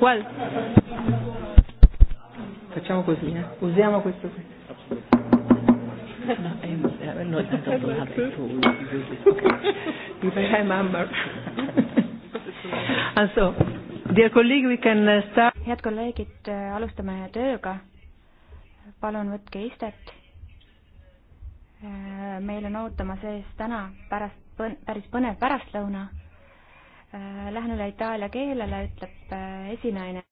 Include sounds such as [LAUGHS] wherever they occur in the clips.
Well. Facciamo così, eh? usiamo questo qui. No, I'm, no, I don't have it to use it. Okay. If I remember. and so, dear colleague, we can uh, start. head kolleegid, äh, alustame tööga. palun võtke istet. Äh, meil on ootamas ees täna pärast, päris põnev pärastlõuna Äh, läheneda itaalia keelele, ütleb äh, esinaine.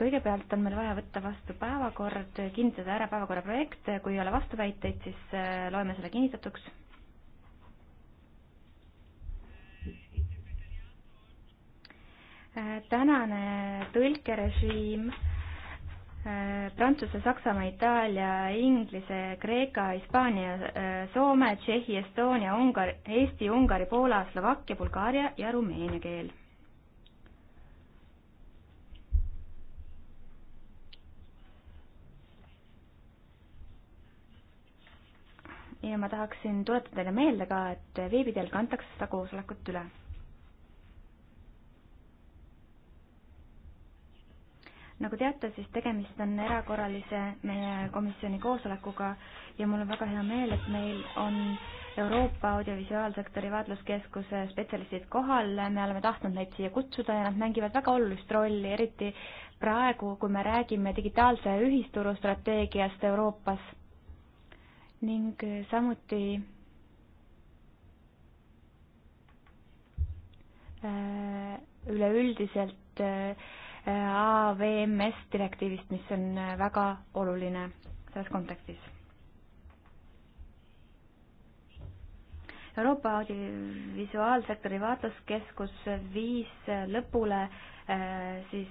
kõigepealt on meil vaja võtta vastu päevakord, kinnitada ära päevakorra projekt, kui ei ole vastuväiteid, siis äh, loeme selle kinnitatuks. tänane tõlkerežiim Äh, Prantsuse, Saksamaa, Itaalia, Inglise, Kreeka, Hispaania, äh, Soome, Tšehhi, Estonia, Ungari, Eesti, Ungari, Poola, Slovakkia, Bulgaaria ja Rumeenia keel. ja ma tahaksin tuletada teile meelde ka, et veebi teel kantakse seda koosolekut üle nagu teate, siis tegemist on erakorralise meie komisjoni koosolekuga ja mul on väga hea meel, et meil on Euroopa audiovisuaalsektori vaatluskeskuse spetsialistid kohal, me oleme tahtnud neid siia kutsuda ja nad mängivad väga olulist rolli, eriti praegu, kui me räägime digitaalse ühisturu strateegiast Euroopas ning samuti äh, üleüldiselt äh, AVMS direktiivist, mis on äh, väga oluline selles kontekstis. Euroopa audiovisuaalsektori vaatluskeskus viis äh, lõpule äh, siis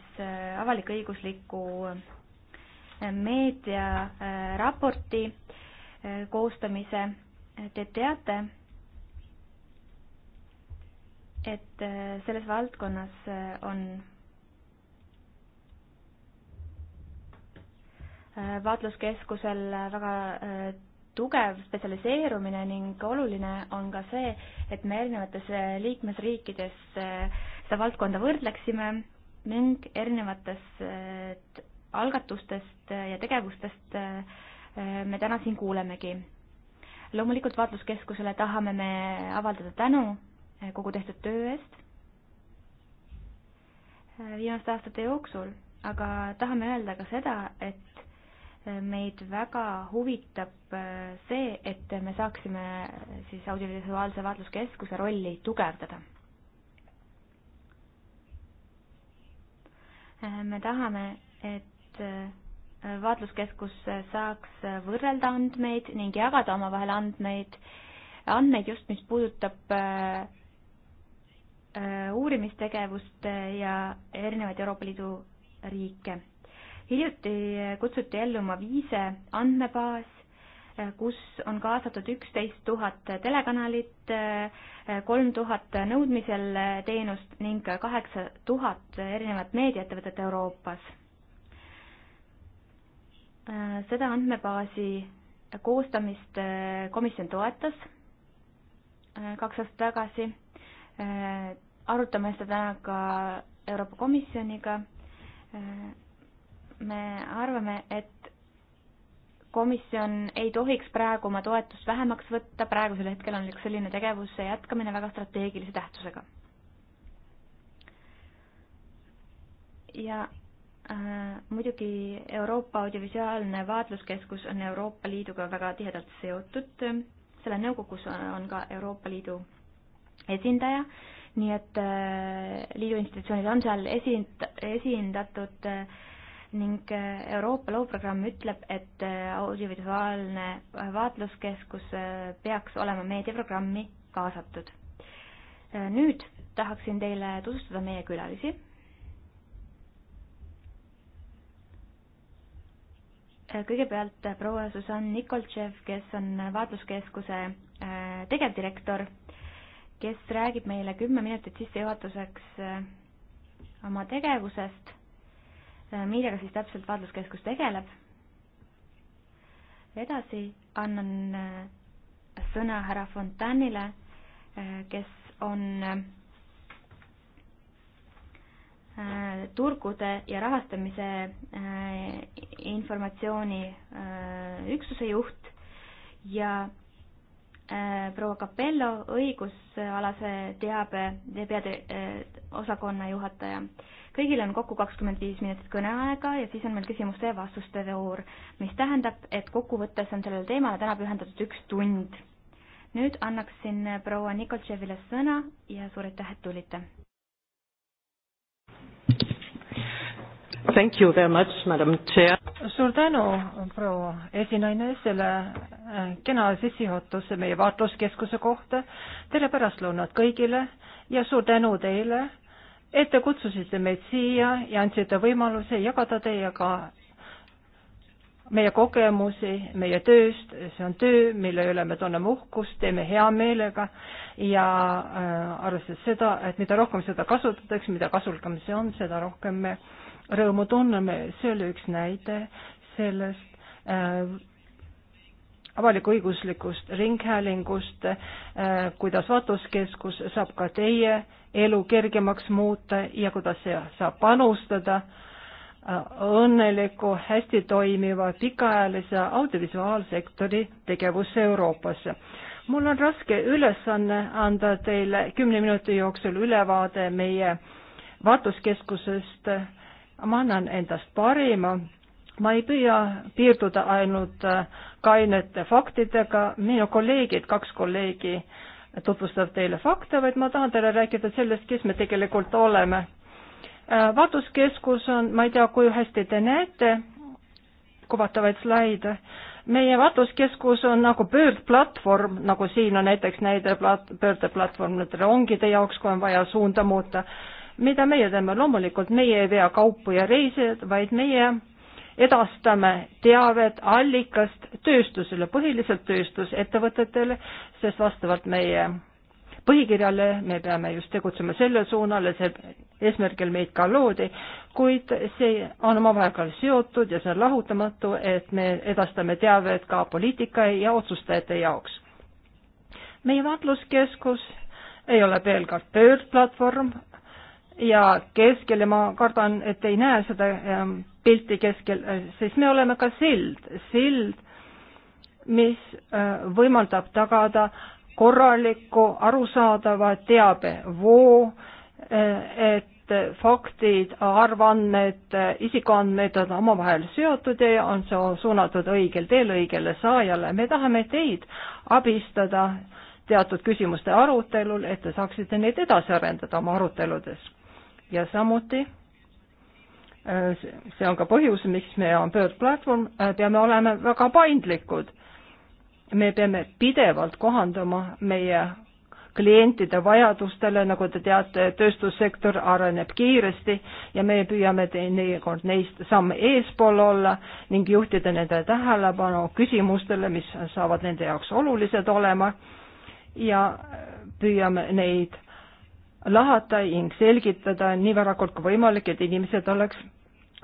avalik-õigusliku meediaraporti koostamise. Te teate, et selles valdkonnas on Äh, vaatluskeskusel väga äh, tugev spetsialiseerumine ning oluline on ka see, et me erinevates äh, liikmesriikides seda valdkonda võrdleksime ning erinevatest algatustest ja tegevustest me täna siin kuulemegi. loomulikult vaatluskeskusele tahame me avaldada tänu kogu tehtud töö eest viimaste aastate jooksul, aga tahame öelda ka seda, et meid väga huvitab äh, see, et me saaksime äh, siis audiovisuaalse vaatluskeskuse rolli tugevdada. Äh, me tahame, et vaatluskeskus saaks võrrelda andmeid ning jagada omavahel andmeid, andmeid just, mis puudutab uurimistegevust ja erinevaid Euroopa Liidu riike hiljuti kutsuti ellu oma viise andmebaas, kus on kaasatud üksteist tuhat telekanalit, kolm tuhat nõudmisel teenust ning kaheksa tuhat erinevat meediaettevõtet Euroopas. seda andmebaasi koostamist komisjon toetas kaks aastat tagasi. Eh, arutame seda täna ka Euroopa Komisjoniga eh, me arvame, et komisjon ei tohiks praegu oma toetust vähemaks võtta, praegusel hetkel on üks selline tegevuse jätkamine väga strateegilise tähtsusega. ja äh, muidugi Euroopa Audiovisuaalne Vaatluskeskus on Euroopa Liiduga väga tihedalt seotud, selle nõukogus on ka Euroopa Liidu esindaja, nii et äh, liidu institutsioonid on seal esind-, esindatud äh, ning eh, Euroopa looprogramm ütleb, et eh, audiovisuaalne eh, vaatluskeskus peaks olema meediaprogrammi kaasatud. nüüd tahaksin teile tutvustada meie külalisi. kõigepealt proua Susann Nikoltšev, kes on vaatluskeskuse tegevdirektor, kes räägib meile kümme minutit sissejuhatuseks oma tegevusest Äh, millega siis täpselt vaatluskeskus tegeleb. edasi annan äh, sõna härra Fontanile, äh, kes on turgude ja rahastamise informatsiooni üksuse juht ja Äh, proua Capello, õigusalase teabe peade äh, osakonna juhataja. kõigil on kokku kakskümmend viis minutit kõneaega ja siis on meil küsimuste ja vastuste voor, mis tähendab, et kokkuvõttes on sellele teemale täna pühendatud üks tund. nüüd annaksin proua Nikoltševile sõna ja suur aitäh, et tulite Thank you very much, madam chair. suur tänu, proua esinaine, selle äh, kena sissejuhatuse meie vaatluskeskuse kohta. tere pärastlõunat kõigile ja suur tänu teile, et te kutsusite meid siia ja andsite võimaluse jagada teiega meie kogemusi, meie tööst, see on töö, mille üle me tunneme uhkust, teeme hea meelega ja äh, arvestades seda, et mida rohkem seda kasutatakse, mida kasulikum see on, seda rohkem me äh, rõõmu tunneme, see oli üks näide sellest äh, avalik-õiguslikust ringhäälingust äh,, kuidas vaatluskeskus saab ka teie elu kergemaks muuta ja kuidas see saab panustada äh, õnneliku, hästi toimiva pikaajalise audiovisuaalsektori tegevusse Euroopas. mul on raske ülesanne anda teile kümne minuti jooksul ülevaade meie vaatluskeskusest ma annan endast parima, ma ei püüa piirduda ainult äh, kainete faktidega, minu kolleegid, kaks kolleegi tutvustavad teile fakte, vaid ma tahan teile rääkida sellest, kes me tegelikult oleme. Äh, vaatluskeskus on, ma ei tea, kui hästi te näete kuvatavaid slaide, meie vaatluskeskus on nagu pöördplatvorm, nagu siin on näiteks näide plat-, pöördeplatvorm nüüd rongide jaoks, kui on vaja suunda muuta mida meie teeme, loomulikult meie ei vea kaupu ja reisijaid, vaid meie edastame teavet allikast tööstusele, põhiliselt tööstusettevõtetele, sest vastavalt meie põhikirjale me peame just tegutsema selle suunal ja see eesmärgil meid ka loodi, kuid see on omavahel ka seotud ja see on lahutamatu, et me edastame teavet ka poliitika ja otsustajate jaoks. meie vaatluskeskus ei ole pelgalt pöördplatvorm, ja keskel ja ma kardan, et ei näe seda ähm, pilti keskel, äh, siis me oleme ka sild, sild, mis äh, võimaldab tagada korraliku arusaadava teabevoo, äh, et faktid, arvandmed, isikuandmed on omavahel seotud ja on see suunatud õigel teel õigele saajale. me tahame teid abistada teatud küsimuste arutelul, et te saaksite neid edasi arendada oma aruteludes ja samuti äh, see on ka põhjus, miks me on pöördplatvorm, äh, peame olema väga paindlikud. me peame pidevalt kohandama meie klientide vajadustele, nagu te teate, tööstussektor areneb kiiresti ja me püüame teinekord neist samme eespool olla ning juhtida nende tähelepanu küsimustele, mis saavad nende jaoks olulised olema ja püüame neid lahata ning selgitada nii varakult kui võimalik, et inimesed oleks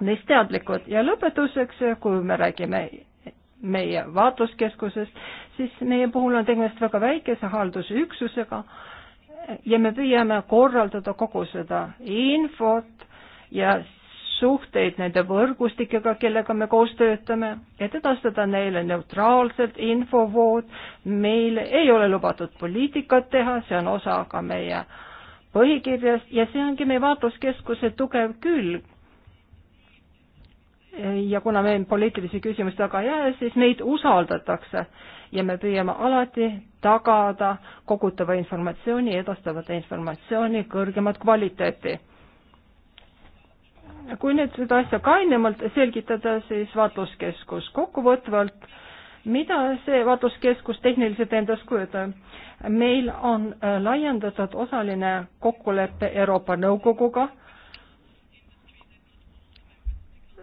neist teadlikud ja lõpetuseks, kui me räägime meie vaatluskeskusest, siis meie puhul on tegemist väga väikese haldusüksusega ja me püüame korraldada kogu seda infot ja suhteid nende võrgustikega, kellega me koos töötame, et edastada neile neutraalselt infovood. meil ei ole lubatud poliitikat teha, see on osa ka meie äh, põhikirjast ja see ongi meie vaatluskeskuse tugev külg. ja kuna me poliitilisi küsimusi taga ei jää, siis meid usaldatakse ja me püüame alati tagada kogutava informatsiooni, edastavate informatsiooni kõrgemat kvaliteeti kui nüüd seda asja kainemalt selgitada, siis vaatluskeskus kokkuvõtvalt mida see vaatluskeskus tehniliselt endast kujutab? meil on äh, laiendatud osaline kokkulepe Euroopa Nõukoguga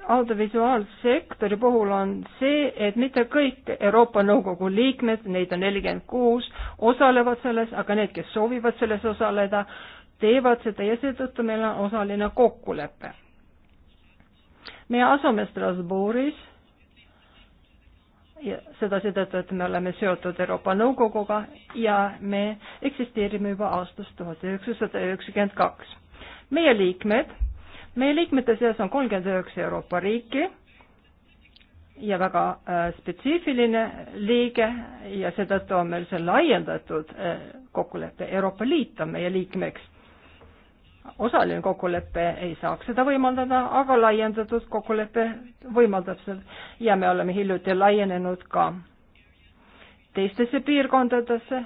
audiovisuaalsektori puhul on see, et mitte kõik Euroopa Nõukogu liikmed, neid on nelikümmend kuus, osalevad selles, aga need, kes soovivad selles osaleda, teevad seda ja seetõttu meil on osaline kokkulepe. me asume Strasbourgis ja seda seetõttu, et me oleme seotud Euroopa Nõukoguga ja me eksisteerime juba aastast tuhat üheksasada üheksakümmend kaks. meie liikmed, meie liikmete seas on kolmkümmend üheksa Euroopa riiki ja väga äh, spetsiifiline liige ja seetõttu on meil see laiendatud äh, kokkulepe, Euroopa Liit on meie liikmeks osaline kokkulepe ei saaks seda võimaldada, aga laiendatud kokkulepe võimaldab seda ja me oleme hiljuti laienenud ka teistesse piirkondadesse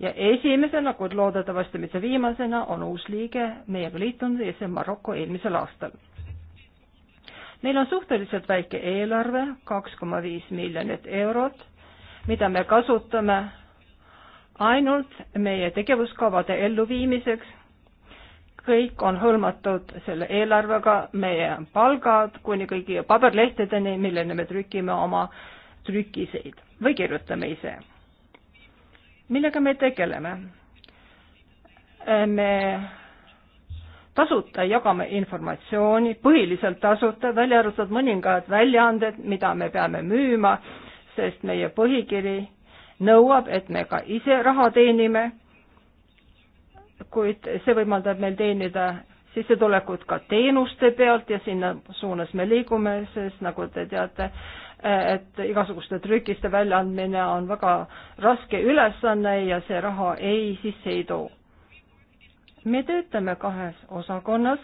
ja esimesena, kuid loodetavasti mitte viimasena, on uus liige meiega liitunud ja see on Maroko eelmisel aastal. meil on suhteliselt väike eelarve, kaks koma viis miljonit eurot, mida me kasutame ainult meie tegevuskavade elluviimiseks kõik on hõlmatud selle eelarvega, meie palgad kuni kõigi paberlehtedeni, millele me trükime oma trükiseid või kirjutame ise. millega me tegeleme? me tasuta jagame informatsiooni, põhiliselt tasuta, välja arvatud mõningad väljaanded, mida me peame müüma, sest meie põhikiri nõuab, et me ka ise raha teenime kuid see võimaldab meil teenida sissetulekut ka teenuste pealt ja sinna suunas me liigume, sest nagu te teate, et igasuguste trükiste väljaandmine on väga raske ülesanne ja see raha ei sisse ei too. me töötame kahes osakonnas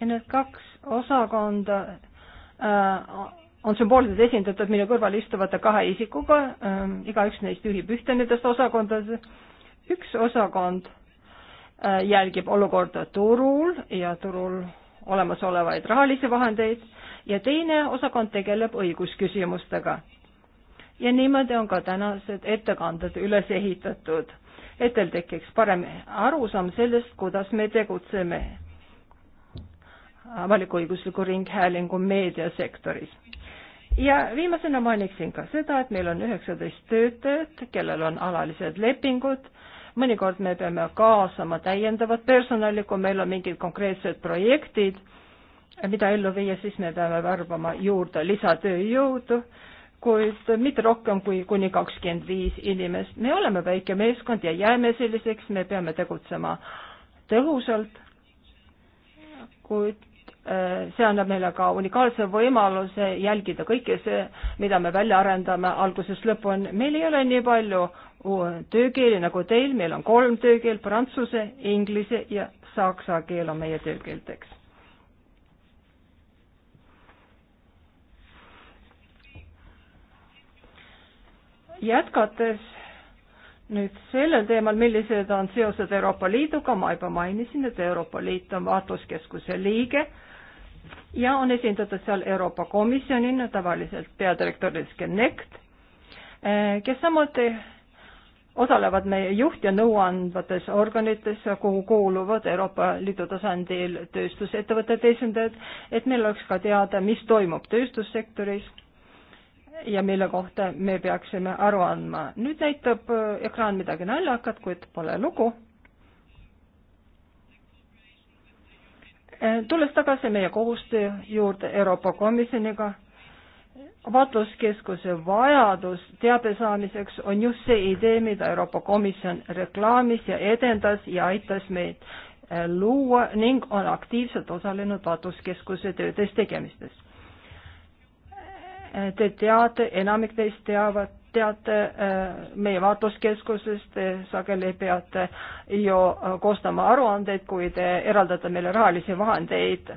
ja need kaks osakonda äh, on sümboolselt esindatud minu kõrval istuvate kahe isikuga äh,, igaüks neist juhib ühte nendest osakondadest üks osakond äh, jälgib olukorda turul ja turul olemasolevaid rahalisi vahendeid ja teine osakond tegeleb õigusküsimustega. ja niimoodi on ka tänased ettekanded üles ehitatud, et teil tekiks parem arusaam sellest, kuidas me tegutseme avalik-õigusliku ringhäälingu meediasektoris. ja viimasena mainiksin ka seda, et meil on üheksateist töötajat, kellel on alalised lepingud mõnikord me peame kaasama täiendavat personali, kui meil on mingid konkreetsed projektid, mida ellu viia, siis me peame värbama juurde lisatööjõudu, kuid mitte rohkem kui kuni kakskümmend viis inimest. me oleme väike meeskond ja jääme selliseks, me peame tegutsema tõhusalt, kuid äh, see annab meile ka unikaalse võimaluse jälgida kõike see, mida me välja arendame algusest lõpuni. meil ei ole nii palju töökeeli nagu teil, meil on kolm töökeelt, prantsuse, inglise ja saksa keel on meie töökeelteks. jätkates nüüd sellel teemal, millised on seosed Euroopa Liiduga, ma juba mainisin, et Euroopa Liit on vaatluskeskuse liige ja on esindatud seal Euroopa Komisjonina tavaliselt peadirektor Riske Nekt, eh, kes samuti osalevad meie juht- ja nõuandvates organites, kuhu kuuluvad Euroopa Liidu tasandil tööstusettevõtete esindajad, et meil oleks ka teada, mis toimub tööstussektoris ja mille kohta me peaksime aru andma. nüüd näitab äh, ekraan midagi naljakat, kuid pole lugu. Äh, tulles tagasi meie koostöö juurde Euroopa Komisjoniga vaatluskeskuse vajadus teabe saamiseks on just see idee, mida Euroopa Komisjon reklaamis ja edendas ja aitas meid eh, luua ning on aktiivselt osalenud vaatluskeskuse töödes tegemistes. Eh, te teate, enamik teist teavad, teate eh, meie vaatluskeskusest, te sageli peate ju koostama aruandeid, kui te eraldate meile rahalisi vahendeid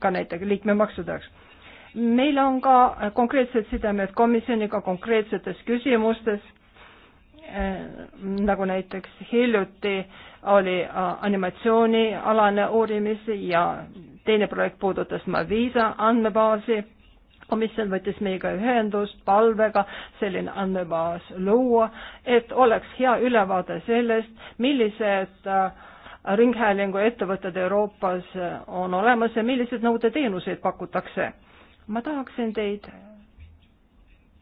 ka näiteks liikmemaksudeks meil on ka konkreetsed sidemed komisjoniga konkreetsetes küsimustes äh, nagu näiteks hiljuti oli äh, animatsioonialane uurimis ja teine projekt puudutas Mavisa andmebaasi. komisjon võttis meiega ühendust palvega selline andmebaas luua, et oleks hea ülevaade sellest, millised äh, ringhäälinguettevõtted Euroopas on olemas ja millised nõudeteenuseid pakutakse ma tahaksin teid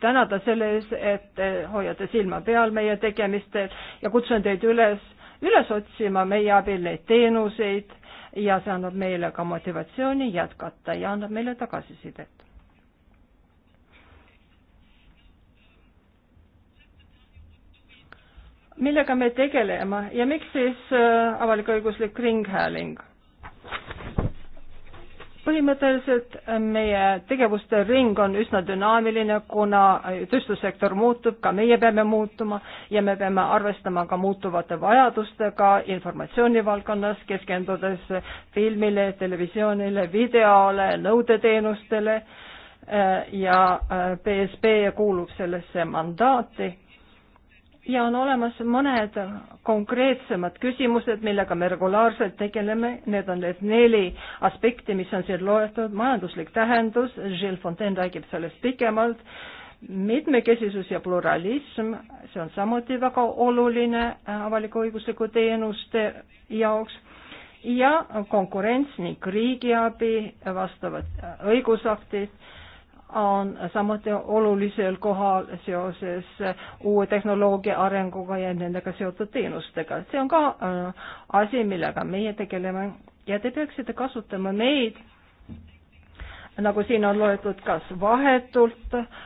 tänada selle eest, et te hoiate silma peal meie tegemistel ja kutsun teid üles, üles otsima meie abil neid teenuseid ja see annab meile ka motivatsiooni jätkata ja annab meile tagasisidet. millega me tegeleme ja miks siis äh, avalik-õiguslik ringhääling? põhimõtteliselt äh, meie tegevuste ring on üsna dünaamiline, kuna äh, tööstussektor muutub, ka meie peame muutuma ja me peame arvestama ka muutuvate vajadustega informatsioonivaldkonnas, keskendudes äh, filmile, televisioonile, videole, nõudeteenustele ja BSP kuulub sellesse mandaati ja on olemas mõned konkreetsemad küsimused, millega me regulaarselt tegeleme, need on need neli aspekti, mis on siin loetud, majanduslik tähendus, Gilles Fontaine räägib sellest pikemalt, mitmekesisus ja pluralism, see on samuti väga oluline avaliku-õigusliku teenuste jaoks, ja konkurents ning riigiabi, vastavad õigusaktid on samuti olulisel kohal seoses uue tehnoloogia arenguga ja nendega seotud teenustega. see on ka äh, asi, millega meie tegeleme ja te peaksite kasutama neid, nagu siin on loetud, kas vahetult,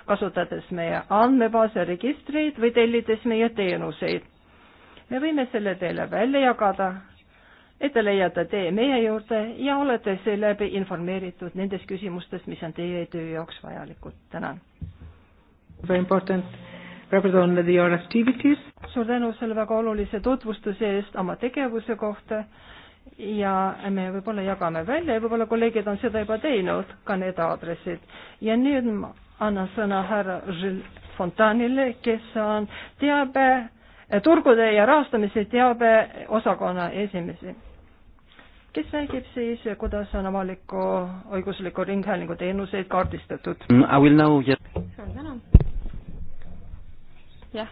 kasutades meie andmebaase, registreid või tellides meie teenuseid. me võime selle teile välja jagada et te leiate tee meie juurde ja olete seeläbi informeeritud nendest küsimustest, mis on teie töö jaoks vajalikud. tänan. suur tänu selle väga olulise tutvustuse eest oma tegevuse kohta ja me võib-olla jagame välja ja võib-olla kolleegid on seda juba teinud, ka need aadressid. ja nüüd ma annan sõna härra Fontanile, kes on teabe turgude ja rahastamise teabe osakonna esimesi kes räägib siis, kuidas on avaliku õigusliku ringhäälingu teenuseid kaardistatud? Mm, suur tänu. jah,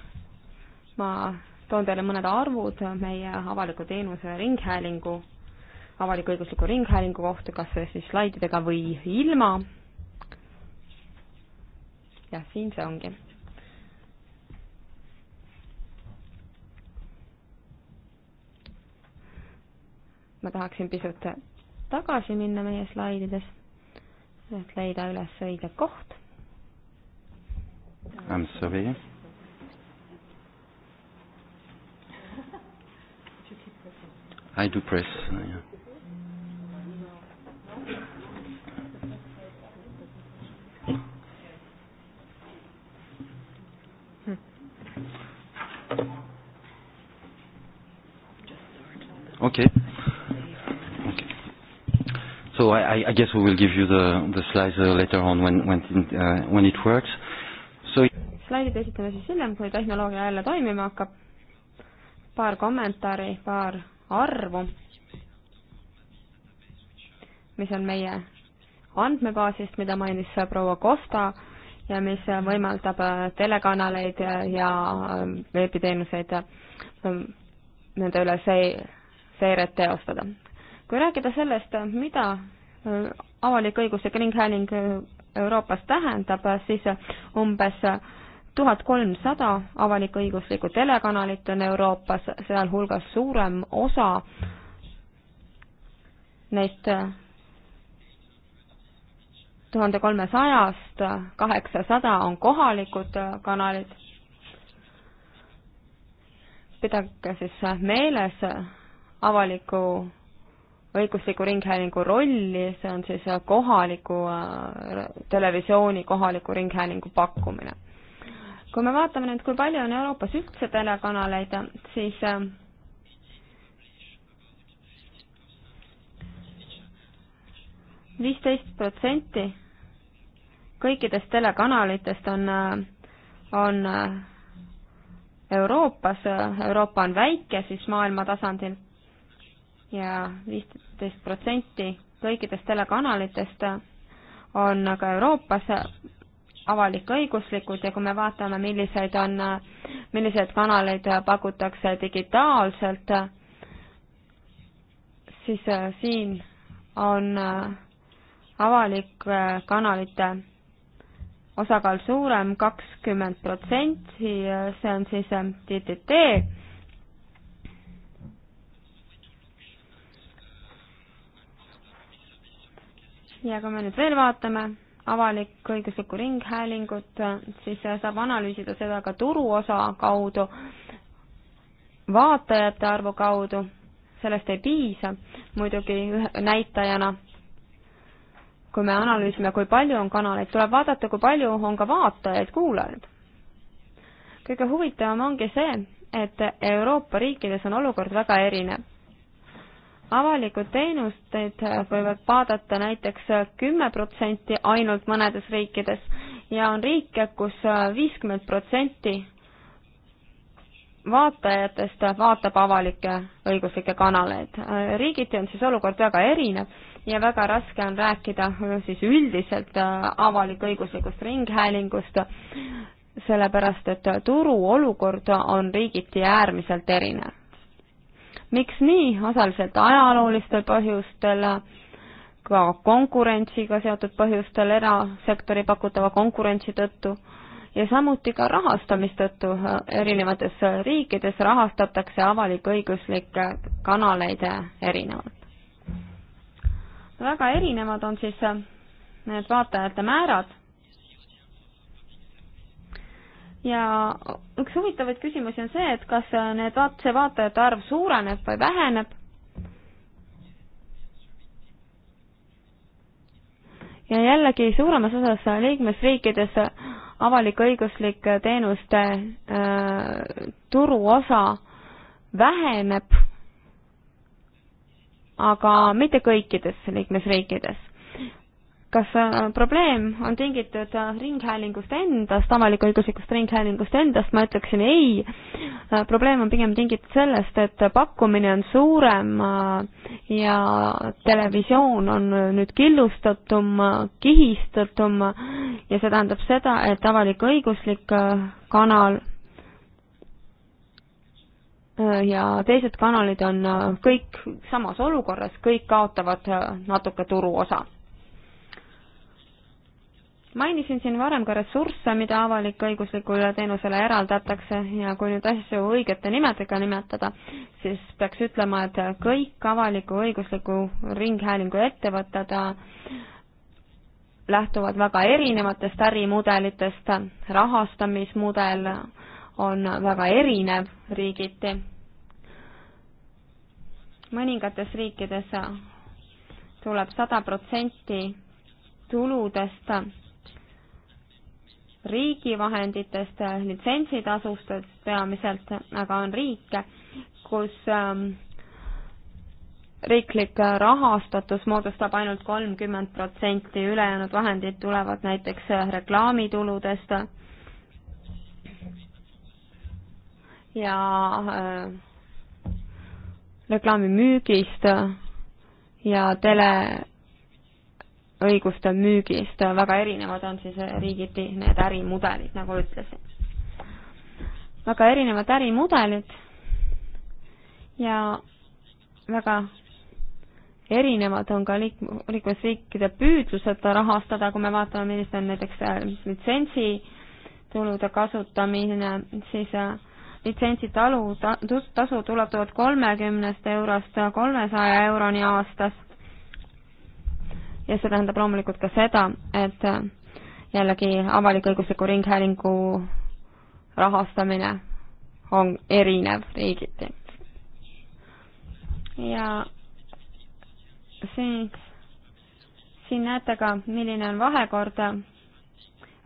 ma toon teile mõned arvud meie avaliku teenuse ringhäälingu, avalik-õigusliku ringhäälingu kohta, kas siis slaididega või ilma. jah, siin see ongi ma tahaksin pisut tagasi minna meie slaidides, et leida üles õige koht. I am sorry. I do press yeah.. Hmm. Okay. So I, I guess we will give you the, the slides uh, later on when, when, uh, when it works. So slaidid esitame siis hiljem, kui tehnoloogia jälle toimima hakkab. paar kommentaari, paar arvu, mis on meie andmebaasist, mida mainis äh, proua Kosta ja mis äh, võimaldab äh, telekanaleid ja veebiteenuseid nende üle see seiret teostada kui rääkida sellest, mida äh, avalik-õiguslik ringhääling äh, Euroopas tähendab, siis umbes tuhat kolmsada avalik-õiguslikku telekanalit on Euroopas, sealhulgas suurem osa neist äh, tuhande kolmesajast kaheksasada on kohalikud kanalid. pidage siis meeles avaliku õigusliku ringhäälingu rolli, see on siis äh, kohaliku äh, televisiooni kohaliku ringhäälingu pakkumine. kui me vaatame nüüd, kui palju on Euroopas üldse telekanaleid, siis äh, viisteist protsenti kõikidest telekanalitest on, on Euroopas, Euroopa on väike siis maailma tasandil ja viisteist protsenti kõikidest telekanalitest on aga Euroopas avalik-õiguslikud ja kui me vaatame, millised on, millised kanaleid pakutakse digitaalselt, siis siin on avalike kanalite osakaal suurem, kakskümmend protsenti, see on siis DTT ja kui me nüüd veel vaatame avalik-õiguslikku ringhäälingut, siis saab analüüsida seda ka turuosa kaudu, vaatajate arvu kaudu, sellest ei piisa muidugi näitajana, kui me analüüsime, kui palju on kanaleid, tuleb vaadata, kui palju on ka vaatajaid-kuulajaid. kõige huvitavam ongi see, et Euroopa riikides on olukord väga erinev avalikud teenused võivad vaadata näiteks kümme protsenti ainult mõnedes riikides ja on riike kus, kus viiskümmend protsenti vaatajatest vaatab avalikke õiguslikke kanaleid. riigiti on siis olukord väga erinev ja väga raske on rääkida siis üldiselt avalik-õiguslikust ringhäälingust, sellepärast et turu olukord on riigiti äärmiselt erinev miks nii, osaliselt ajaloolistel põhjustel, ka konkurentsiga seotud põhjustel, erasektori pakutava konkurentsi tõttu ja samuti ka rahastamistõttu erinevates riikides rahastatakse avalik-õiguslikke kanaleid erinevalt. väga erinevad on siis need vaatajate määrad ja üks huvitavaid küsimusi on see, et kas need vaat-, see vaatajate arv suureneb või väheneb. ja jällegi suuremas osas liikmesriikides avalik-õiguslike teenuste äh, turuosa väheneb, aga mitte kõikides liikmesriikides kas äh, probleem on tingitud äh, ringhäälingust endast, avalik-õiguslikust ringhäälingust endast, ma ütleksin ei. Äh, probleem on pigem tingitud sellest, et pakkumine on suurem ja televisioon on nüüd killustatum, kihistatum ja see tähendab seda, et avalik-õiguslik kanal ja teised kanalid on kõik samas olukorras, kõik kaotavad natuke turuosa mainisin siin varem ka ressursse, mida avalik-õiguslikule teenusele eraldatakse ja kui nüüd asju õigete nimedega nimetada, siis peaks ütlema, et kõik avaliku-õigusliku ringhäälingu ettevõtted äh, lähtuvad väga erinevatest ärimudelitest, rahastamismudel on väga erinev riigiti. mõningates riikides tuleb sada protsenti tuludest riigi vahenditest, litsentsitasust peamiselt, aga on riike, kus ähm, riiklik rahastatus moodustab ainult kolmkümmend protsenti, ülejäänud vahendid tulevad näiteks reklaamituludest ja äh, reklaamimüügist ja tele õiguste müügist, väga erinevad on siis riigiti need ärimudelid, nagu ütlesin. väga erinevad ärimudelid ja väga erinevad on ka liik-, liikmesriikide püüdlused rahastada, kui me vaatame, millised on näiteks äh, litsentsitulude kasutamine, siis äh, litsentsitalu ta-, tasu ulatuvad kolmekümnest eurost kolmesaja euroni aastas ja see tähendab loomulikult ka seda, et äh, jällegi avalik-õigusliku ringhäälingu rahastamine on erinev riigiti. ja siin, siin näete ka, milline on vahekord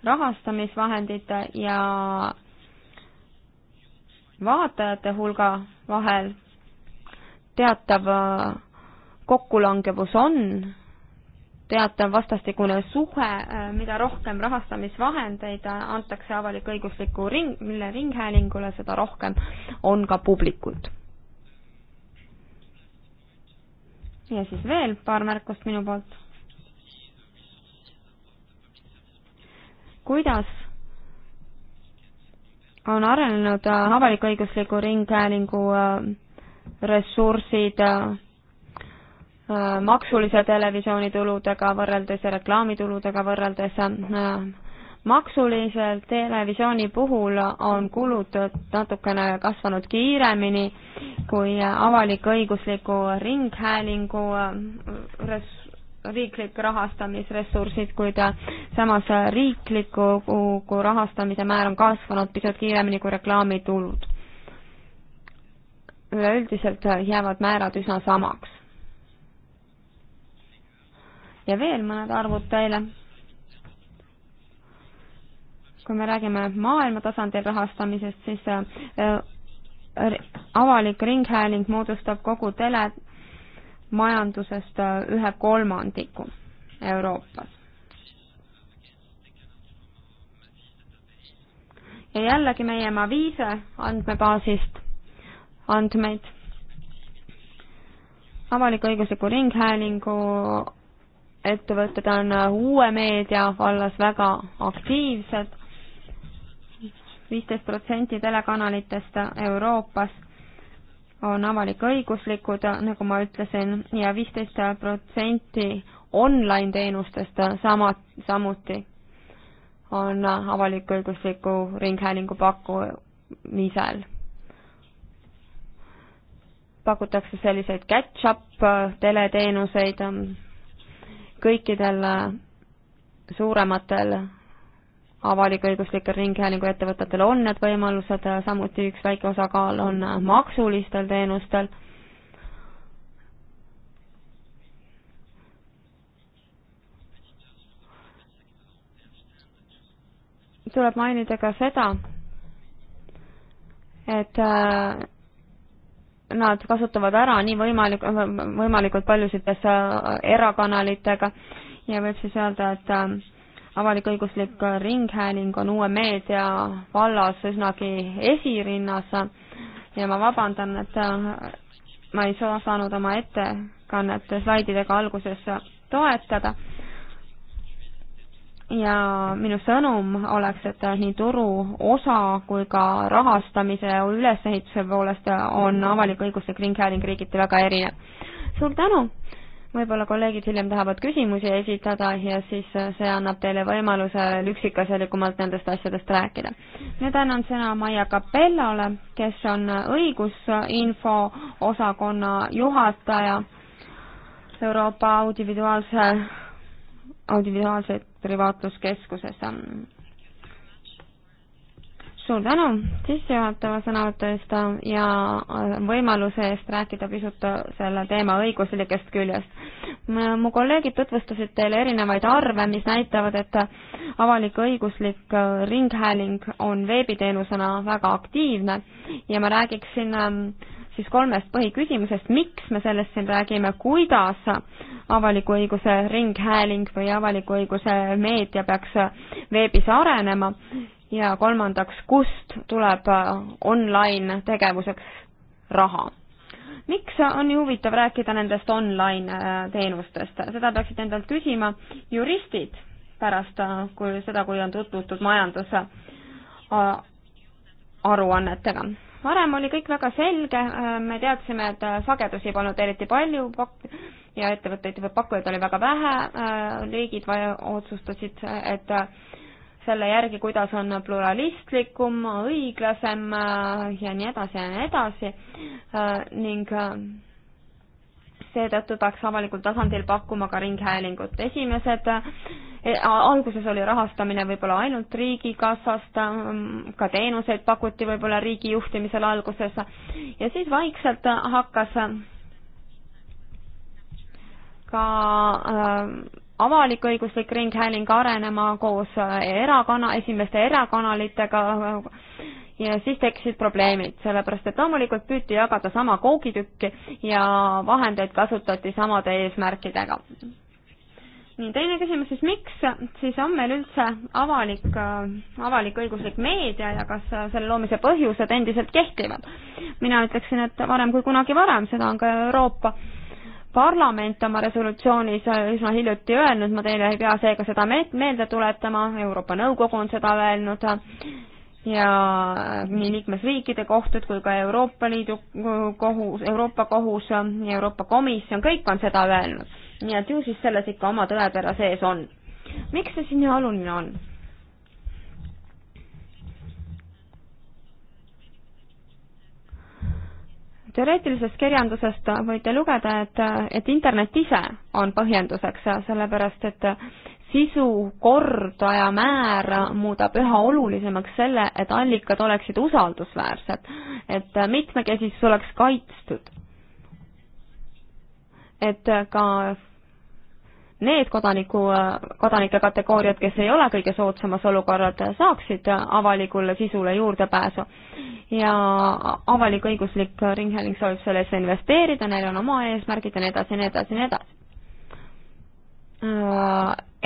rahastamisvahendite ja vaatajate hulga vahel teatav äh, kokkulangevus on teatav vastastikune suhe, äh, mida rohkem rahastamisvahendeid äh, antakse avalik-õigusliku ring, mille ringhäälingule, seda rohkem on ka publikut. ja siis veel paar märkust minu poolt. kuidas on arenenud äh, avalik-õigusliku ringhäälingu ressursid Äh, maksulise televisiooni tuludega võrreldes ja reklaamituludega võrreldes. Äh, maksulise televisiooni puhul on kulud natukene kasvanud kiiremini kui avalik-õigusliku ringhäälingu äh, res-, riiklik rahastamisressursid, kuid samas riikliku rahastamise määr on kasvanud pisut kiiremini kui reklaamitulud. üleüldiselt jäävad määrad üsna samaks ja veel mõned arvud teile. kui me räägime maailma tasandil rahastamisest, siis äh, äh, avalik ringhääling moodustab kogu telemajandusest äh, ühe kolmandiku Euroopas. ja jällegi meie Maviise andmebaasist andmeid avalik-õigusliku ringhäälingu ettevõtted on äh, uue meedia vallas väga aktiivsed, viisteist protsenti telekanalitest Euroopas on avalik-õiguslikud, nagu ma ütlesin ja, ja viisteist protsenti online-teenustest sama, samuti on avalik-õigusliku ringhäälingu pakkumisel pakutakse selliseid catch-up teleteenuseid, kõikidel suurematel avalik-õiguslikel ringhäälinguettevõtetel on need võimalused, samuti üks väike osakaal on maksulistel teenustel. tuleb mainida ka seda, et äh, nad kasutavad ära nii võimalik, võimalikult paljusides äh, erakanalitega ja võib siis öelda, et äh, avalik-õiguslik ringhääling on uue meedia vallas üsnagi esirinnas ja ma vabandan, et äh, ma ei saa saanud oma ettekannet slaididega alguses toetada ja minu sõnum oleks, et nii turu osa kui ka rahastamise ülesehituse poolest on avalik-õiguslik ringhääling riigiti väga erinev. suur tänu! võib-olla kolleegid hiljem tahavad küsimusi esitada ja siis see annab teile võimaluse üksikasjalikumalt nendest asjadest rääkida. nüüd annan sõna Maia Capellole, kes on õigusinfo osakonna juhataja Euroopa audiovisuaalse, audiovisuaalse privaatluskeskuses. suur tänu sissejuhatava sõnavõtu eest ja võimaluse eest rääkida pisut selle teema õiguslikest küljest. mu kolleegid tutvustasid teile erinevaid arve, mis näitavad, et avalik-õiguslik ringhääling on veebiteenusena väga aktiivne ja ma räägiksin ähm, siis kolmest põhiküsimusest, miks me sellest siin räägime, kuidas avaliku õiguse ringhääling või avaliku õiguse meedia peaks veebis arenema ja kolmandaks, kust tuleb online tegevuseks raha miks on nii huvitav rääkida nendest online teenustest, seda peaksid endalt küsima juristid pärast, kui seda, kui on tutvutud majanduse äh, aruannetega varem oli kõik väga selge, äh, me teadsime, et äh, sagedusi polnud eriti palju pak-, ja ettevõtteid või pakkujaid oli väga vähe, äh, riigid otsustasid, et selle järgi, kuidas on pluralistlikum, õiglasem ja nii edasi ja nii edasi ning seetõttu peaks avalikul tasandil pakkuma ka ringhäälingut. esimesed E, alguses oli rahastamine võib-olla ainult riigikassast, mm, ka teenuseid pakuti võib-olla riigi juhtimisel alguses ja siis vaikselt hakkas ka äh, avalik-õiguslik ringhääling arenema koos äh, erakonna, esimeste erakanalitega ja siis tekkisid probleemid, sellepärast et loomulikult püüti jagada sama koogitükki ja vahendeid kasutati samade eesmärkidega teine küsimus siis, miks siis on meil üldse avalik, äh, avalik-õiguslik meedia ja kas äh, selle loomise põhjused endiselt kehtivad? mina ütleksin, et varem kui kunagi varem, seda on ka Euroopa Parlament oma resolutsioonis äh, üsna hiljuti öelnud, ma teile ei pea seega seda meelde tuletama, Euroopa Nõukogu on seda öelnud ja nii liikmesriikide kohtud kui ka Euroopa Liidu kohus, Euroopa Kohus ja Euroopa Komisjon, kõik on seda öelnud nii et ju siis selles ikka oma tõepera sees on. miks see siin nii oluline on? teoreetilisest kirjandusest võite lugeda, et, et internet ise on põhjenduseks, sellepärast et sisu kordaja määr muudab üha olulisemaks selle, et allikad oleksid usaldusväärsed, et mitmekesisus oleks kaitstud et äh, ka need kodaniku, äh, kodanike kategooriad, kes ei ole kõige soodsamas olukorrad, saaksid äh, avalikule sisule juurdepääsu. ja avalik-õiguslik ringhääling soovib sellesse investeerida, neil on oma eesmärgid ja nii edasi ja nii edasi ja nii edasi.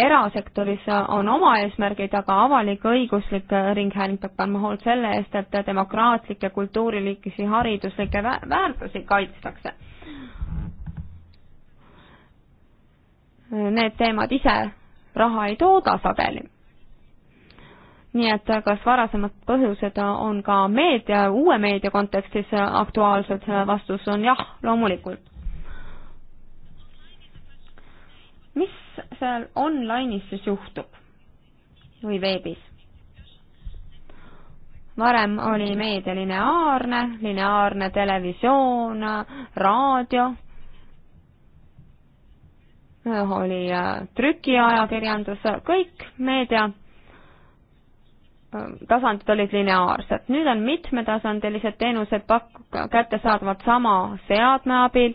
Erasektoris on oma eesmärgid, aga avalik-õiguslik ringhääling peab kandma hoolt selle eest, et demokraatlikke, kultuurilisi, hariduslikke väärtusi kaitstakse need teemad ise raha ei tooda sageli. nii et kas varasemad põhjused on ka meedia, uue meedia kontekstis aktuaalsed, vastus on jah, loomulikult. mis seal online'is siis juhtub või veebis? varem oli meedia lineaarne, lineaarne televisioon, raadio oli äh, trükiajakirjandus, kõik meedia äh, tasandid olid lineaarsed. nüüd on mitmetasandilised teenused pak-, kättesaadavad sama seadme abil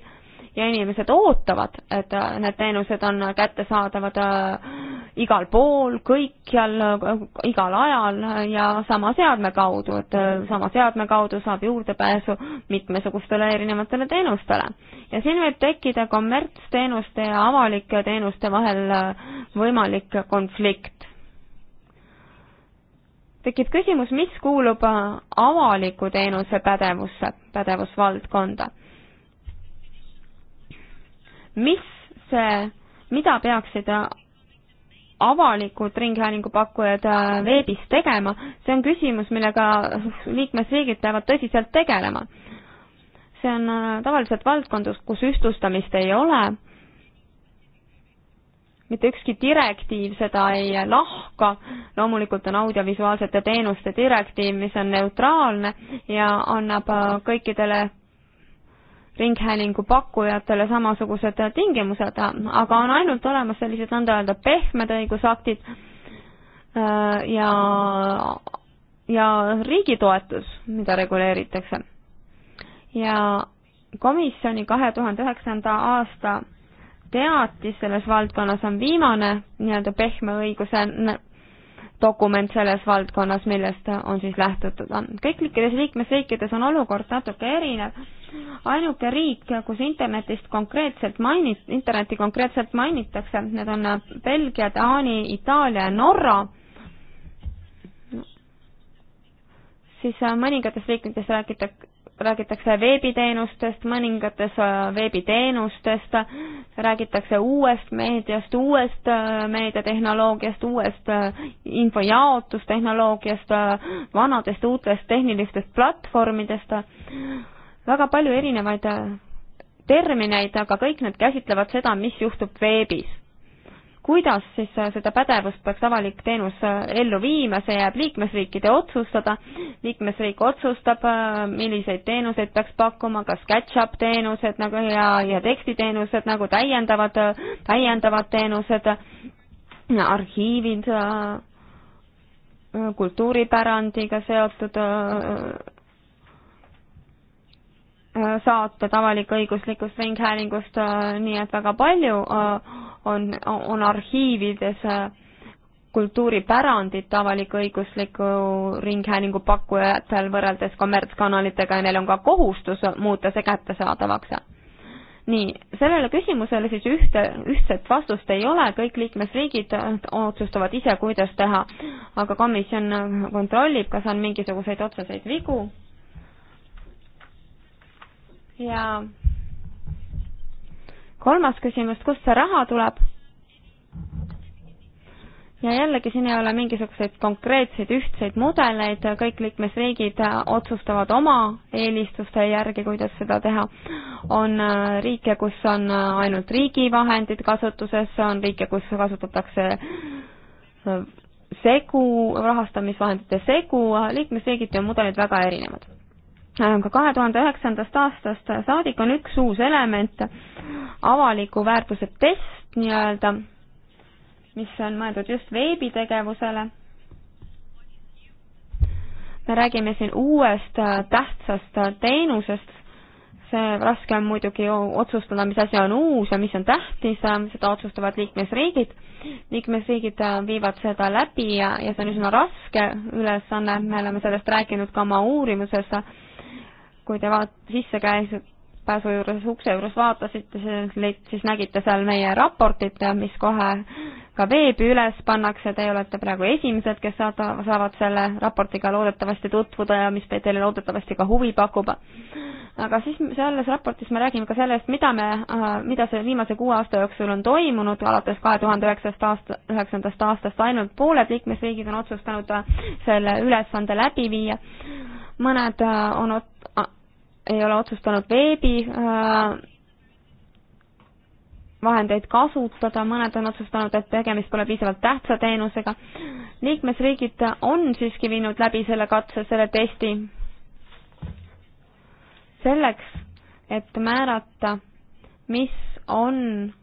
ja inimesed ootavad, et äh, need teenused on kättesaadavad äh, igal pool, kõikjal, äh, igal ajal ja sama seadme kaudu, et sama seadme kaudu saab juurdepääsu mitmesugustele erinevatele teenustele. ja siin võib tekkida kommertsteenuste ja avalike teenuste vahel võimalik konflikt. tekib küsimus, mis kuulub avaliku teenuse pädevusse, pädevusvaldkonda mis see, mida peaksid avalikud ringhäälingupakkujad äh, veebis tegema, see on küsimus, millega liikmesriigid peavad tõsiselt tegelema. see on äh, tavaliselt valdkond, kus ühtlustamist ei ole, mitte ükski direktiiv seda ei lahka, loomulikult on audiovisuaalsete teenuste direktiiv, mis on neutraalne ja annab äh, kõikidele ringhäälingu pakkujatele samasugused tingimused, aga on ainult olemas sellised nõnda öelda pehmed õigusaktid äh, ja, ja riigi toetus, mida reguleeritakse. ja komisjoni kahe tuhande üheksanda aasta teatis selles valdkonnas on viimane nii-öelda pehme õiguse dokument selles valdkonnas, millest on siis lähtutud. kõikides liikmesriikides on olukord natuke erinev ainuke riik, kus internetist konkreetselt mainit-, internetti konkreetselt mainitakse, need on Belgia, Taani, Itaalia ja Norra, siis äh, mõningates riikides räägitakse, räägitakse veebiteenustest, mõningates äh, veebiteenustest, räägitakse uuest meediast, uuest äh, meediatehnoloogiast, uuest infojaotustehnoloogiast, vanadest uutest tehnilistest platvormidest, väga palju erinevaid äh, termineid, aga kõik need käsitlevad seda, mis juhtub veebis. kuidas siis äh, seda pädevust peaks avalik teenus äh, ellu viima, see jääb liikmesriikide otsustada, liikmesriik otsustab, milliseid teenuseid peaks pakkuma, kas catch-up teenused nagu ja, ja tekstiteenused nagu täiendavad, täiendavad teenused, arhiivid, kultuuripärandiga seotud saated avalik-õiguslikust ringhäälingust, äh, nii et väga palju äh, on, on arhiivides äh, kultuuripärandit avalik-õigusliku ringhäälingu pakkujatel võrreldes kommertskanalitega ja neil on ka kohustus muuta see kättesaadavaks. nii, sellele küsimusele siis ühte, ühtset vastust ei ole, kõik liikmesriigid otsustavad ise, kuidas teha, aga komisjon kontrollib, kas on mingisuguseid otseseid vigu ja kolmas küsimus, kust see raha tuleb? ja jällegi, siin ei ole mingisuguseid konkreetseid ühtseid mudeleid, kõik liikmesriigid otsustavad oma eelistuste järgi, kuidas seda teha. on riike, kus on ainult riigi vahendid kasutuses, on riike, kus kasutatakse segu, rahastamisvahendite segu, liikmesriigiti on mudelid väga erinevad Äh, ka kahe tuhande üheksandast aastast saadik on üks uus element, avaliku väärtuse test nii-öelda, mis on mõeldud just veebitegevusele. me räägime siin uuest äh, tähtsast äh, teenusest, see raske on muidugi otsustada, mis asi on uus ja mis on tähtis, seda otsustavad liikmesriigid. liikmesriigid viivad seda läbi ja, ja see on üsna raske ülesanne, me oleme sellest rääkinud ka oma uurimuses kui te vaat-, sissekäis-, pääsu juures, ukse juures vaatasite, siis nägite seal meie raportit, mis kohe ka veebi üles pannakse, teie olete praegu esimesed, kes saada, saavad selle raportiga loodetavasti tutvuda ja mis teile loodetavasti ka huvi pakub. aga siis selles raportis me räägime ka sellest, mida me, mida see viimase kuue aasta jooksul on toimunud, alates kahe tuhande üheksast aasta, üheksandast aastast ainult pooled liikmesriigid on otsustanud selle ülesande läbi viia mõned äh, on, ei ole otsustanud veebi äh, vahendeid kasutada, mõned on otsustanud, et tegemist pole piisavalt tähtsa teenusega. liikmesriigid on siiski viinud läbi selle katse, selle testi selleks, et määrata, mis on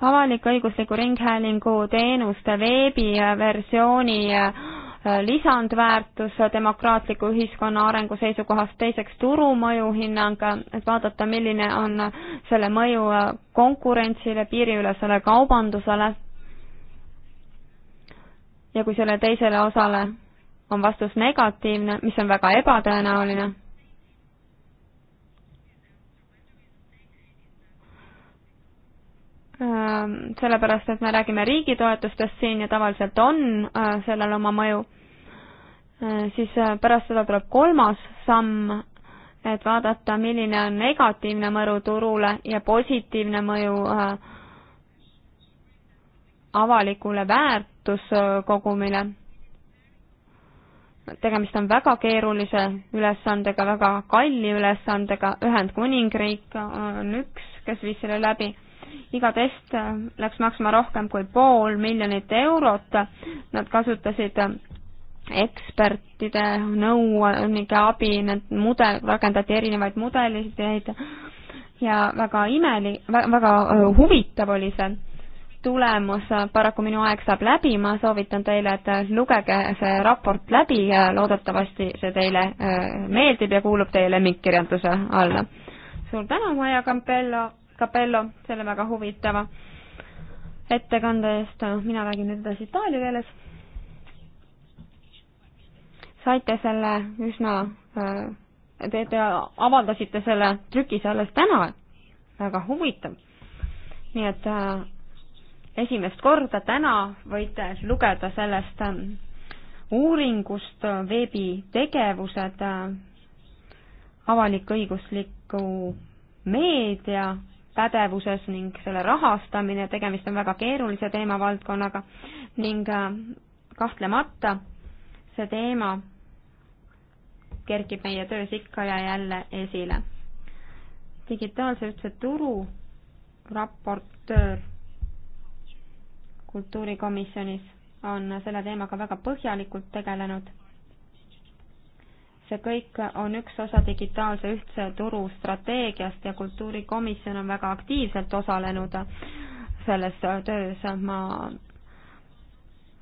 avalik-õigusliku ringhäälingu teenuste veebiversiooni äh, lisandväärtus demokraatliku ühiskonna arengu seisukohast, teiseks turu mõjuhinnang, et vaadata, milline on selle mõju äh, konkurentsile, piiriülesele kaubandusele. ja kui selle teisele osale on vastus negatiivne, mis on väga ebatõenäoline sellepärast et me räägime riigi toetustest siin ja tavaliselt on sellel oma mõju, siis pärast seda tuleb kolmas samm, et vaadata, milline on negatiivne mõju turule ja positiivne mõju avalikule väärtuskogumile. tegemist on väga keerulise ülesandega, väga kalli ülesandega, Ühendkuningriik on üks, kes viis selle läbi iga test äh, läks maksma rohkem kui pool miljonit eurot. Nad kasutasid äh, ekspertide nõuannike abi, need mudel, rakendati erinevaid mudelisid ja väga imeli-, väga äh, huvitav oli see tulemus, paraku minu aeg saab läbi, ma soovitan teile, et lugege see raport läbi ja loodetavasti see teile meeldib ja kuulub teie lemmikkirjanduse alla. suur tänu, Maia Campello! Capello selle väga huvitava ettekande eest. mina räägin nüüd edasi itaalia keeles. saite selle üsna, äh, te, te avaldasite selle trükise alles täna. väga huvitav. nii et äh, esimest korda täna võite lugeda sellest äh, uuringust veebitegevused avalik-õigusliku meedia pädevuses ning selle rahastamine, tegemist on väga keerulise teemavaldkonnaga ning äh, kahtlemata see teema kerkib meie töös ikka ja jälle esile. digitaalse ühtse turu raportöör kultuurikomisjonis on selle teemaga väga põhjalikult tegelenud see kõik on üks osa digitaalse ühtse turu strateegiast ja kultuurikomisjon on väga aktiivselt osalenud selles töös. ma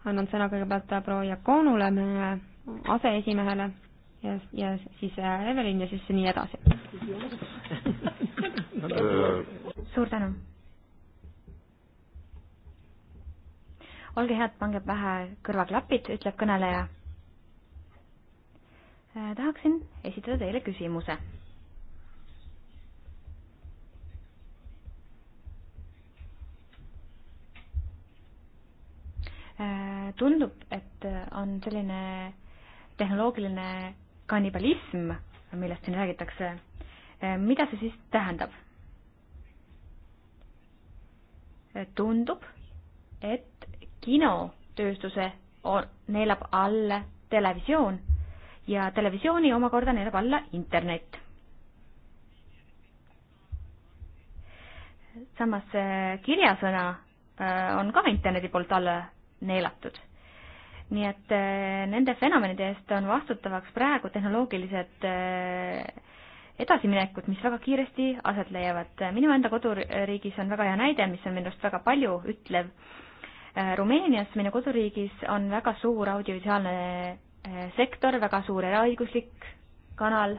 annan sõna kõigepealt proua Jakonule, meie aseesimehele ja, ja siis äh, Evelin ja siis nii edasi. [LAUGHS] suur tänu. olge head, pange pähe kõrvaklapid, ütleb kõneleja Äh, tahaksin esitada teile küsimuse. Äh, tundub, et on selline tehnoloogiline kannibalism, millest siin räägitakse. Äh, mida see siis tähendab? tundub, et kinotööstuse neelab alla televisioon ja televisiooni omakorda neelab alla internet. samas kirjasõna äh, on ka interneti poolt alla neelatud. nii et äh, nende fenomenide eest on vastutavaks praegu tehnoloogilised äh, edasiminekud, mis väga kiiresti aset leiavad. minu enda koduriigis on väga hea näide, mis on minu arust väga palju ütlev. Rumeenias, minu koduriigis, on väga suur audiovisuaalne Eh, sektor, väga suur eraõiguslik kanal,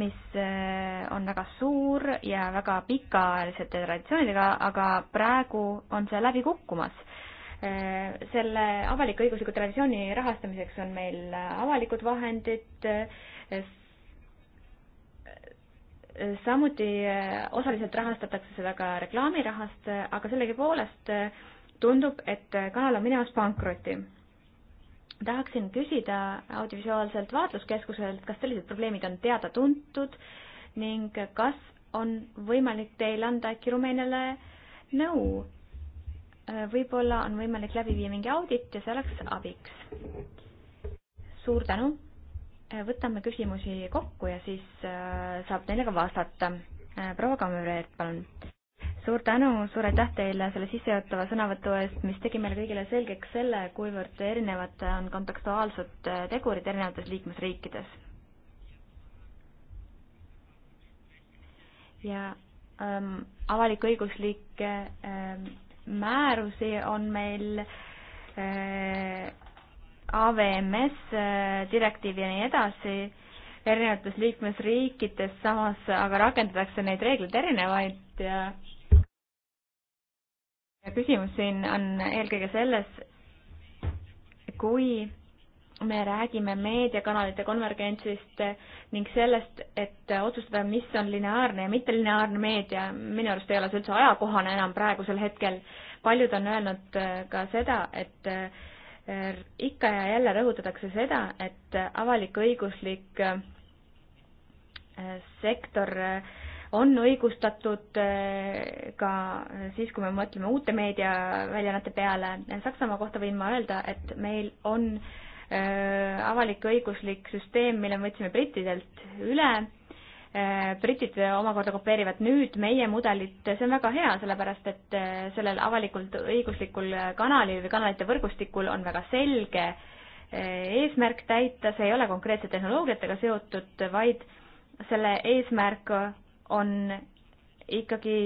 mis eh, on väga suur ja väga pikaajalisete traditsioonidega, aga praegu on see läbi kukkumas. Eh, selle avalik-õigusliku traditsiooni rahastamiseks on meil avalikud vahendid, samuti osaliselt rahastatakse seda ka reklaamirahast, aga sellegipoolest tundub, et kanal on minemas pankrotti tahaksin küsida audiovisuaalselt vaatluskeskuselt, kas sellised probleemid on teada-tuntud ning kas on võimalik teil anda äkki Rumeeniale nõu? võib-olla on võimalik läbi viia mingi audit ja see oleks abiks. suur tänu. võtame küsimusi kokku ja siis äh, saab neile ka vastata. Äh, proua Kammerveer, palun suur tänu, suur aitäh teile selle sissejuhatava sõnavõtu eest, mis tegi meile kõigile selgeks selle, kuivõrd erinevad on kontekstuaalsed tegurid erinevates liikmesriikides. ja ähm, avalik-õiguslikke ähm, määrusi on meil äh, AVMS äh, direktiiv ja nii edasi erinevates liikmesriikides, samas aga rakendatakse neid reegleid erinevaid ja küsimus siin on eelkõige selles, kui me räägime meediakanalite konvergentsist ning sellest, et otsustada, mis on lineaarne ja mittelineaarne meedia, minu arust ei ole see üldse ajakohane enam praegusel hetkel. paljud on öelnud ka seda, et äh, ikka ja jälle rõhutatakse seda, et avalik-õiguslik äh, sektor äh, on õigustatud eh, ka siis, kui me mõtleme uute meediaväljaannete peale. Saksamaa kohta võin ma öelda, et meil on eh, avalik-õiguslik süsteem, mille me võtsime brittidelt üle. Eh, britid omakorda kopeerivad nüüd meie mudelit, see on väga hea, sellepärast et sellel avalikult õiguslikul kanalil või kanalite võrgustikul on väga selge eesmärk täita, see ei ole konkreetse tehnoloogiatega seotud, vaid selle eesmärk on ikkagi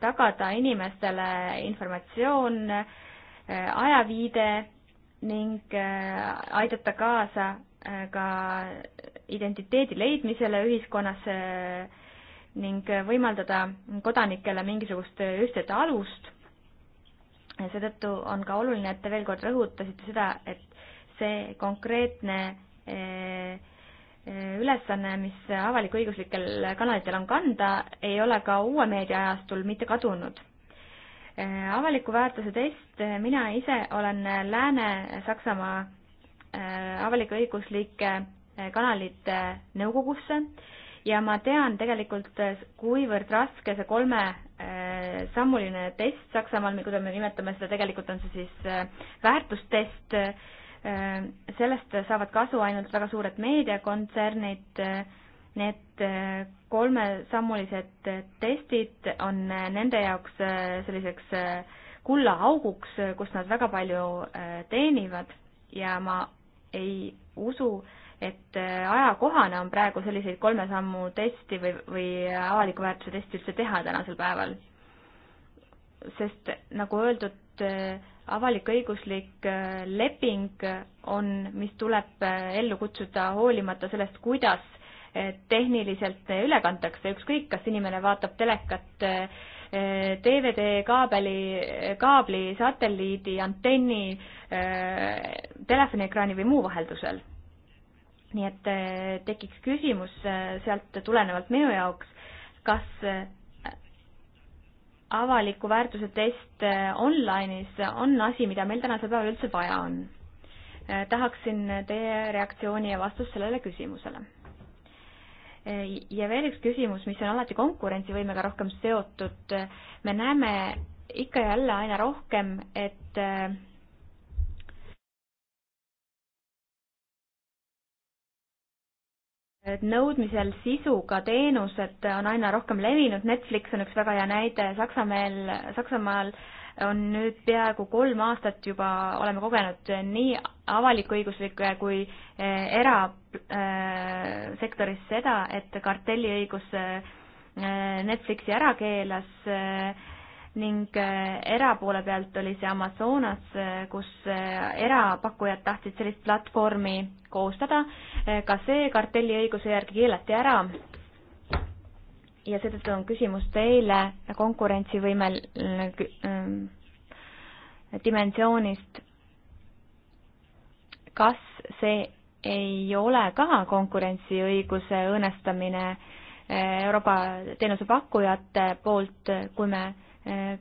tagada inimestele informatsioon, ajaviide ning äh, aidata kaasa äh, ka identiteedi leidmisele ühiskonnas äh, ning võimaldada kodanikele mingisugust ühtset alust. seetõttu on ka oluline, et te veel kord rõhutasite seda, et see konkreetne eh, Äh, ülesanne, mis avalik-õiguslikel kanalitel on kanda, ei ole ka uue meediaajastul mitte kadunud. Äh, avaliku väärtuse test, äh, mina ise olen Lääne-Saksamaa avalik-õiguslike kanalite nõukogusse ja ma tean tegelikult, kuivõrd raske see kolme sammuline test Saksamaal, kuidas me nimetame seda, tegelikult on see siis väärtustest, Äh, sellest saavad kasu ainult väga suured meediakontsernid. Need äh, kolmesammulised testid on äh, nende jaoks selliseks kullaauguks, kus nad väga palju teenivad ja ma ei usu, et ajakohane on praegu selliseid kolme sammu testi või, või avaliku väärtuse testi üldse teha tänasel päeval. sest nagu öeldud, avalik-õiguslik äh, leping on, mis tuleb äh, ellu kutsuda hoolimata sellest, kuidas äh, tehniliselt üle kantakse, ükskõik, kas inimene vaatab telekat DVD kaabeli, kaabli, satelliidi, antenni, telefoniekraani või muu vaheldusel. nii et tekiks küsimus sealt tulenevalt minu jaoks, kas avaliku väärtuse test eh, online'is on asi, mida meil tänasel päeval üldse vaja on. Eh, tahaksin teie reaktsiooni ja vastust sellele küsimusele. Eh, ja veel üks küsimus, mis on alati konkurentsivõimega rohkem seotud. me näeme ikka ja jälle aina rohkem, et nõudmisel sisuga teenused on aina rohkem levinud, Netflix on üks väga hea näide, Saksamaal, Saksamaal on nüüd peaaegu kolm aastat juba oleme kogenud nii avalik-õiguslike kui eh, erasektoris eh, seda, et kartelliõigus eh, Netflixi ära keelas ning eh, erapoole pealt oli see Amazonas, eh, kus eh, erapakkujad tahtsid sellist platvormi koostada. ka see kartelliõiguse järgi keelati ära. ja seetõttu on küsimus teile konkurentsivõimel dimensioonist. kas see ei ole ka konkurentsiõiguse õõnestamine Euroopa teenusepakkujate poolt, kui me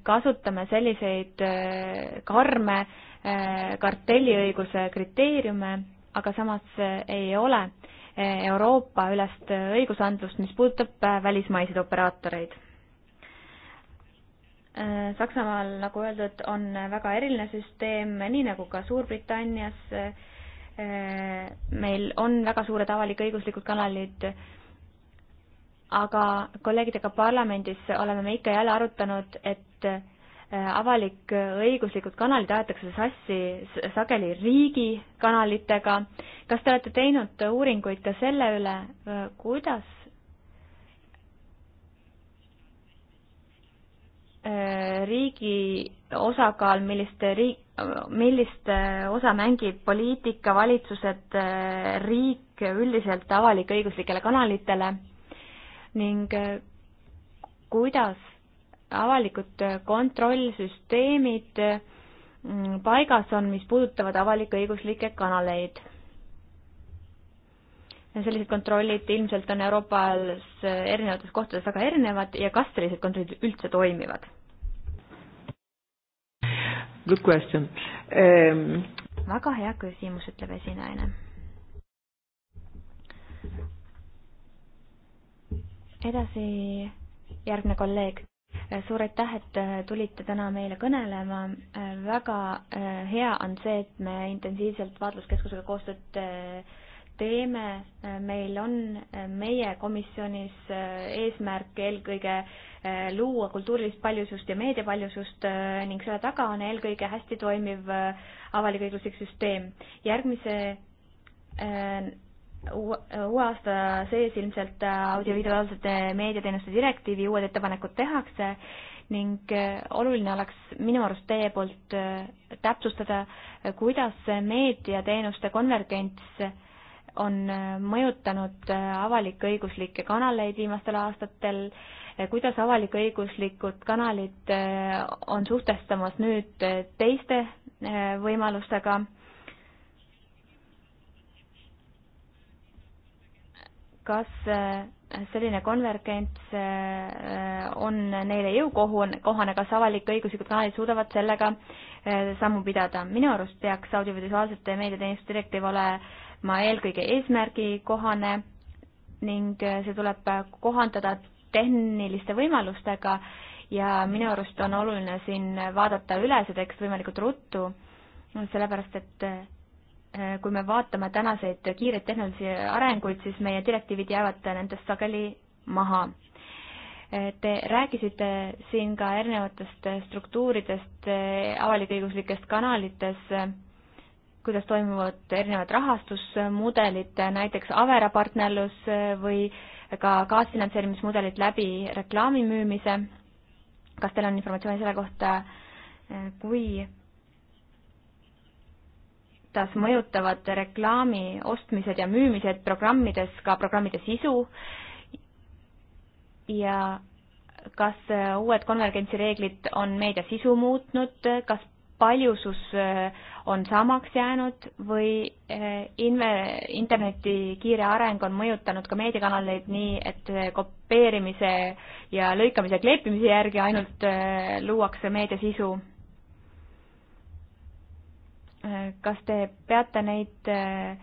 kasutame selliseid äh, karme äh, kartelliõiguse kriteeriume, aga samas äh, ei ole Euroopa ülest õigusandlust, mis puudutab välismaiseid operaatoreid. Saksamaal, nagu öeldud, on väga eriline süsteem, nii nagu ka Suurbritannias. meil on väga suured avalik-õiguslikud kanalid aga kolleegidega parlamendis oleme me ikka jälle arutanud, et äh, avalik-õiguslikud kanalid aetakse sassi sageli riigikanalitega. kas te olete teinud uuringuid ka selle üle, äh, kuidas äh, riigi osakaal, millist riik, millist osa mängib poliitika, valitsused, riik üldiselt avalik-õiguslikele kanalitele ning äh, kuidas avalikud äh, kontrollsüsteemid äh, mm, paigas on, mis puudutavad avalik-õiguslikke kanaleid. sellised kontrollid ilmselt on Euroopas erinevates kohtades väga erinevad ja kas sellised kontrollid üldse toimivad? Good question um.... väga hea küsimus, ütleb esinaine edasi järgmine kolleeg. suur aitäh, et äh, tulite täna meile kõnelema. Äh, väga äh, hea on see, et me intensiivselt vaatluskeskusega koostööd teeme, meil on meie komisjonis eesmärk eelkõige luua kultuurilist paljusust ja meediapaljusust ning selle taga on eelkõige hästi toimiv avalik-õiguslik süsteem. järgmise uue aasta sees ilmselt äh, audiovisuaalsete meediateenuste direktiivi uued ettepanekud tehakse ning äh, oluline oleks minu arust teie poolt äh, täpsustada, kuidas meediateenuste konvergents on mõjutanud avalik-õiguslikke kanaleid viimastel aastatel, kuidas avalik-õiguslikud kanalid on suhtestamas nüüd teiste võimalustega kas äh, selline konvergents äh, on neile jõukohane, kas avalik-õiguslikud kanalid suudavad sellega äh, sammu pidada. minu arust peaks audiovisuaalsete meediateenistuste direktiiv olema eelkõige eesmärgikohane ning see tuleb kohandada tehniliste võimalustega ja minu arust on oluline siin vaadata üle see tekst võimalikult ruttu, sellepärast et Äh, kui me vaatame tänaseid kiireid tehnilisi arenguid, siis meie direktiivid jäävad nendest sageli maha. Äh, te rääkisite siin ka erinevatest struktuuridest, äh, avalik-õiguslikest kanalites, kuidas toimuvad erinevad rahastusmudelid, näiteks Avera partnerlus või ka kaasfinantseerimismudelid läbi reklaami müümise. kas teil on informatsiooni selle kohta, kui kuidas mõjutavad reklaami ostmised ja müümised programmides ka programmide sisu ja kas uued konvergentsireeglid on meedia sisu muutnud, kas paljusus eh, on samaks jäänud või eh, inve-, interneti kiire areng on mõjutanud ka meediakanaleid nii, et kopeerimise ja lõikamise ja kleepimise järgi ainult eh, luuakse meedia sisu kas te peate neid, äh,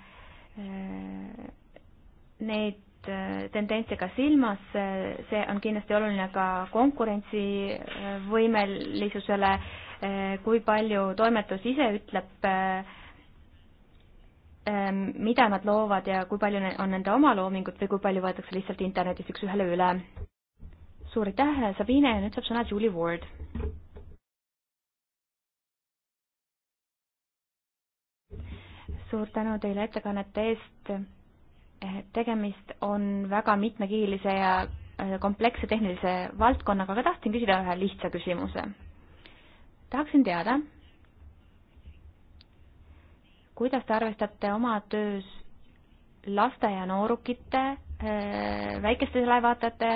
neid äh, tendentse ka silmas, see on kindlasti oluline ka konkurentsivõimelisusele, äh, kui palju toimetus ise ütleb, mida nad loovad ja kui palju on nende oma loomingut või kui palju võetakse lihtsalt internetis üks-ühele üle. suur aitäh, Sabine, ja nüüd saab sõna Julie Ward. suur tänu teile ettekannete eest. Eh, tegemist on väga mitmekiilise ja eh, kompleksse tehnilise valdkonnaga, aga tahtsin küsida ühe lihtsa küsimuse. tahaksin teada, kuidas te arvestate oma töös laste ja noorukite, eh, väikeste laevaatajate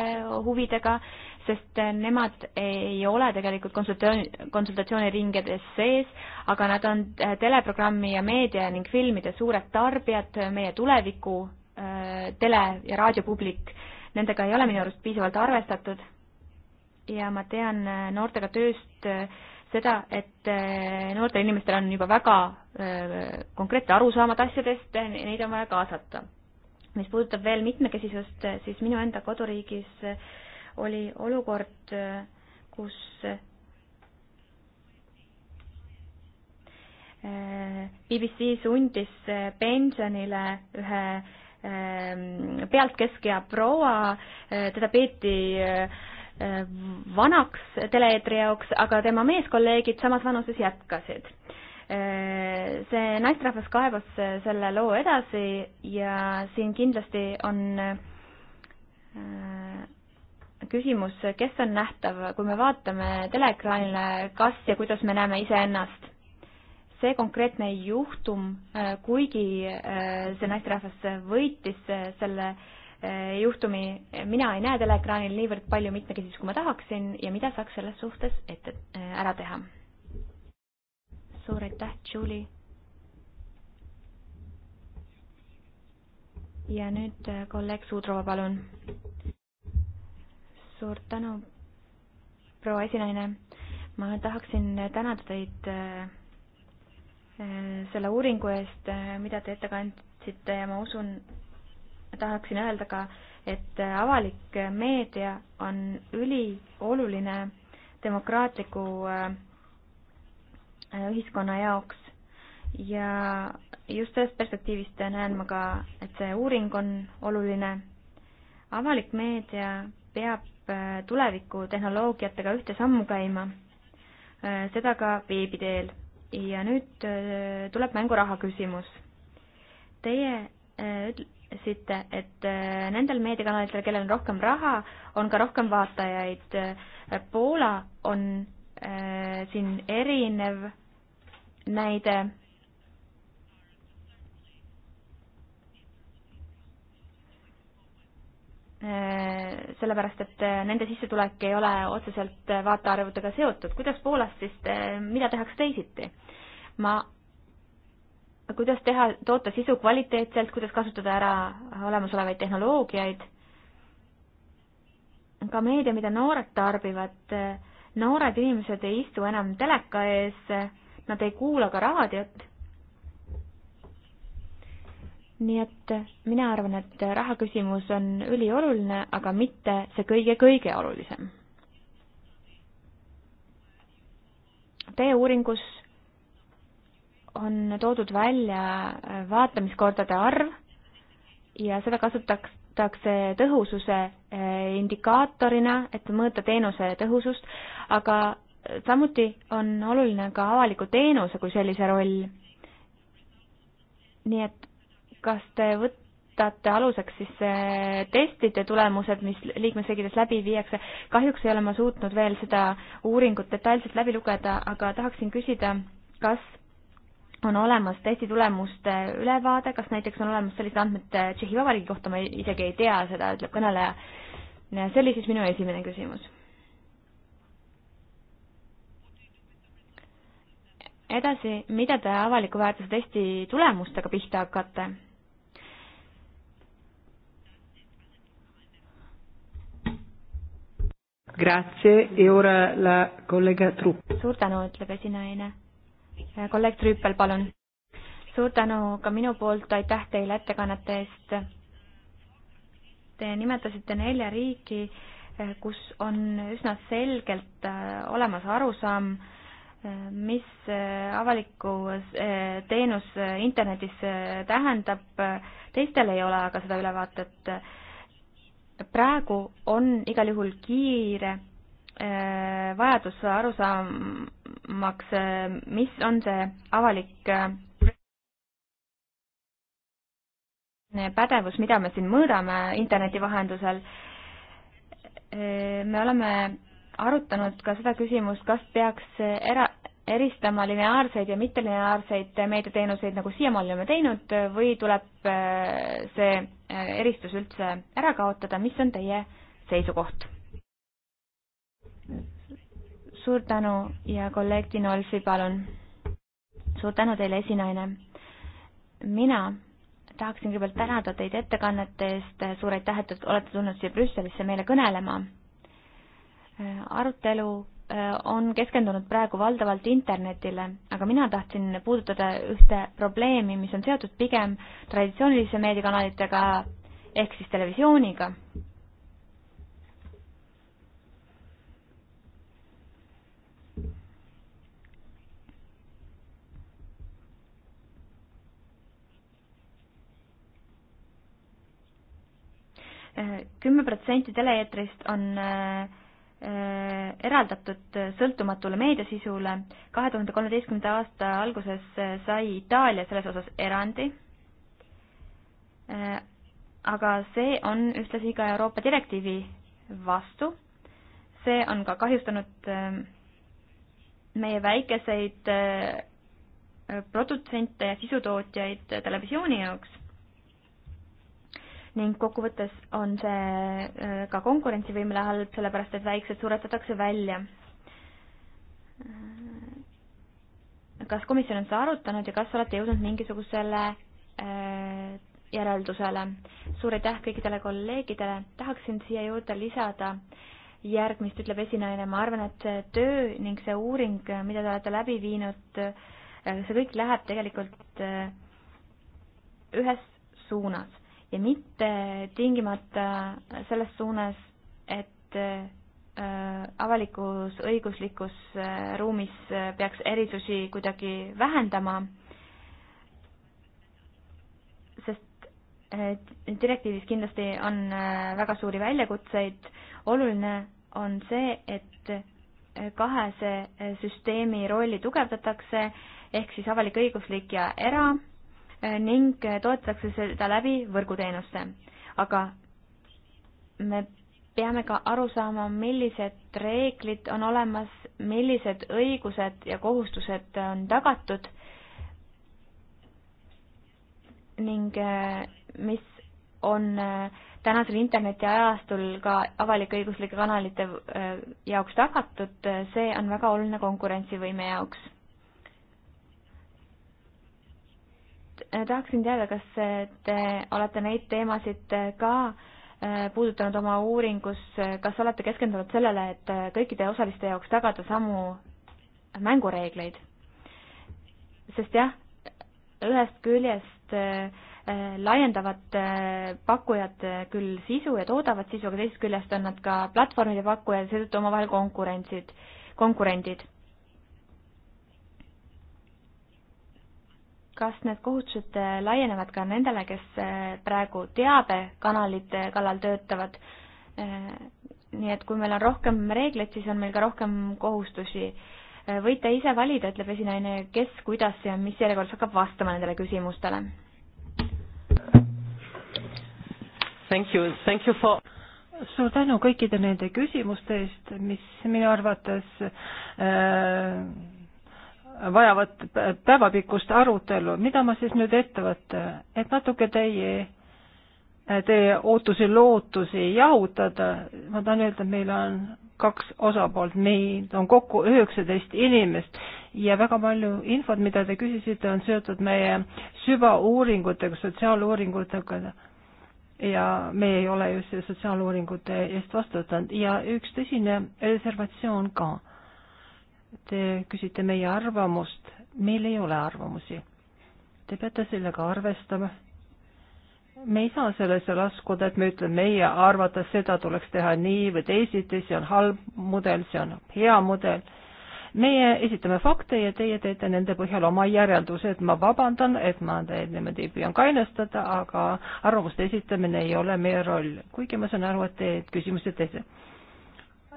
huvidega, sest nemad ei ole tegelikult konsultatsiooni, konsultatsiooniringides sees, aga nad on äh, teleprogrammi ja meedia ning filmide suured tarbijad, meie tuleviku äh, tele- ja raadiopublik, nendega ei ole minu arust piisavalt arvestatud. ja ma tean äh, noortega tööst seda, et noortel inimestel on juba väga konkreetne arusaamad asjadest, neid on vaja kaasata. mis puudutab veel mitmekesisust, siis minu enda koduriigis äh, oli olukord, kus äh, BBC sundis äh, pensionile ühe ähm, pealtkeskja proua, äh, teda peeti vanaks tele-eetri jaoks, aga tema meeskolleegid samas vanuses jätkasid. See naisterahvas kaebas selle loo edasi ja siin kindlasti on küsimus, kes on nähtav, kui me vaatame teleekraanile, kas ja kuidas me näeme iseennast? see konkreetne juhtum, äh, kuigi äh, see naisterahvas võitis äh, selle juhtumi, mina ei näe teleekraanil niivõrd palju mitmekesisust, kui ma tahaksin ja mida saaks selles suhtes ette, ära teha. suur aitäh, Julie. ja nüüd kolleeg Suudrova, palun suur tänu, proua esinaine. ma tahaksin tänada teid äh, äh, selle uuringu eest, äh, mida te ette kandsite ja ma usun, tahaksin öelda ka, et avalik meedia on ülioluline demokraatliku ühiskonna jaoks ja just sellest perspektiivist näen ma ka, et see uuring on oluline. avalik meedia peab peab äh, tulevikutehnoloogiatega ühte sammu käima, äh, seda ka veebi teel. ja nüüd äh, tuleb mängu raha küsimus. Teie ütlesite, et nendel meediakanalitel, kellel on rohkem raha, on ka rohkem vaatajaid. Poola on siin erinev näide Äh, sellepärast, et äh, nende sissetulek ei ole otseselt äh, vaatearvudega seotud. kuidas Poolas siis, mida tehakse teisiti? ma, kuidas teha, toota sisu kvaliteetselt, kuidas kasutada ära olemasolevaid tehnoloogiaid, ka meedia, mida noored tarbivad, noored inimesed ei istu enam teleka ees, nad ei kuula ka raadiot nii et mina arvan, et raha küsimus on ülioluline, aga mitte see kõige-kõige olulisem. Teie uuringus on toodud välja vaatamiskordade arv ja seda kasutatakse tõhususe eh, indikaatorina, et mõõta teenuse tõhusust, aga samuti on oluline ka avaliku teenuse kui sellise roll. nii et kas te võtate aluseks siis eh, testide tulemused, mis liikmesriikides läbi viiakse? kahjuks ei ole ma suutnud veel seda uuringut detailselt läbi lugeda, aga tahaksin küsida, kas on olemas testi tulemuste ülevaade, kas näiteks on olemas sellised andmed eh, Tšehhi Vabariigi kohta, ma isegi ei tea seda, ütleb kõneleja. see oli siis minu esimene küsimus. edasi, mida te avaliku väärtuse testi tulemustega pihta hakkate? Grazie e ora la kollega Trupp. suur tänu, ütleb esinaine. Äh, kolleeg Trüüpel, palun. suur tänu ka minu poolt, aitäh teile ettekannete eest. Te nimetasite nelja riiki, äh, kus on üsna selgelt äh, olemas arusaam, mis avaliku teenus internetis tähendab, teistel ei ole aga seda ülevaatet praegu on igal juhul kiire äh, vajadus aru saamaks, äh, mis on see avalik äh, pädevus, mida me siin mõõdame interneti vahendusel. me oleme arutanud ka seda küsimust, kas peaks era-, eristama lineaarseid ja mittelineaarseid meediateenuseid, nagu siiamaani oleme teinud, või tuleb äh, see äh, eristus üldse ära kaotada, mis on teie seisukoht? suur tänu ja kolleeg Tino Olfi, palun. suur tänu teile, esinaine. mina tahaksin kõigepealt tänada teid ettekannete eest, suur aitäh, et olete tulnud siia Brüsselisse meile kõnelema. Äh, arutelu Äh, on keskendunud praegu valdavalt internetile, aga mina tahtsin puudutada ühte probleemi, mis on seotud pigem traditsioonilise meediakanalitega ehk siis televisiooniga. Äh, kümme protsenti tele-eetrist on äh, eraldatud sõltumatule meediasisule. kahe tuhande kolmeteistkümnenda aasta alguses sai Itaalia selles osas erandi. aga see on ühtlasi ka Euroopa direktiivi vastu. see on ka kahjustanud äh, meie väikeseid äh, produtsente ja sisutootjaid televisiooni jaoks ning kokkuvõttes on see äh, ka konkurentsivõimele halb, sellepärast et väiksed suretatakse välja. Äh, kas komisjon on seda arutanud ja kas olete jõudnud mingisugusele äh, järeldusele? suur aitäh kõikidele kolleegidele, tahaksin siia juurde lisada järgmist, ütleb esinaine, ma arvan, et see töö ning see uuring, mida te olete läbi viinud, see kõik läheb tegelikult ühes suunas ja mitte tingimata selles suunas, et äh, avalikus õiguslikus äh, ruumis äh, peaks erisusi kuidagi vähendama, sest direktiivis kindlasti on väga suuri väljakutseid. oluline on see, et kahese süsteemi rolli tugevdatakse, ehk siis avalik-õiguslik ja era- Eh, ning eh, toetatakse seda läbi võrguteenuste. aga me peame ka aru saama, millised reeglid on olemas, millised õigused ja kohustused on tagatud ning eh, mis on tänasel internetiajastul ka avalik-õiguslike kanalite jaoks tagatud, see on väga oluline konkurentsivõime jaoks. Äh, tahaksin teada, kas te olete neid teemasid äh, ka äh, puudutanud oma uuringus, kas olete keskendunud sellele, et kõikide osaliste jaoks tagada samu mängureegleid? sest jah, ühest küljest laiendavad pakkujad küll sisu ja toodavad sisu, aga teisest küljest on nad ka platvormide pakkujad, seetõttu omavahel konkurentsid, konkurendid kas need kohustused äh, laienevad ka nendele, kes äh, praegu teabekanalite kallal töötavad? Äh, nii et kui meil on rohkem reegleid, siis on meil ka rohkem kohustusi. võite ise valida, ütleb esinaine, kes, kuidas ja mis järjekorras hakkab vastama nendele küsimustele. Thank you, thank you for suur tänu kõikide nende küsimuste eest, mis minu arvates äh, vajavad päevapikkust arutelu, mida ma siis nüüd ette võtta, et natuke teie, teie ootusi-lootusi jahutada, ma tahan öelda, et meil on kaks osapoolt, meid on kokku üheksateist inimest ja väga palju infot, mida te küsisite, on seotud meie süvauuringutega, sotsiaaluuringutega ja me ei ole just sotsiaaluuringute eest vastutanud ja üks tõsine reservatsioon ka Te küsite meie arvamust. Meil ei ole arvamusi. Te peate sellega arvestama. Me ei saa sellesse laskuda, et me ütleme, meie arvates seda tuleks teha nii või teisiti, see on halb mudel, see on hea mudel. Meie esitame fakte ja teie teete nende põhjal oma järeldused. Ma vabandan, et ma teid niimoodi püüan kainestada, aga arvamuste esitamine ei ole meie roll. Kuigi ma saan aru, et teed küsimused teised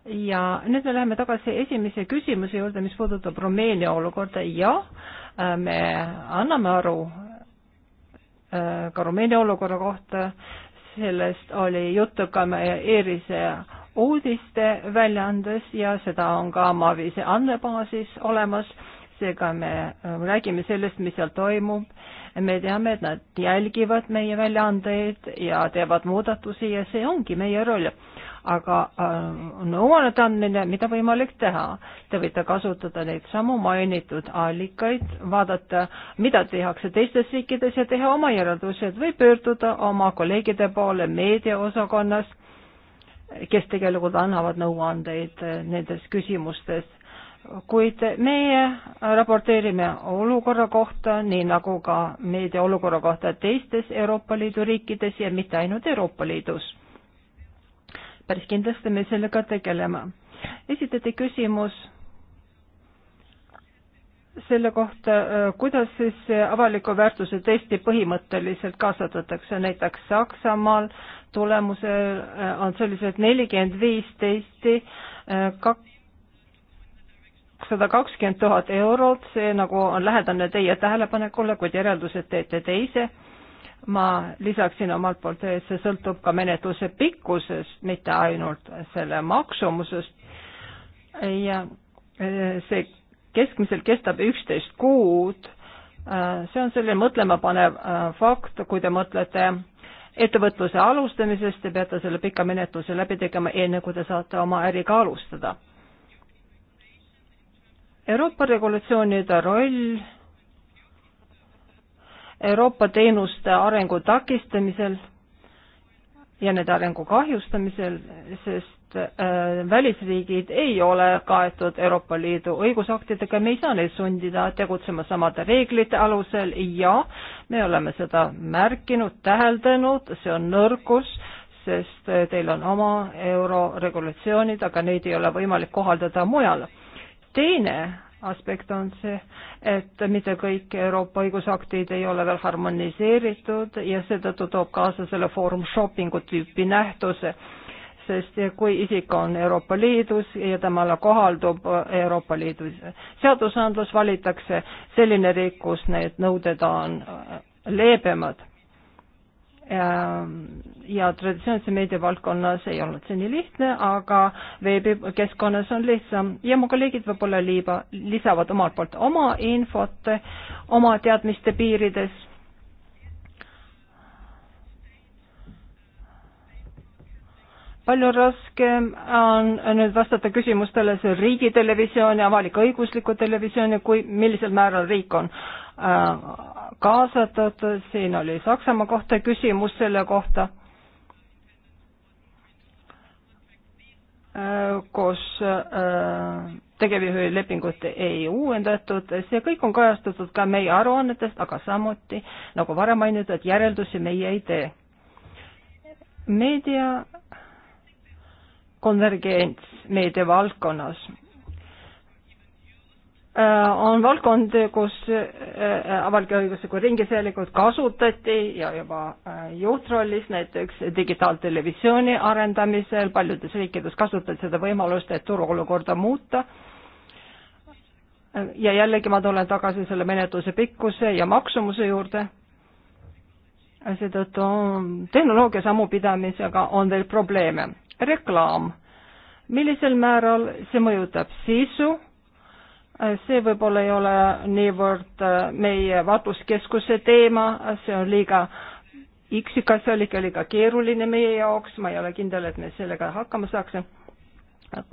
ja nüüd me läheme tagasi esimese küsimuse juurde, mis puudutab Rumeenia olukorda. jah, äh, me anname aru äh, ka Rumeenia olukorra kohta, sellest oli juttu ka meie ERISe uudiste väljaandes ja seda on ka Mavise andmebaasis olemas, seega me äh, räägime sellest, mis seal toimub. me teame, et nad jälgivad meie väljaandeid ja teevad muudatusi ja see ongi meie roll aga äh, nõuannete andmine, mida võimalik teha. Te võite kasutada neid samu mainitud allikaid, vaadata, mida tehakse teistes riikides ja teha oma järeldused või pöörduda oma kolleegide poole meediaosakonnas, kes tegelikult annavad nõuandeid äh, nendes küsimustes kuid meie raporteerime olukorra kohta, nii nagu ka meedia olukorra kohta teistes Euroopa Liidu riikides ja mitte ainult Euroopa Liidus päris kindlasti me sellega tegelema. esitati küsimus selle kohta, äh, kuidas siis avaliku väärtuse testi põhimõtteliselt kasvatatakse, näiteks Saksamaal tulemusel äh, on sellised nelikümmend viis testi, äh, kakssada kakskümmend tuhat eurot, see nagu on lähedane teie tähelepanekule, kuid järeldused teete te ise ma lisaksin omalt poolt, et see sõltub ka menetluse pikkusest, mitte ainult selle maksumusest ja eh, see keskmiselt kestab üksteist kuud, eh, see on selline mõtlemapanev eh, fakt, kui te mõtlete ettevõtluse alustamisest, te peate selle pika menetluse läbi tegema, enne kui te saate oma äriga alustada. Euroopa regulatsioonide roll Euroopa teenuste arengu takistamisel ja nende arengu kahjustamisel, sest äh, välisriigid ei ole kaetud Euroopa Liidu õigusaktidega, me ei saa neid sundida tegutsema samade reeglite alusel ja me oleme seda märkinud, täheldanud, see on nõrgus, sest äh, teil on oma euroregulatsioonid, aga neid ei ole võimalik kohaldada mujal. teine aspekt on see, et mitte kõik Euroopa õigusaktid ei ole veel harmoniseeritud ja seetõttu toob kaasa selle foorum shoppingu tüüpi nähtuse sest kui isik on Euroopa Liidus ja temale kohaldub Euroopa Liidu seadusandlus, valitakse selline riik, kus need nõuded on leebemad. Ähm, ja traditsioonilise meedia valdkonnas ei olnud see nii lihtne, aga veebikeskkonnas on lihtsam ja mu kolleegid võib-olla liiba, lisavad omalt poolt oma infot oma teadmiste piirides. palju raskem on nüüd vastata küsimustele see riigitelevisioon ja avalik-õigusliku televisioon ja kui, millisel määral riik on Äh, kaasatud, siin oli Saksamaa kohta küsimus selle kohta, äh, kus äh, tegevjuhi lepingut ei uuendatud, see kõik on kajastatud ka meie aruannetest, aga samuti, nagu varem mainitud, järeldusi meie ei tee. meedia konvergents meediavaldkonnas Äh, on valdkond, kus äh, äh, avalike õiguslikku ringisõjalikult kasutati ja juba juhtrollis, näiteks digitaaltelevisiooni arendamisel, paljudes riikides kasutati seda võimalust, et turuolukorda muuta. ja jällegi ma tulen tagasi selle menetluse pikkuse ja maksumuse juurde. seetõttu tehnoloogia sammupidamisega on veel probleeme. reklaam, millisel määral see mõjutab sisu Äh, see võib-olla ei ole niivõrd äh, meie vaatluskeskuse teema, see on liiga üksikasjalik ja liiga keeruline meie jaoks, ma ei ole kindel, et me sellega hakkama saaksime.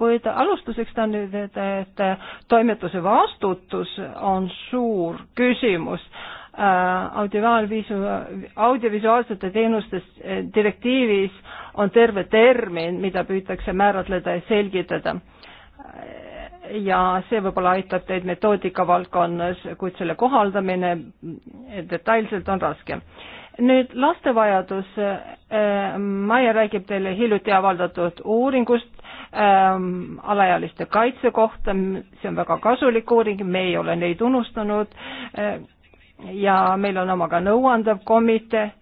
kuid alustuseks ta nüüd, et, et toimetuse vastutus on suur küsimus äh, audiovisuaalviisu, audiovisuaalsete teenustes direktiivis on terve termin, mida püütakse määratleda ja selgitada ja see võib-olla aitab teid metoodika valdkonnas, kuid selle kohaldamine detailselt on raske. nüüd laste vajadus, äh, Maie räägib teile hiljuti avaldatud uuringust ähm, alaealiste kaitse kohta, see on väga kasulik uuring, me ei ole neid unustanud äh, ja meil on oma ka nõuandev komitee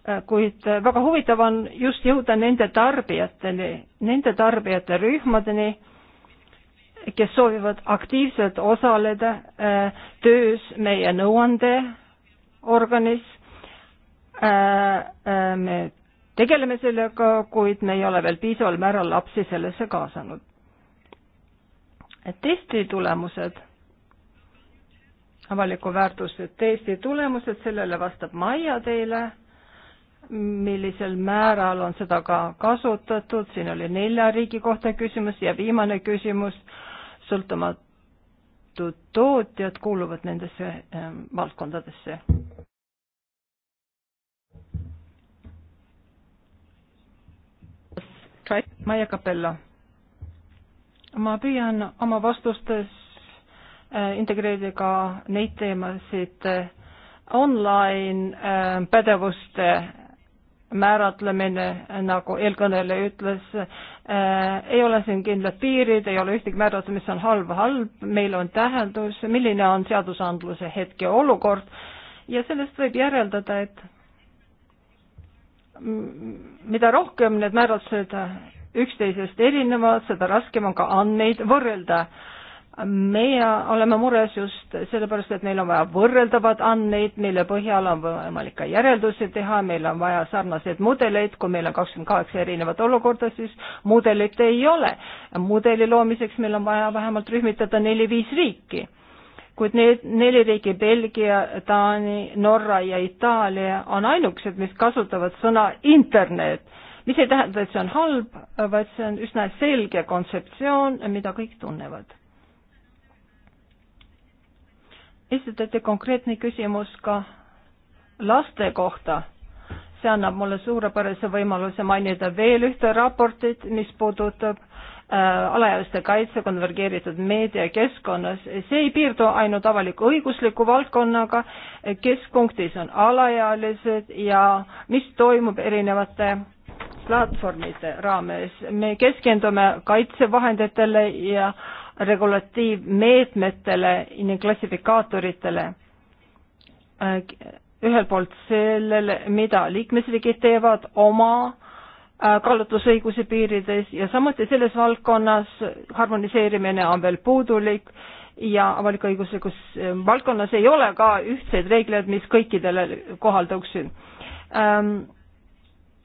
Äh, kuid äh, väga huvitav on just jõuda nende tarbijateni, nende tarbijate rühmadeni, kes soovivad aktiivselt osaleda äh, töös meie nõuandeorganis. me tegeleme sellega, kuid me ei ole veel piisaval määral lapsi sellesse kaasanud. testi tulemused, avaliku väärtuse testi tulemused, sellele vastab Maia teile millisel määral on seda ka kasutatud, siin oli nelja riigi kohta küsimus ja viimane küsimus, sõltumatud tootjad kuuluvad nendesse ähm, valdkondadesse. Maie Capello, ma püüan oma vastustes äh, integreerida ka neid teemasid äh, online äh, pädevuste määratlemine, nagu eelkõneleja ütles äh,, ei ole siin kindlad piirid, ei ole ühtegi määratlust, mis on halb, halb, meil on tähendus, milline on seadusandluse hetkeolukord ja sellest võib järeldada, et mida rohkem need määratlused üksteisest erinevad, seda raskem on ka andmeid võrrelda äh, meie oleme mures just sellepärast, et meil on vaja võrreldavad andmeid, mille põhjal on võimalik ka järeldusi teha, meil on vaja sarnaseid mudeleid, kui meil on kakskümmend kaheksa erinevat olukorda, siis mudelit ei ole. mudeli loomiseks meil on vaja vähemalt rühmitada neli-viis riiki. kuid need neli riiki, Belgia, Taani, Norra ja Itaalia on ainukesed, mis kasutavad sõna internet, mis ei tähenda, et see on halb, vaid see on üsna selge kontseptsioon, mida kõik tunnevad esitati konkreetne küsimus ka laste kohta. see annab mulle suurepärase võimaluse mainida veel ühte raportit, mis puudutab äh, alaealiste kaitse konvergeeritud meediakeskkonnas. see ei piirdu ainult avalik-õigusliku valdkonnaga, keskpunktis on alaealised ja mis toimub erinevate platvormide raames. me keskendume kaitsevahenditele ja äh, regulatiivmeetmetele ning klassifikaatoritele. ühelt poolt sellele, mida liikmesriigid teevad oma äh, kaalutlusõiguse piirides ja samuti selles valdkonnas harmoniseerimine on veel puudulik ja avalik-õiguslikus äh, valdkonnas ei ole ka ühtseid reegleid, mis kõikidele kohalduksid ähm,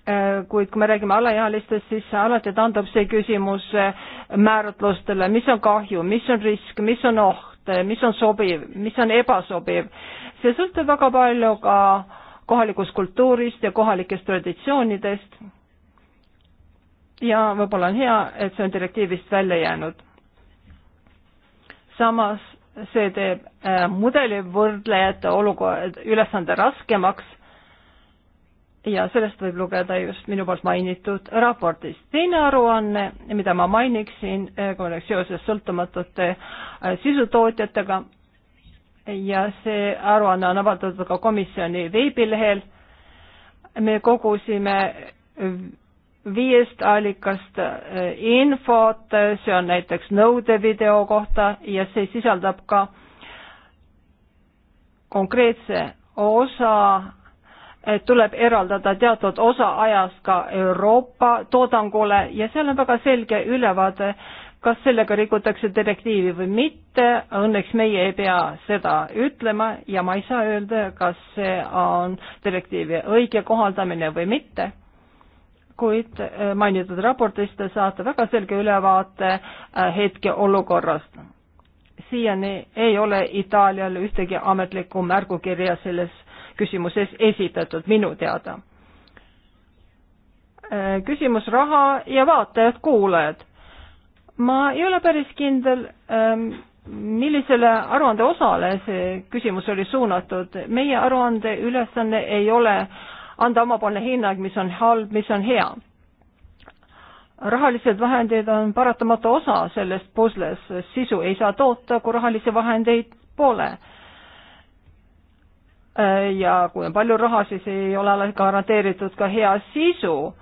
Äh, kuid kui me räägime alaealistest, siis alati taandub see küsimus äh, määratlustele, mis on kahju, mis on risk, mis on oht, äh, mis on sobiv, mis on ebasobiv. see sõltub väga palju ka kohalikust kultuurist ja kohalikest traditsioonidest. ja võib-olla on hea, et see on direktiivist välja jäänud. samas see teeb mudeli võrdlejate olukorra, ülesande raskemaks ja sellest võib lugeda just minu poolt mainitud raportist. teine aruanne, mida ma mainiksin eh, seoses sõltumatute eh, sisutootjatega ja see aruanne on avaldatud ka komisjoni veebilehel. me kogusime viiest allikast eh, infot, see on näiteks nõudevideo kohta ja see sisaldab ka konkreetse osa tuleb eraldada teatud osa ajast ka Euroopa toodangule ja seal on väga selge ülevaade, kas sellega rikutakse direktiivi või mitte, õnneks meie ei pea seda ütlema ja ma ei saa öelda, kas see on direktiivi õige kohaldamine või mitte kuid eh, mainitud raportis te saate väga selge ülevaate eh, hetkeolukorrast. siiani ei ole Itaalial ühtegi ametlikku märgukirja selles küsimuses esitatud minu teada. Äh, küsimus raha ja vaatajad-kuulajad. ma ei ole päris kindel, ähm, millisele aruande osale see küsimus oli suunatud. meie aruande ülesanne ei ole anda omapoolne hinnang, mis on halb, mis on hea rahalised vahendid on paratamatu osa sellest pusles, sisu ei saa toota, kui rahalisi vahendeid pole. Äh, ja kui on palju raha, siis ei ole alati garanteeritud ka hea sisu.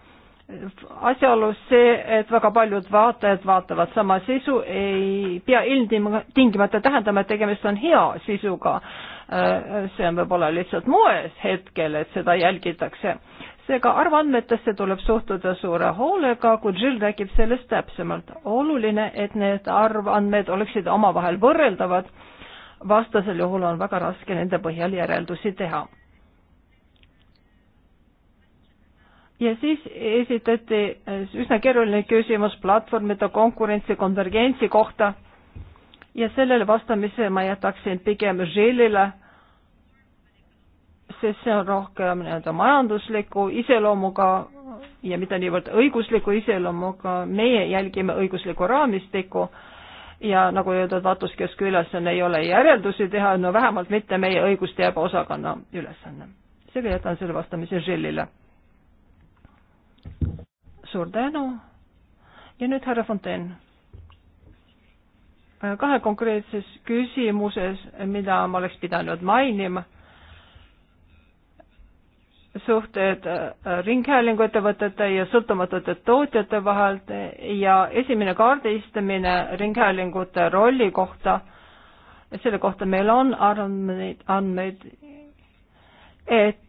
asjaolus see, et väga paljud vaatajad vaatavad sama sisu, ei pea ilmtingimata tähendama, et tegemist on hea sisuga. Äh, see on võib-olla lihtsalt moes hetkel, et seda jälgitakse. seega arvandmetesse tuleb suhtuda suure hoolega, kui Jill räägib sellest täpsemalt. oluline, et need arvandmed oleksid omavahel võrreldavad vastasel juhul on väga raske nende põhjal järeldusi teha. ja siis esitati üsna keeruline küsimus platvormide konkurentsi konvergentsi kohta ja sellele vastamise ma jätaksin pigem Žilile, sest see on rohkem nii-öelda majandusliku iseloomuga ja mitte niivõrd õigusliku iseloomuga, meie jälgime õiguslikku raamistikku ja nagu öeldud, vaatluskeskuse ülesanne ei ole järeldusi teha, no vähemalt mitte meie õigusteabe osakonna ülesanne. seega jätan selle vastamise Žillile. suur tänu ja nüüd härra Fontaine. kahe konkreetses küsimuses, mida ma oleks pidanud mainima suhted äh, ringhäälinguettevõtete ja sõltumatute tootjate vahel ja esimene kaardistamine ringhäälingute rolli kohta, selle kohta meil on andmeid, andmeid, et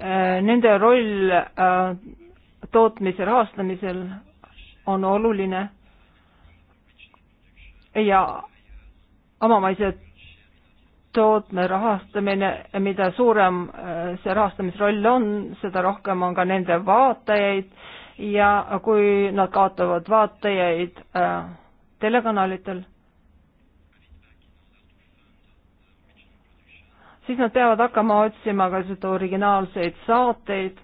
äh, nende roll äh, tootmise rahastamisel on oluline ja omamaised tootme rahastamine, mida suurem äh, see rahastamisroll on, seda rohkem on ka nende vaatajaid ja kui nad kaotavad vaatajaid äh, telekanalitel, siis nad peavad hakkama otsima ka seda originaalseid saateid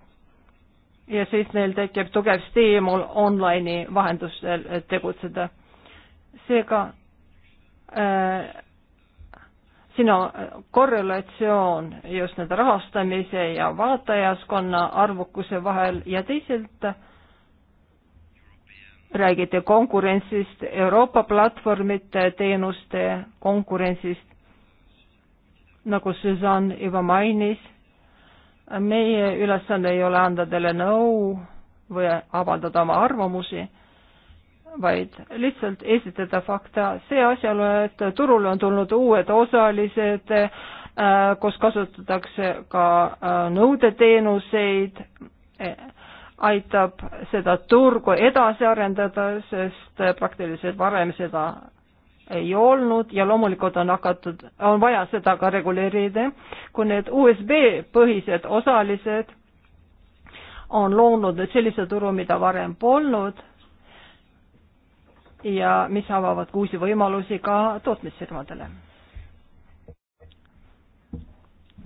ja siis neil tekib tugev stiimul online'i vahendusel tegutseda. seega äh, siin on korrelatsioon just nende rahastamise ja vaatajaskonna arvukuse vahel ja teisalt räägite konkurentsist, Euroopa platvormide teenuste konkurentsist, nagu Suzanne juba mainis, meie ülesanne ei ole anda teile nõu või avaldada oma arvamusi vaid lihtsalt esitada fakta see asjaolu, et turule on tulnud uued osalised, äh, kus kasutatakse ka äh, nõudeteenuseid, äh, aitab seda turgu edasi arendada, sest praktiliselt varem seda ei olnud ja loomulikult on hakatud, on vaja seda ka reguleerida, kui need USB-põhised osalised on loonud nüüd sellise turu, mida varem polnud ja mis avavad uusi võimalusi ka tootmisfirmadele.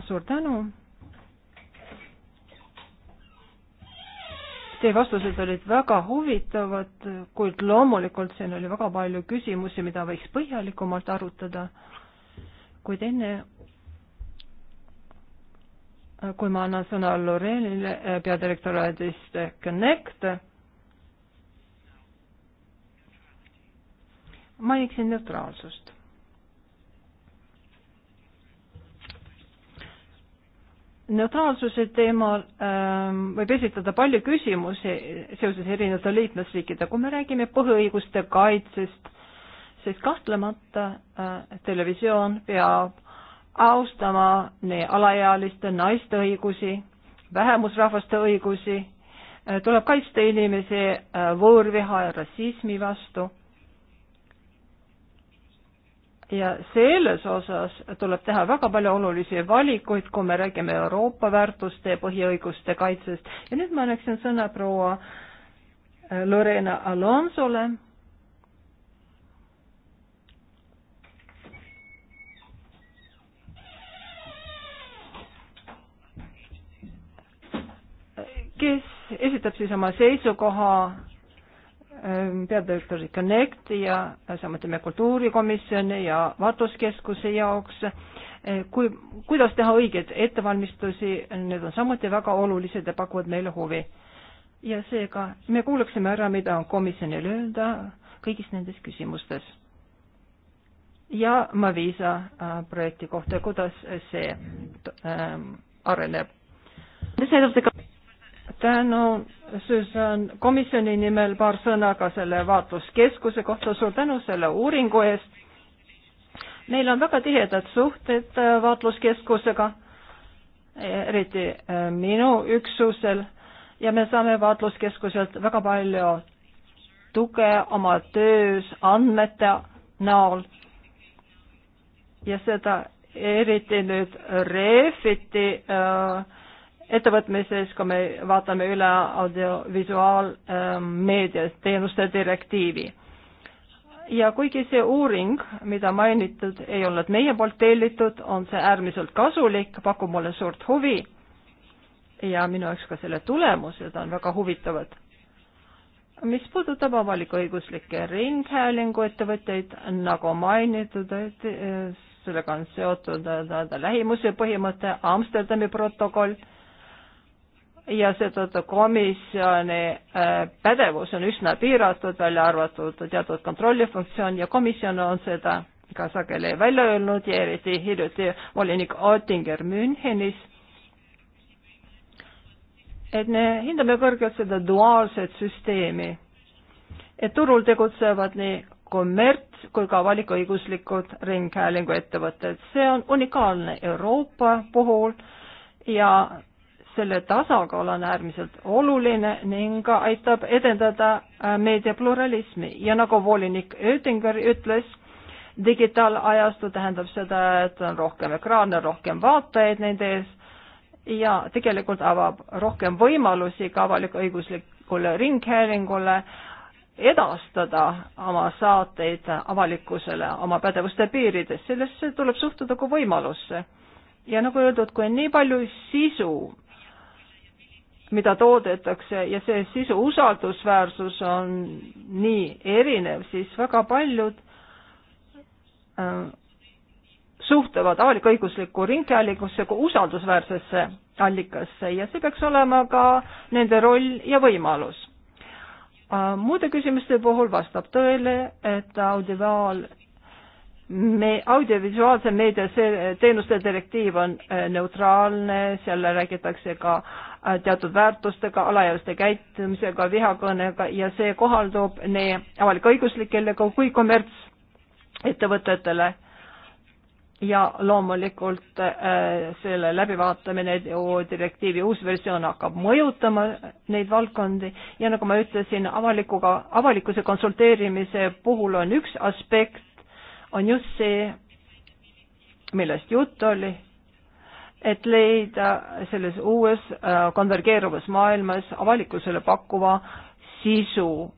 suur tänu. Teie vastused olid väga huvitavad, kuid loomulikult siin oli väga palju küsimusi, mida võiks põhjalikumalt arutada. kuid enne kui ma annan sõna Loreenile peadirektoraadist Connect mainiksin neutraalsust. neutraalsuse teemal ähm, võib esitada palju küsimusi seoses erinevate liikmesriikide, kui me räägime põhiõiguste kaitsest, siis kahtlemata äh, televisioon peab austama nii alaealiste naiste õigusi, vähemusrahvaste õigusi äh,, tuleb kaitsta inimesi äh, võõrviha ja rassismi vastu ja selles osas tuleb teha väga palju olulisi valikuid, kui me räägime Euroopa väärtuste ja põhiõiguste kaitsest. ja nüüd ma annaksin sõna proua äh, Lorena Alonsole. kes esitab siis oma seisukoha Ähm, peadirektori Connect ja samuti me kultuurikomisjoni ja vaatluskeskuse jaoks. Äh, kui, kuidas teha õigeid ettevalmistusi, need on samuti väga olulised ja pakuvad meile huvi. ja seega me kuulaksime ära, mida on komisjonil öelda kõigis nendes küsimustes. ja Mavisa äh, projekti kohta, kuidas see äh, areneb tänu, Susan, komisjoni nimel paar sõna ka selle vaatluskeskuse kohta, suur tänu selle uuringu eest. meil on väga tihedad suhted äh, vaatluskeskusega, eriti äh, minu üksusel, ja me saame vaatluskeskuselt väga palju tuge oma töös andmete näol ja seda eriti nüüd Refiti äh, ettevõtmises, kui me vaatame üle audiovisuaalmeedias ähm, teenuste direktiivi. ja kuigi see uuring, mida mainitud, ei olnud meie poolt tellitud, on see äärmiselt kasulik, pakub mulle suurt huvi ja minu jaoks ka selle tulemused on väga huvitavad. mis puudutab avalik-õiguslikke ringhäälinguettevõtteid, nagu mainitud, et äh, sellega on seotud lähimuse põhimõte, Amsterdami protokoll ja seetõttu komisjoni äh, pädevus on üsna piiratud, välja arvatud teatud kontrollifunktsioon ja komisjon on seda ka sageli välja öelnud ja eriti hiljuti volinik Oettinger Münchenis, et me hindame kõrgelt seda duaalset süsteemi, et turul tegutsevad nii kommerts kui ka avalik-õiguslikud ringhäälinguettevõtted. see on unikaalne Euroopa puhul ja selle tasakaal on äärmiselt oluline ning aitab edendada äh, meediapluralismi ja nagu volinik Oettinger ütles, digitaalajastu tähendab seda, et on rohkem ekraane, rohkem vaatajaid nende ees ja tegelikult avab rohkem võimalusi ka avalik-õiguslikule ringhäälingule edastada oma saateid avalikkusele oma pädevuste piirides, sellesse tuleb suhtuda kui võimalusse ja nagu öeldud, kui on nii palju sisu, mida toodetakse ja see sisu usaldusväärsus on nii erinev, siis väga paljud äh, suhtuvad avalik-õiguslikku ringhäälingusse kui usaldusväärsesse allikasse ja see peaks olema ka nende roll ja võimalus äh,. muude küsimuste puhul vastab tõele, et audiovaal me audiovisuaalse meedia teenuste direktiiv on äh, neutraalne, seal räägitakse ka äh, Äh, teatud väärtustega, alaealiste käitumisega, vihakõnega ja see kohaldub nii avalik-õiguslikele kui kommertsettevõtetele. ja loomulikult äh, selle läbivaatamine, direktiivi uus versioon hakkab mõjutama neid valdkondi ja nagu ma ütlesin, avalikuga, avalikkuse konsulteerimise puhul on üks aspekt, on just see, millest juttu oli et leida selles uues äh, konvergeeruvas maailmas avalikkusele pakkuva sisu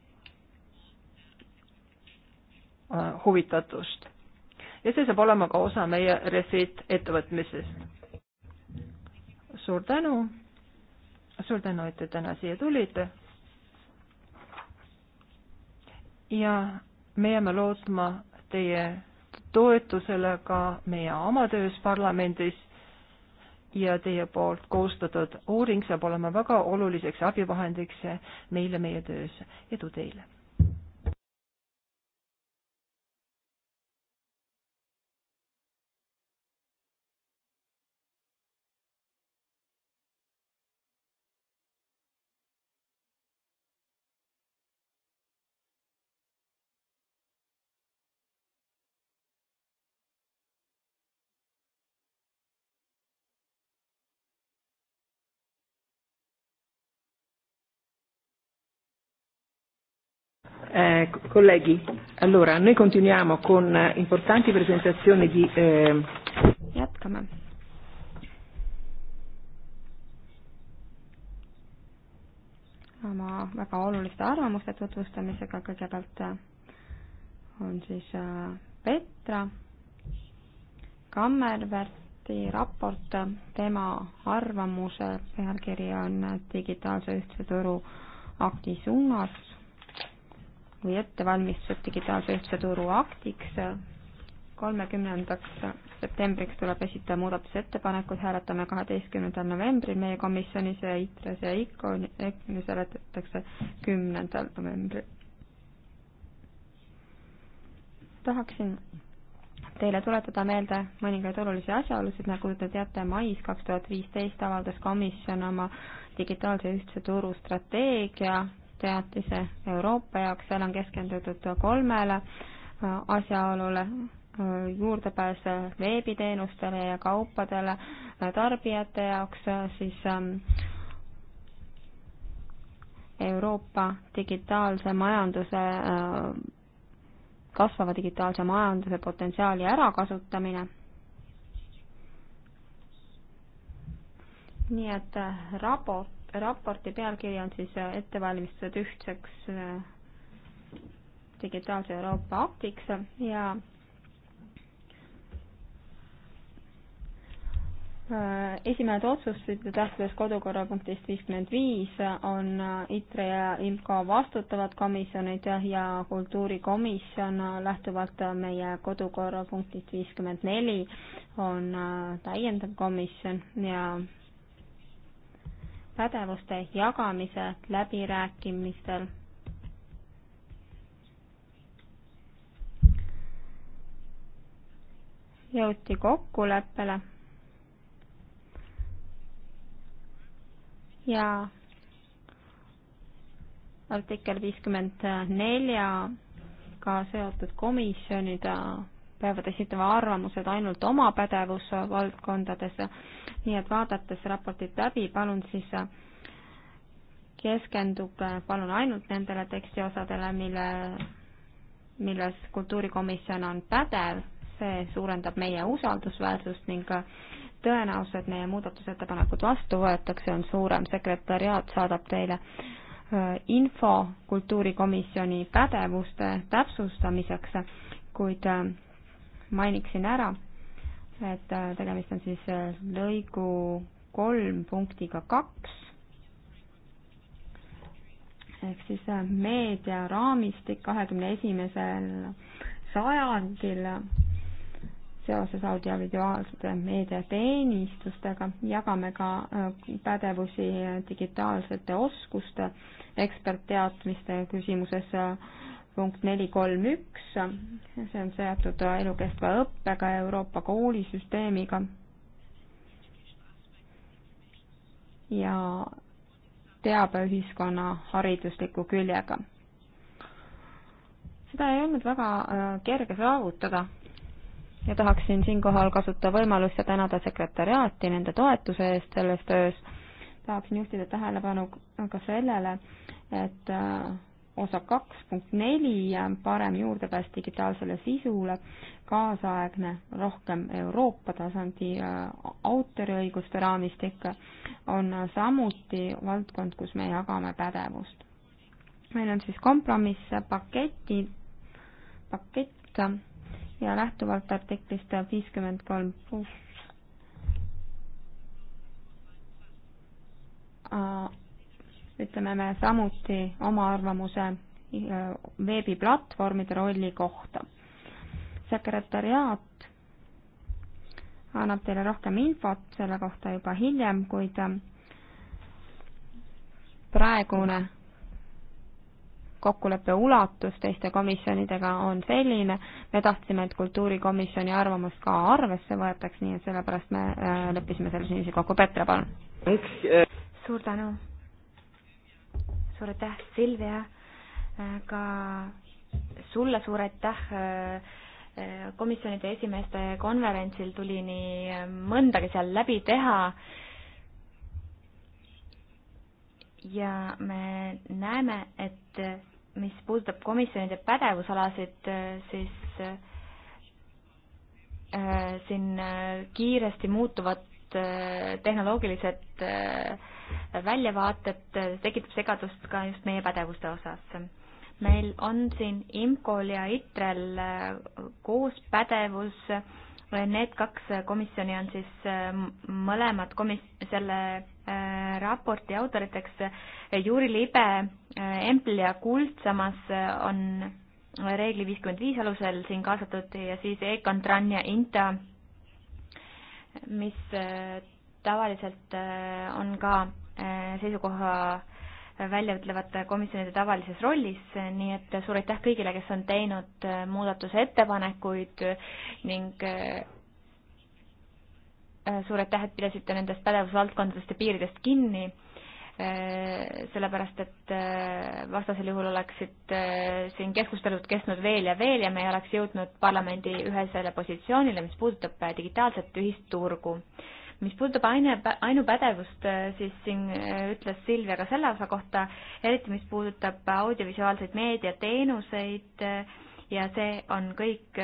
äh, huvitatust. ja see saab olema ka osa meie Refit ettevõtmisest. suur tänu, suur tänu, et te täna siia tulite. ja me jääme lootma teie toetusele ka meie oma töös parlamendis ja teie poolt koostatud uuring saab olema väga oluliseks abivahendiks meile meie töös. edu teile! Eh, colleghi, allora noi continuiamo con eh, importanti presentazioni di. Eh... Jätkame. oma väga oluliste arvamuste tutvustamisega kõigepealt eh, on siis eh, Petra Kammerverti raport, tema arvamuse pealkiri on digitaalse ühtse turu akti suunas või ettevalmistused digitaalse ühtse turu aktiks. kolmekümnendaks septembriks tuleb esitada muudatusettepanekud, hääletame kaheteistkümnendal novembril meie komisjonis ja ITRES ja ICO-n hääletatakse kümnendal novembril. tahaksin teile tuletada meelde mõningaid olulisi asjaolusid, nagu te teate, mais kaks tuhat viisteist avaldas komisjon oma digitaalse ühtse turu strateegia teatise Euroopa jaoks, seal on keskendutud kolmele äh, asjaolule, äh, juurdepääs veebiteenustele ja kaupadele äh, tarbijate jaoks, siis ähm, Euroopa digitaalse majanduse, kasvava digitaalse majanduse potentsiaali ärakasutamine nii et raport raporti pealkiri on siis äh, ettevalmistused ühtseks äh, digitaalse Euroopa aktiks ja äh, esimesed otsused lähtudes kodukorra punktist viiskümmend viis on ITRE ja IMCO vastutavad komisjonid ja kultuurikomisjon lähtuvalt meie kodukorra punktist viiskümmend neli on täiendav komisjon ja pädevuste jagamise läbirääkimistel. jõuti kokkuleppele ja artikkel viiskümmend nelja ka seotud komisjonide peavad esitama arvamused ainult oma pädevusvaldkondades. nii et vaadates raportit läbi, palun siis keskenduge palun ainult nendele tekstiosadele, mille, milles kultuurikomisjon on pädev, see suurendab meie usaldusväärsust ning tõenäosus, et meie muudatusettepanekud vastu võetakse, on suurem. sekretäriaat saadab teile äh, info kultuurikomisjoni pädevuste täpsustamiseks, kuid äh, mainiksin ära, et äh, tegemist on siis äh, lõigu kolm punktiga kaks ehk siis äh, meediaraamistik kahekümne esimesel sajandil seoses audiovisuaalsete meediateenistustega jagame ka pädevusi digitaalsete oskuste, ekspertteadmiste küsimuses äh, punkt neli kolm üks, see on seotud elukestva õppega Euroopa koolisüsteemiga. ja teabeühiskonna haridusliku küljega. seda ei olnud väga äh, kerge saavutada ja tahaksin siinkohal kasutada võimalust ja tänada sekretäriaati nende toetuse eest selles töös. tahaksin juhtida tähelepanu ka sellele, et äh, osa kaks punkt neli, parem juurdepääs digitaalsele sisule, kaasaegne, rohkem Euroopa tasandi äh, autoriõiguste raamistik on samuti valdkond, kus me jagame pädevust. meil on siis kompromisspaketi, pakett ja lähtuvalt artiklist viiskümmend kolm pluss äh, ütleme me samuti oma arvamuse äh, veebiplatvormide rolli kohta. sekretäriaat annab teile rohkem infot selle kohta juba hiljem, kuid äh, praegune kokkuleppe ulatus teiste komisjonidega on selline, me tahtsime, et kultuurikomisjoni arvamust ka arvesse võetaks, nii et sellepärast me äh, leppisime selle siin kokku. Petra, palun. suur tänu suur aitäh, Silvia, ka sulle suur aitäh komisjonide esimeeste konverentsil tuli nii mõndagi seal läbi teha. ja me näeme, et mis puudutab komisjonide pädevusalasid, siis äh, siin äh, kiiresti muutuvad äh, tehnoloogilised äh, väljavaatet, tekitab segadust ka just meie pädevuste osas. meil on siin IMCO-l ja ITRE-l äh, koos pädevus, need kaks komisjoni on siis äh, mõlemad komis-, selle äh, raporti autoriteks, Juri Libe, Empl ja Kuld samas on reegli viiskümmend viis alusel siin kaasatud ja siis Econ, Tran ja Inta, mis tavaliselt on ka Äh, seisukoha välja ütlevate komisjonide tavalises rollis, nii et suur aitäh kõigile, kes on teinud äh, muudatusettepanekuid ning äh, suur aitäh, et pidasite nendest pädevusvaldkondadest ja piiridest kinni, sellepärast et vastasel juhul oleksid siin keskustelud kestnud veel ja veel ja me ei oleks jõudnud parlamendi ühesele positsioonile, mis puudutab digitaalset ühist turgu mis puudutab aine, ainupädevust, äh, siis siin äh, ütles Silvia ka selle osa kohta, eriti mis puudutab audiovisuaalseid meediateenuseid äh, ja see on kõik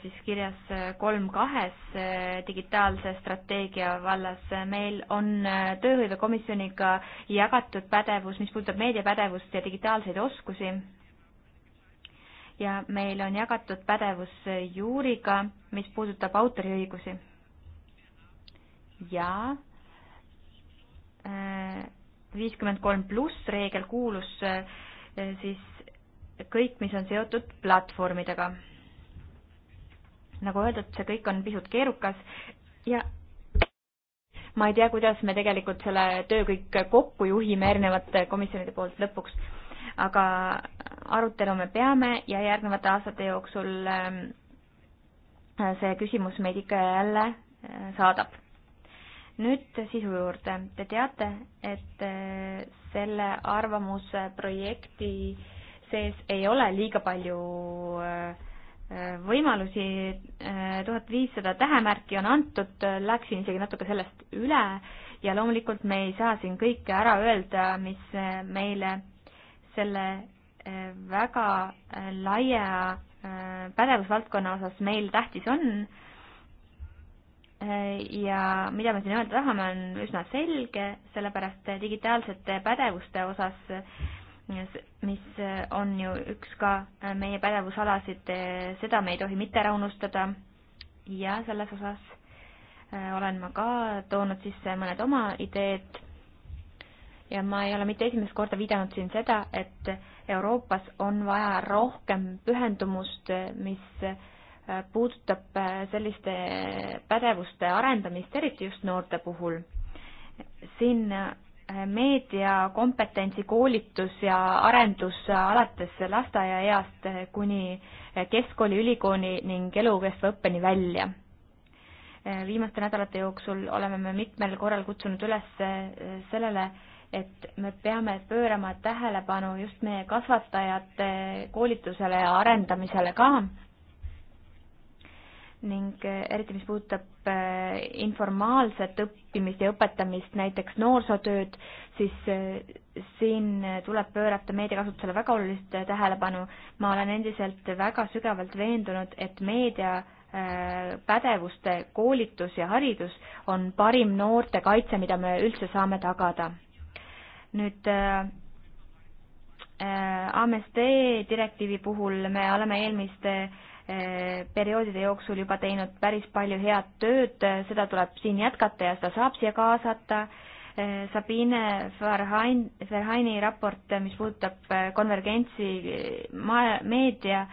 siis kirjas kolm kahes digitaalse strateegia vallas. meil on tööhõivekomisjoniga jagatud pädevus, mis puudutab meediapädevust ja digitaalseid oskusi. ja meil on jagatud pädevus juuriga, mis puudutab autoriõigusi ja äh, viiskümmend kolm pluss reegel kuulus äh, siis kõik, mis on seotud platvormidega. nagu öeldud, see kõik on pisut keerukas ja ma ei tea, kuidas me tegelikult selle töö kõik kokku juhime erinevate komisjonide poolt lõpuks, aga arutelu me peame ja järgnevate aastate jooksul ähm, see küsimus meid ikka ja jälle äh, saadab nüüd sisu juurde. Te teate, et äh, selle arvamuse projekti sees ei ole liiga palju äh, äh, võimalusi, tuhat viissada tähemärki on antud, läksin isegi natuke sellest üle ja loomulikult me ei saa siin kõike ära öelda, mis meile selle väga laia pädevusvaldkonna osas meil tähtis on ja mida me siin öelda tahame, on üsna selge, sellepärast digitaalsete pädevuste osas, mis on ju üks ka meie pädevusalasid, seda me ei tohi mitte ära unustada ja selles osas äh, olen ma ka toonud sisse mõned oma ideed ja ma ei ole mitte esimest korda viidanud siin seda, et Euroopas on vaja rohkem pühendumust, mis puudutab äh, selliste pädevuste arendamist, eriti just noorte puhul. siin äh, meediakompetentsi koolitus ja arendus alates lasteaiaeast äh, kuni keskkooli, ülikooli ning elukestva õppeni välja. viimaste nädalate jooksul oleme me mitmel korral kutsunud üles sellele, et me peame pöörama tähelepanu just meie kasvatajate koolitusele ja arendamisele ka ning eh, eriti, mis puudutab eh, informaalset õppimist ja õpetamist, näiteks noorsootööd, siis eh, siin tuleb pöörata meediakasutusele väga olulist tähelepanu. ma olen endiselt väga sügavalt veendunud, et meedia pädevuste koolitus ja haridus on parim noorte kaitse, mida me üldse saame tagada. nüüd AMSD direktiivi puhul me oleme eelmiste äh, Eh, perioodide jooksul juba teinud päris palju head tööd, seda tuleb siin jätkata ja seda saab siia kaasata. Eh, Sabine Verhain, Verhaini raport, mis puudutab eh, konvergentsi maa-, meedia,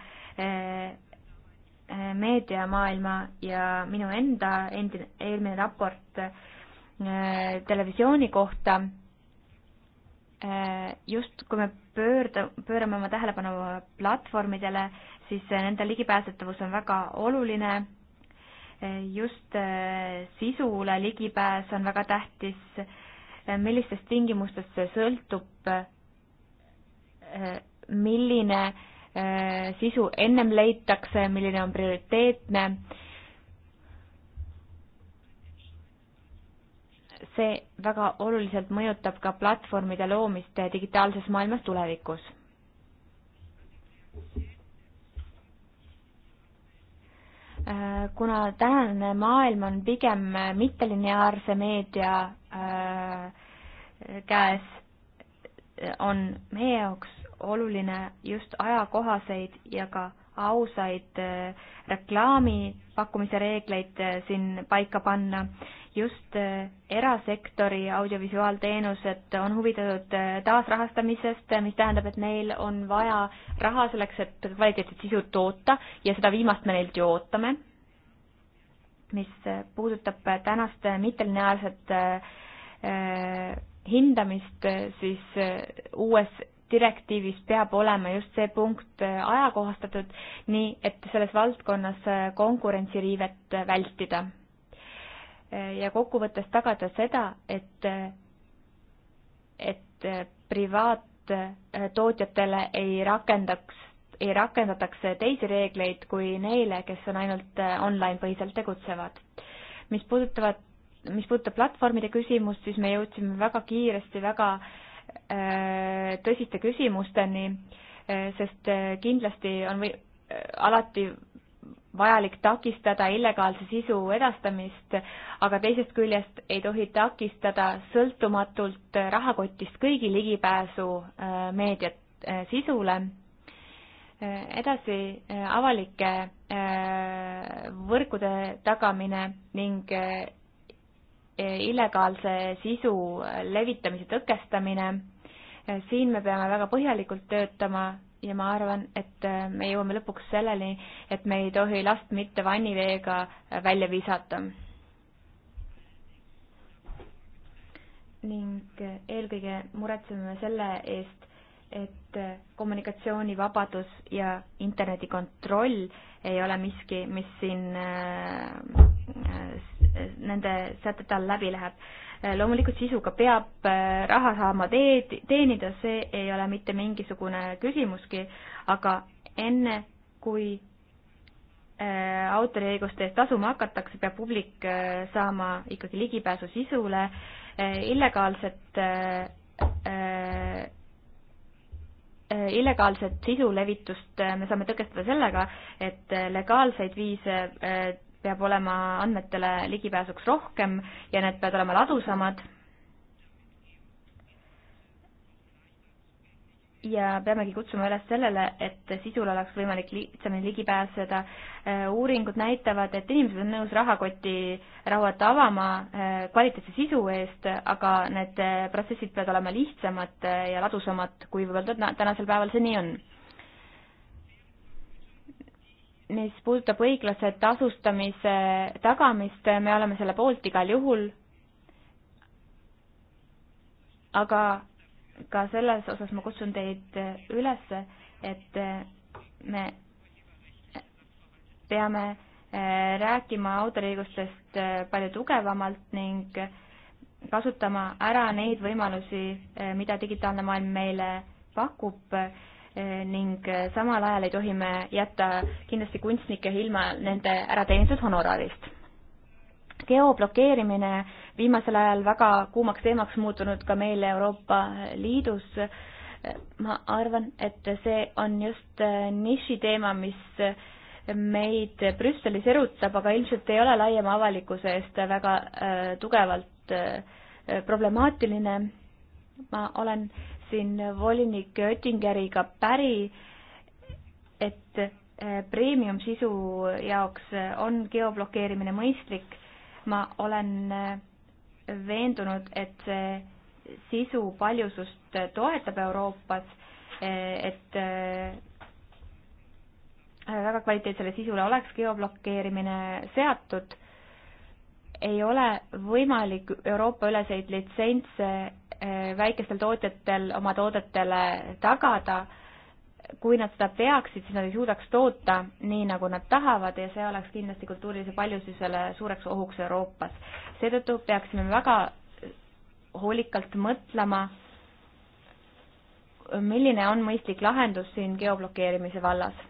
meediamaailma ja minu enda endine, eelmine raport televisiooni kohta just kui me pöörda, pöörame oma tähelepanu platvormidele, siis eh, nende ligipääsetavus on väga oluline. Eh, just eh, sisule ligipääs on väga tähtis, millistest tingimustest see sõltub, milline sisu ennem leitakse, milline on prioriteetne. see väga oluliselt mõjutab ka platvormide loomist digitaalses maailmas tulevikus Äh, kuna tänane maailm on pigem äh, mittelineaarse meedia äh, käes, on meie jaoks oluline just ajakohaseid ja ka ausaid reklaami pakkumise reegleid siin paika panna just äh, erasektori audiovisuaalteenused on huvitatud äh, taasrahastamisest, mis tähendab, et neil on vaja raha selleks, et kvaliteetset sisu toota ja seda viimast me neilt ju ootame. mis äh, puudutab tänast mittelineaarset hindamist, siis uues direktiivis peab olema just see punkt ajakohastatud, nii et selles valdkonnas konkurentsiriivet vältida ja kokkuvõttes tagada seda, et, et privaattootjatele ei rakendaks, ei rakendataks teisi reegleid kui neile, kes on ainult online-põhiselt tegutsevad. mis puudutavad, mis puudutab platvormide küsimust, siis me jõudsime väga kiiresti väga äh, tõsiste küsimusteni, äh, sest äh, kindlasti on või alati vajalik takistada illegaalse sisu edastamist, aga teisest küljest ei tohi takistada sõltumatult rahakotist kõigi ligipääsu äh, meediat äh, sisule. Äh, edasi avalike võrkude tagamine ning illegaalse sisu levitamise tõkestamine. siin me peame väga põhjalikult töötama ja ma arvan, et äh, me jõuame lõpuks selleni, et me ei tohi last mitte vanniveega äh, välja visata. ning äh, eelkõige muretseme selle eest, et kommunikatsioonivabadus ja interneti kontroll ei ole miski, mis siin nende sätete all läbi läheb loomulikult sisuga peab äh, raha saama teed, teenida, see ei ole mitte mingisugune küsimuski, aga enne, kui äh, autoriõiguste eest tasuma hakatakse, peab publik äh, saama ikkagi ligipääsu sisule, illegaalset illegaalset sisu levitust me saame tõkestada sellega, et legaalseid viise peab olema andmetele ligipääsuks rohkem ja need peavad olema ladusamad. ja peamegi kutsuma üles sellele, et sisule oleks võimalik lihtsamini ligi pääseda. Äh, uuringud näitavad, et inimesed on nõus rahakoti rahuat avama äh, kvaliteetse sisu eest, aga need äh, protsessid peavad olema lihtsamad ja ladusamad, kui võib-olla tänasel päeval see nii on mis puudutab õiglase tasustamise tagamist, me oleme selle poolt igal juhul. aga ka selles osas ma kutsun teid üles, et me peame eh, rääkima autoriõigustest eh, palju tugevamalt ning kasutama ära neid võimalusi, eh, mida digitaalne maailm meile pakub Eh, ning eh, samal ajal ei tohi me jätta kindlasti kunstnikke ilma nende ärateenitud honorarist. geoblokeerimine viimasel ajal väga kuumaks teemaks muutunud ka meil Euroopa Liidus. Eh, ma arvan, et see on just nišiteema, mis meid Brüsselis erutab, aga ilmselt ei ole laiema avalikkuse eest väga äh, tugevalt äh, problemaatiline. ma olen äh, oleksin volinik Oettingeriga päri, et eh, premium sisu jaoks on geoblokeerimine mõistlik. ma olen eh, veendunud, et see sisu paljusust toetab Euroopas, eh, et väga kvaliteetsele sisule oleks geoblokeerimine seatud ei ole võimalik Euroopa-üleseid litsentse Eh, väikestel tootjatel oma toodetele tagada. kui nad seda peaksid, siis nad ei suudaks toota nii, nagu nad tahavad ja see oleks kindlasti kultuurilise paljususele suureks ohuks Euroopas. seetõttu peaksime väga hoolikalt mõtlema, milline on mõistlik lahendus siin geoblokeerimise vallas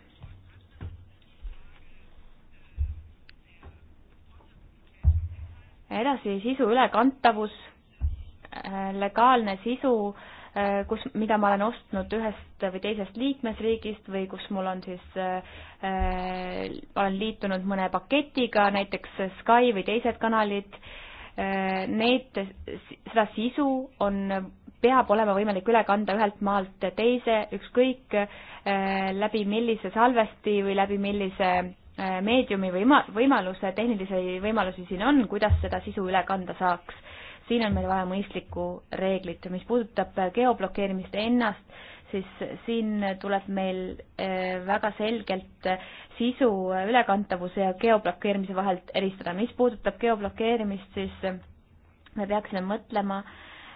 edasi sisu ülekantavus Äh, legaalne sisu, äh, kus, mida ma olen ostnud ühest või teisest liikmesriigist või kus mul on siis äh,, äh olen liitunud mõne paketiga, näiteks Sky või teised kanalid äh,, neid, seda sisu on, peab olema võimalik üle kanda ühelt maalt teise, ükskõik äh, läbi millise salvesti või läbi millise meediumi võima-, võimaluse, tehnilisi võimalusi siin on, kuidas seda sisu üle kanda saaks siin on meil vaja mõistlikku reeglit. mis puudutab geoblokeerimist ennast, siis siin tuleb meil äh, väga selgelt sisu ülekantavuse ja geoblokeerimise vahelt eristada. mis puudutab geoblokeerimist, siis me peaksime mõtlema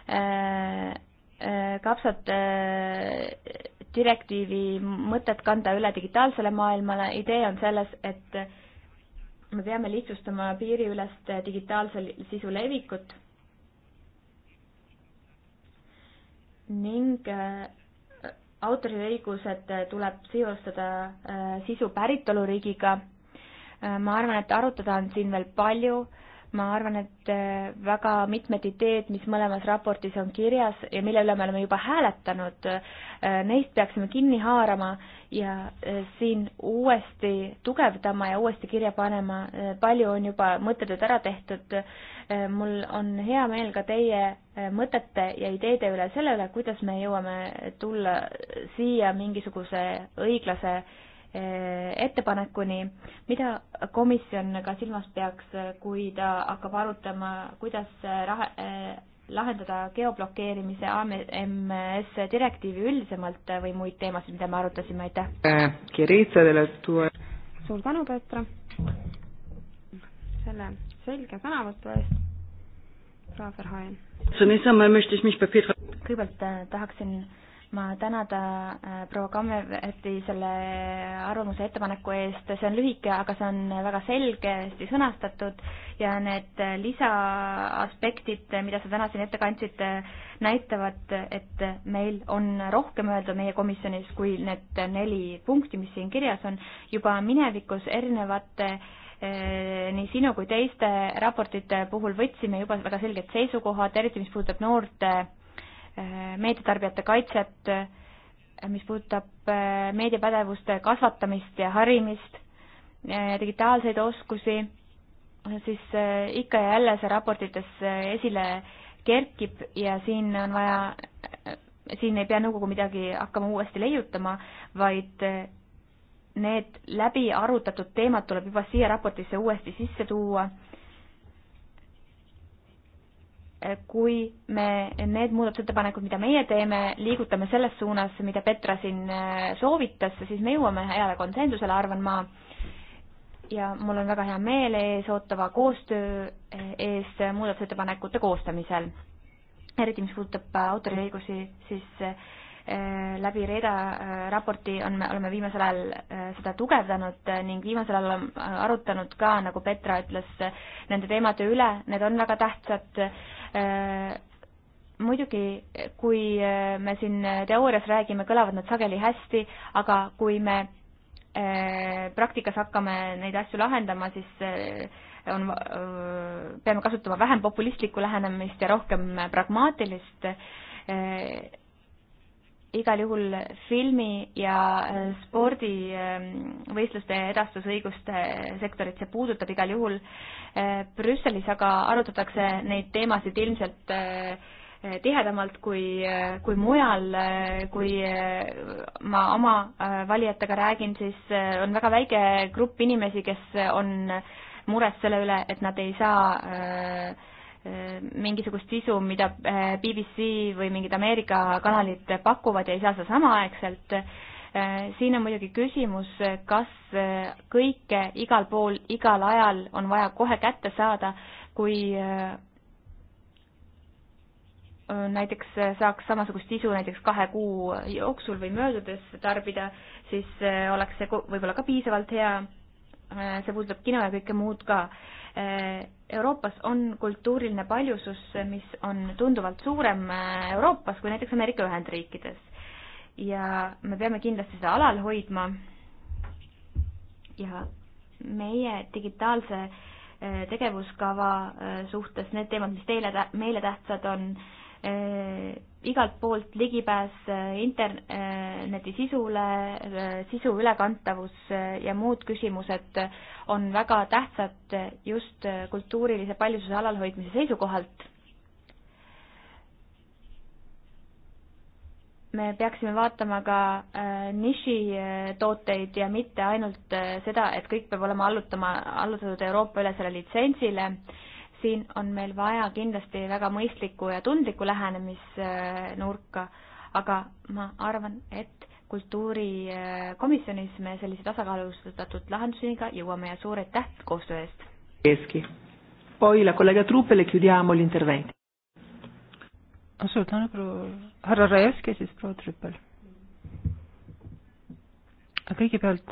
äh, äh, kapsad direktiivi mõtet kanda üle digitaalsele maailmale. idee on selles, et me peame lihtsustama piiriülest digitaalse sisu levikut ning äh, autoriõigused äh, tuleb seostada äh, sisu päritoluriigiga. ma arvan, et arutada on siin veel palju ma arvan, et äh, väga mitmed ideed, mis mõlemas raportis on kirjas ja mille üle me oleme juba hääletanud, äh, neist peaksime kinni haarama ja äh, siin uuesti tugevdama ja uuesti kirja panema. palju on juba mõttetööd ära tehtud. mul on hea meel ka teie mõtete ja ideede üle selle üle, kuidas me jõuame tulla siia mingisuguse õiglase Eh, ettepanekuni, mida komisjon ka silmas peaks, kui ta hakkab arutama, kuidas raha, eh, lahendada geoblokeerimise AMS direktiivi üldisemalt või muid teemasid, mida me arutasime, aitäh! Eh, suur tänu, Petra, selle selge sõnavõtu eest, proua Verhaen! kõigepealt tahaksin ma tänada äh, proua Kammerti selle arvamuse ettepaneku eest, see on lühike, aga see on väga selgesti sõnastatud ja need äh, lisaaspektid, mida sa täna siin ette kandsid, äh, näitavad, et meil on rohkem öelda meie komisjonis kui need neli punkti, mis siin kirjas on, juba minevikus erinevate nii sinu kui teiste raportite puhul võtsime juba väga selged seisukohad, eriti mis puudutab noorte meediatarbijate kaitset, mis puudutab äh, meediapädevuste kasvatamist ja harimist, äh, digitaalseid oskusi, siis äh, ikka ja jälle see raportites esile kerkib ja siin on vaja, siin ei pea nõukogu midagi hakkama uuesti leiutama, vaid need läbi arutatud teemad tuleb juba siia raportisse uuesti sisse tuua kui me need muudatusettepanekud, mida meie teeme, liigutame selles suunas, mida Petra siin äh, soovitas, siis me jõuame heale konsensusele, arvan ma. ja mul on väga hea meel ees ootava koostöö äh, ees muudatusettepanekute koostamisel. eriti, mis puudutab äh, autoriõigusi, siis Äh, läbi Reeda äh, raporti on, me oleme viimasel ajal äh, seda tugevdanud ning viimasel ajal oleme arutanud ka, nagu Petra ütles, nende teemade üle, need on väga tähtsad. muidugi, kui me siin teoorias räägime, kõlavad nad sageli hästi, aga kui me praktikas hakkame neid asju lahendama, siis on, peame kasutama vähem populistlikku lähenemist ja rohkem pragmaatilist igal juhul filmi ja äh, spordivõistluste ähm, edastusõiguste äh, sektorit see puudutab igal juhul. Äh, Brüsselis aga arutatakse neid teemasid ilmselt tihedamalt kui, kui mujal, kui ma oma valijatega räägin, siis on väga väike grupp inimesi, kes on mures selle üle, et nad ei saa äh, mingisugust sisu, mida äh, BBC või mingid Ameerika kanalid pakuvad ja ei saa seda samaaegselt. Äh, siin on muidugi küsimus, kas äh, kõike igal pool, igal ajal on vaja kohe kätte saada, kui näiteks saaks samasugust sisu näiteks kahe kuu jooksul või möödudes tarbida, siis oleks see võib-olla ka piisavalt hea. see puudutab kino ja kõike muud ka Eh, Euroopas on kultuuriline paljusus, mis on tunduvalt suurem eh, Euroopas kui näiteks Ameerika Ühendriikides. ja me peame kindlasti seda alal hoidma ja meie digitaalse eh, tegevuskava suhtes need teemad, mis teile, meile tähtsad on äh,, Äh, igalt poolt ligipääs äh, interneti sisule, äh, sisu ülekantavus ja muud küsimused on väga tähtsad just kultuurilise paljususe alalhoidmise seisukohalt. me peaksime vaatama ka nišitooteid ja mitte ainult seda, et kõik peab olema allutama, allutatud Euroopa-ülesele litsentsile siin on meil vaja kindlasti väga mõistlikku ja tundlikku lähenemisnurka, aga ma arvan, et kultuurikomisjonis me sellise tasakaalustatud lahendusega jõuame ja suur aitäh koostöö eest! Eski. Poi la collega Truppele chiudiamo l'intervento. suur tänu, proua, härra Rajevski, siis proua Trüppel. kõigepealt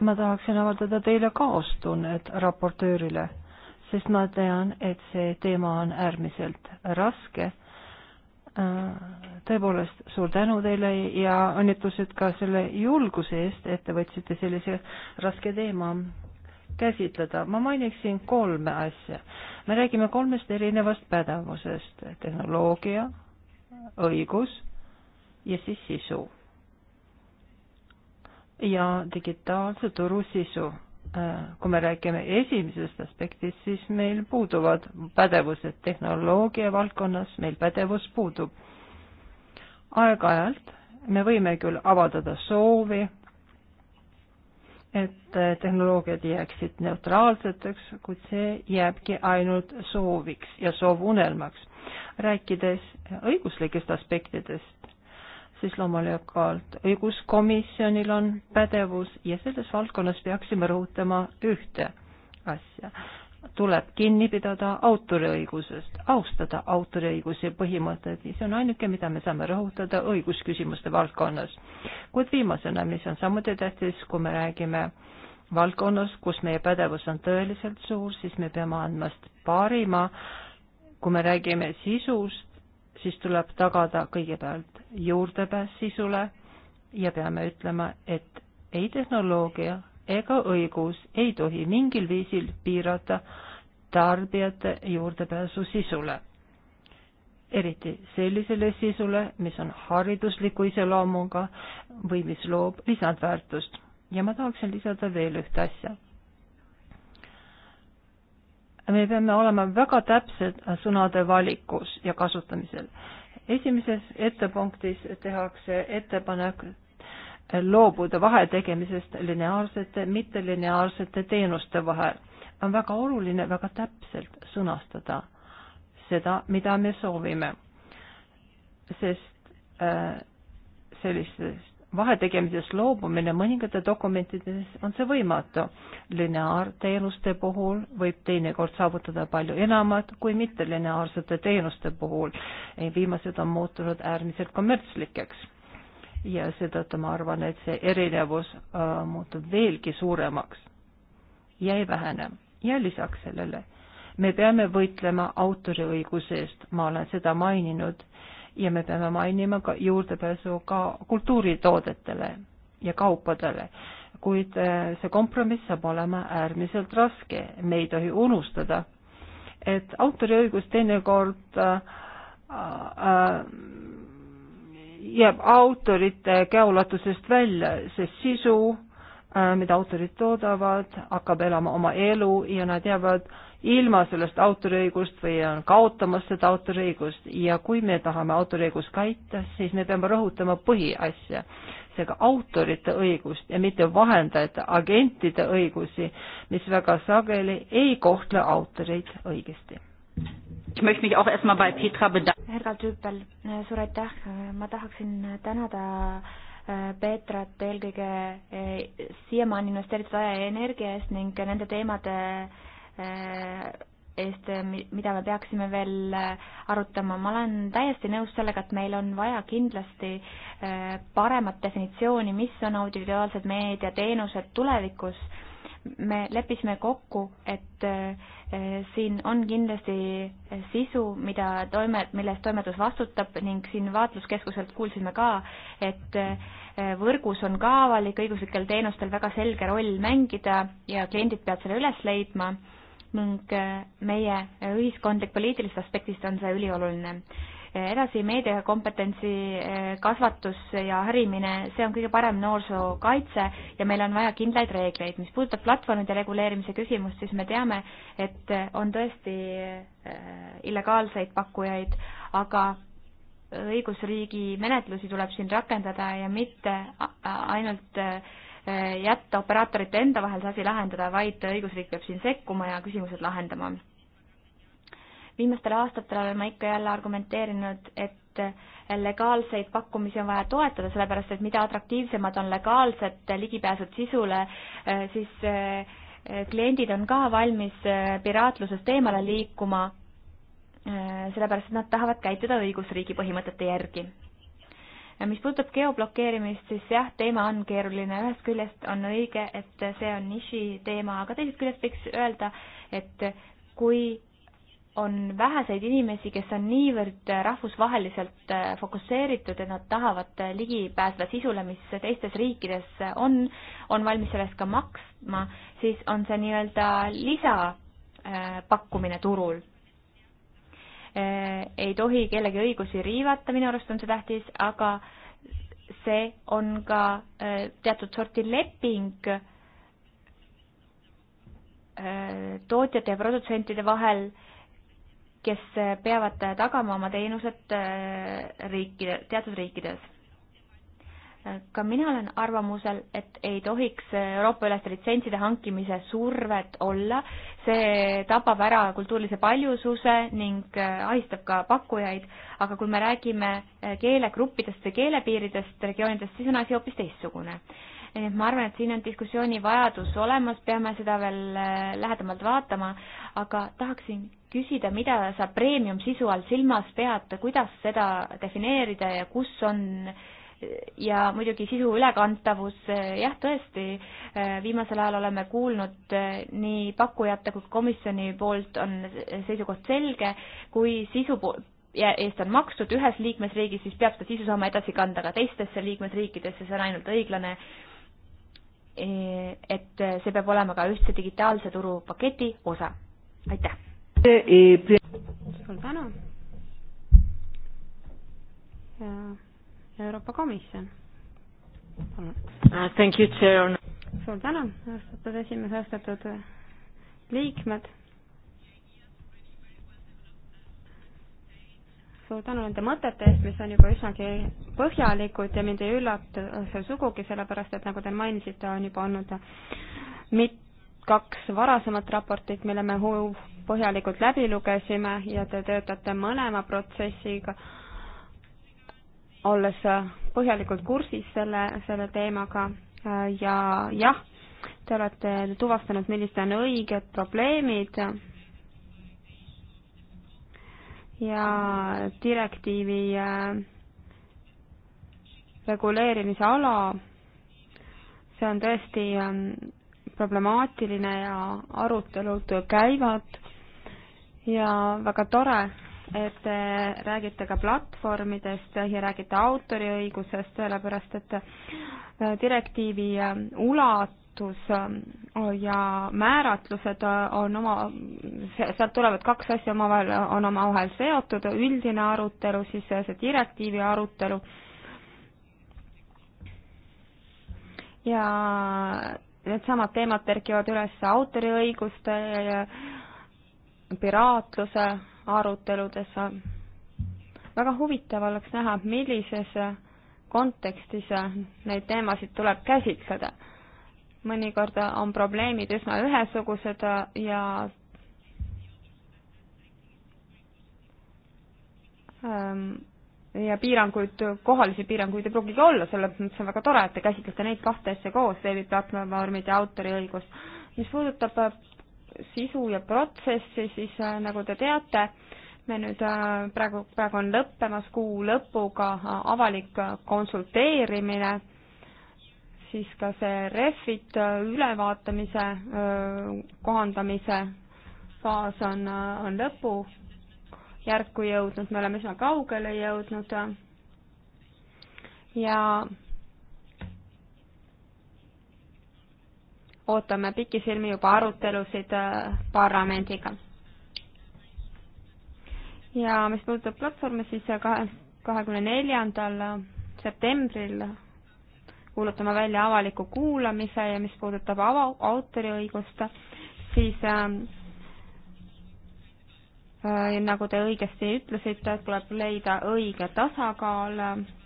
ma tahaksin avaldada teile kaastunnet raportöörile sest ma tean, et see teema on äärmiselt raske. Äh, tõepoolest suur tänu teile ja õnnitlused ka selle julguse eest, et te võtsite sellise raske teema käsitleda. ma mainiksin kolme asja. me räägime kolmest erinevast pädevusest, tehnoloogia, õigus ja siis sisu. ja digitaalse turu sisu Äh, kui me räägime esimesest aspektist, siis meil puuduvad pädevused tehnoloogia valdkonnas, meil pädevus puudub. aeg-ajalt me võime küll avaldada soovi, et äh, tehnoloogiad jääksid neutraalseteks, kuid see jääbki ainult sooviks ja soovunelmaks. rääkides õiguslikest aspektidest, siis loomulikult õiguskomisjonil on pädevus ja selles valdkonnas peaksime rõhutama ühte asja. tuleb kinni pidada autoriõigusest, austada autoriõiguse põhimõtteid ja see on ainuke, mida me saame rõhutada õigusküsimuste valdkonnas. kuid viimasena, mis on samuti tähtis, kui me räägime valdkonnas, kus meie pädevus on tõeliselt suur, siis me peame andma parima, kui me räägime sisust, siis tuleb tagada kõigepealt juurdepääs sisule ja peame ütlema, et ei tehnoloogia ega õigus ei tohi mingil viisil piirata tarbijate juurdepääsu sisule. eriti sellisele sisule, mis on haridusliku iseloomuga või mis loob lisandväärtust. ja ma tahaksin lisada veel ühte asja me peame olema väga täpsed sõnade valikus ja kasutamisel. esimeses ettepunktis tehakse ettepanek loobuda vahetegemisest lineaarsete, mittelineaarsete teenuste vahel. on väga oluline väga täpselt sõnastada seda, mida me soovime, sest äh, sellistes vahetegemisest loobumine mõningate dokumentides on see võimatu. lineaarteenuste puhul võib teinekord saavutada palju enamat kui mittelineaarsete teenuste puhul. viimased on muutunud äärmiselt kommertslikeks ja seetõttu ma arvan, et see erinevus äh, muutub veelgi suuremaks ja ei vähene. ja lisaks sellele me peame võitlema autoriõiguse eest, ma olen seda maininud äh,, ja me peame mainima ka juurdepääsu ka kultuuritoodetele ja kaupadele. kuid äh, see kompromiss saab olema äärmiselt raske, me ei tohi unustada, et autoriõigus teinekord äh, äh, jääb autorite käeulatusest välja, sest sisu, äh, mida autorid toodavad, hakkab elama oma elu ja nad jäävad äh, ilma sellest autoriõigust või on kaotamas seda autoriõigust ja kui me tahame autoriõigust kaitsta, siis me peame rõhutama põhiasja, seega autorite õigust ja mitte vahendajate, agentide õigusi, mis väga sageli ei kohtle autoreid õigesti. härra Tüüpel, suur aitäh, ma tahaksin tänada äh, Peetrat eelkõige äh, siiamaani investeeritud aja ja energia eest ning nende teemade äh, eest, äh, mida me peaksime veel äh, arutama. ma olen täiesti nõus sellega, et meil on vaja kindlasti äh, paremat definitsiooni, mis on audiovisuaalsed meediateenused tulevikus. me leppisime kokku, et siin on kindlasti sisu, mida toime, mille eest toimetus vastutab ning siin vaatluskeskuselt kuulsime ka, et võrgus on ka avalik-õiguslikel teenustel väga selge roll mängida ja kliendid peavad selle üles leidma ning äh, meie ühiskondlik-poliitilisest aspektist on see ülioluline. edasi meediakompetentsi äh, kasvatus ja harimine, see on kõige parem noorsookaitse ja meil on vaja kindlaid reegleid. mis puudutab platvormide reguleerimise küsimust, siis me teame, et äh, on tõesti illegaalseid pakkujaid, aga õigusriigi menetlusi tuleb siin rakendada ja mitte ainult äh, Eh, jätta operaatorite enda vahel see asi lahendada, vaid õigusriik peab siin sekkuma ja küsimused lahendama. viimastel aastatel olen ma ikka jälle argumenteerinud, et legaalseid pakkumisi on vaja toetada, sellepärast et mida atraktiivsemad on legaalsed ligipääsud sisule, eh, siis eh, kliendid on ka valmis piraatlusest eemale liikuma, sellepärast et nad tahavad käituda õigusriigi põhimõtete järgi mis puudutab geoblokeerimist, siis jah, teema on keeruline, ühest küljest on õige, et see on niši teema, aga teisest küljest võiks öelda, et kui on väheseid inimesi, kes on niivõrd rahvusvaheliselt äh, fokusseeritud, et nad tahavad äh, ligi pääseda sisule, mis teistes riikides on, on valmis sellest ka maksma, siis on see nii-öelda lisapakkumine äh, turul Eh, ei tohi kellegi õigusi riivata, minu arust on see tähtis, aga see on ka eh, teatud sorti leping eh, tootjate ja produtsentide vahel, kes peavad tagama oma teenused riikide, teatud riikides ka mina olen arvamusel, et ei tohiks Euroopa-üleste litsentside hankimise survet olla, see tapab ära kultuurilise paljususe ning äh, ahistab ka pakkujaid, aga kui me räägime äh, keelegruppidest või keelepiiridest regioonidest, siis on asi hoopis teistsugune. nii et ma arvan, et siin on diskussiooni vajadus olemas, peame seda veel äh, lähedamalt vaatama, aga tahaksin küsida, mida sa premium sisu all silmas pead, kuidas seda defineerida ja kus on äh, ja muidugi sisu ülekantavus, jah, tõesti, äh, viimasel ajal oleme kuulnud äh, nii pakkujate kui komisjoni poolt on seisukoht selge, kui sisu ja eest on makstud ühes liikmesriigis, siis peab seda sisu saama edasi kanda ka teistesse liikmesriikidesse, see on ainult õiglane. E, et see peab olema ka ühtse digitaalse turu paketi osa. aitäh! E, e, suur tänu! ja Euroopa Komisjon. palun uh,. Thank you, Chair. suur tänu, austatud esimees, austatud liikmed. suur tänu nende mõtete eest, mis on juba üsnagi põhjalikud ja mind ei üllata see sugugi, sellepärast et nagu te mainisite, on juba olnud mit-, kaks varasemat raportit, mille me põhjalikult läbi lugesime ja te töötate mõlema protsessiga olles põhjalikult kursis selle, selle teemaga ja jah, te olete tuvastanud, millised on õiged probleemid ja direktiivi äh, reguleerimise ala, see on tõesti ähm, problemaatiline ja arutelud käivad ja väga tore, et te räägite ka platvormidest ja räägite autoriõigusest, sellepärast et äh, direktiivi äh, ulatus äh, ja määratlused on oma, sealt tulevad kaks asja omavahel, on omavahel seotud, üldine arutelu, siis see direktiivi arutelu ja needsamad teemad terkivad üles autoriõiguste ja piraatluse aruteludes. väga huvitav oleks näha, millises kontekstis neid teemasid tuleb käsitleda. mõnikord on probleemid üsna ühesugused ja ähm, ja piiranguid, kohalisi piiranguid ei pruugigi olla, selles mõttes on väga tore, et te käsitlete neid kahte asja koos, veebiplatvormid ja autoriõigus. mis puudutab äh, sisu ja protsessi, siis äh, nagu te teate, me nüüd äh, praegu, praegu on lõppemas kuu lõpuga äh, avalik konsulteerimine, siis ka see REFit ülevaatamise, kohandamise faas on, on lõpujärku jõudnud, me oleme üsna kaugele jõudnud ja ootame pikisilmi juba arutelusid äh, parlamendiga. ja mis puudutab platvormi, siis äh, kahe, kahekümne neljandal äh, septembril kuulutame välja avaliku kuulamise ja mis puudutab ava-, autoriõigust, siis äh, nagu te õigesti ütlesite, tuleb leida õige tasakaal äh,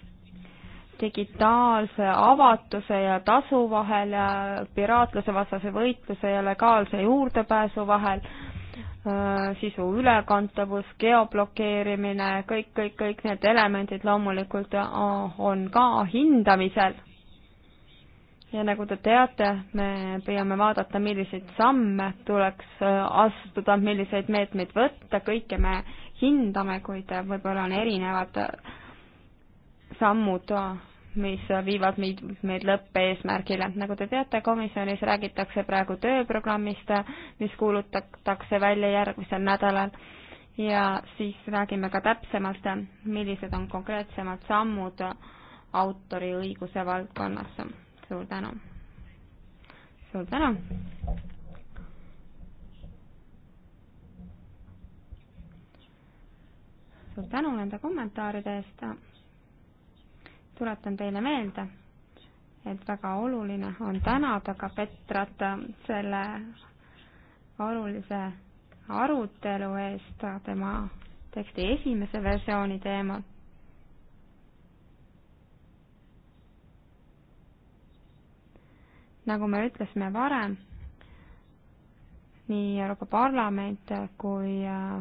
digitaalse avatuse ja tasu vahel ja piraatluse vastase võitluse ja legaalse juurdepääsu vahel, äh, sisu ülekantavus, geoblokeerimine, kõik, kõik, kõik need elemendid loomulikult äh, on ka hindamisel. ja nagu te teate, me püüame vaadata, milliseid samme tuleks äh, astuda, milliseid meetmeid võtta, kõike me hindame, kuid võib-olla on erinevad sammud, mis viivad meid, meid lõppeesmärgile. nagu te teate, komisjonis räägitakse praegu tööprogrammist, mis kuulutatakse välja järgmisel nädalal ja siis räägime ka täpsemalt, millised on konkreetsemad sammud autoriõiguse valdkonnas. suur tänu! suur tänu! suur tänu nende kommentaaride eest! tuletan teile meelde, et väga oluline on tänada ka Petrat selle olulise arutelu eest tema teksti esimese versiooni teemal. nagu me ütlesime varem, nii Euroopa Parlament kui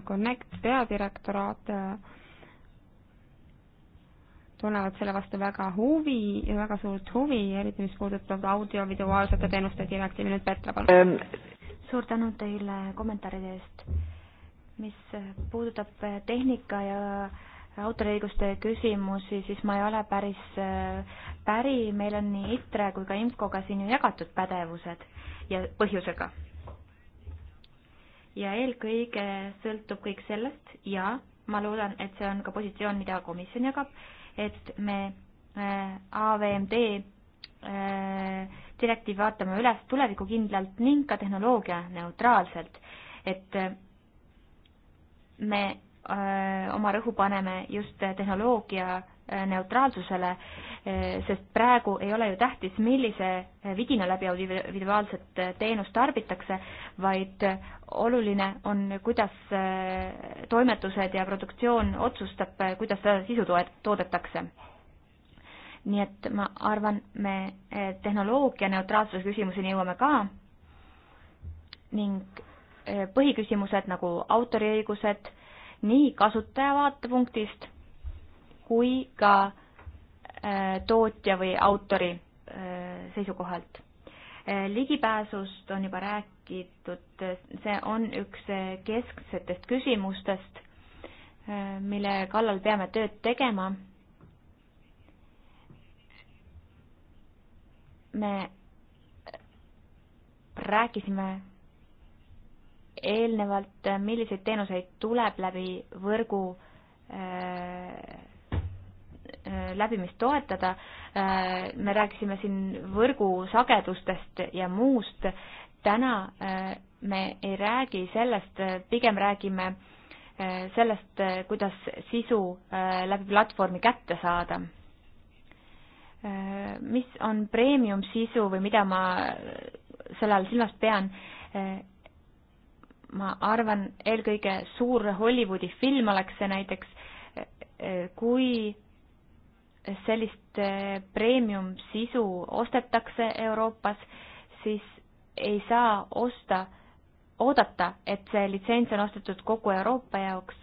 Connect peadirektoraat tunnevad selle vastu väga huvi, väga suurt huvi, eriti mis puudutab audiovisuaalsete teenuste direktiivi, nüüd Petra, palun. Ähm, suur tänu teile kommentaaride eest. mis puudutab tehnika ja autoriõiguste küsimusi, siis ma ei ole päris äh, päri, meil on nii ITRE kui ka IMCO-ga siin ju jagatud pädevused ja põhjusega. ja eelkõige sõltub kõik sellest ja ma loodan, et see on ka positsioon, mida komisjon jagab, et me äh, AVMD äh, direktiivi vaatame üles tulevikukindlalt ning ka tehnoloogia neutraalselt, et äh, me öö, oma rõhu paneme just tehnoloogia neutraalsusele, sest praegu ei ole ju tähtis, millise vidina läbi individuaalset teenust tarbitakse, vaid oluline on, kuidas toimetused ja produktsioon otsustab, kuidas seda sisu toodetakse. nii et ma arvan, me tehnoloogia neutraalsuse küsimuseni jõuame ka ning põhiküsimused nagu autoriõigused nii kasutaja vaatepunktist kui ka äh, tootja või autori äh, seisukohalt. Äh, ligipääsust on juba räägitud, see on üks kesksetest küsimustest, mille kallal peame tööd tegema. me rääkisime eelnevalt, milliseid teenuseid tuleb läbi võrgu äh, Äh, läbimist toetada. Äh, me rääkisime siin võrgusagedustest ja muust. täna äh, me ei räägi sellest, pigem räägime sellest, kuidas sisu läbi platvormi kätte saada. mis on premium sisu või mida ma selle all silmas pean? ma arvan, eelkõige suur Hollywoodi film oleks see näiteks, kui sellist eh, premium sisu ostetakse Euroopas, siis ei saa osta, oodata, et see litsents on ostetud kogu Euroopa jaoks,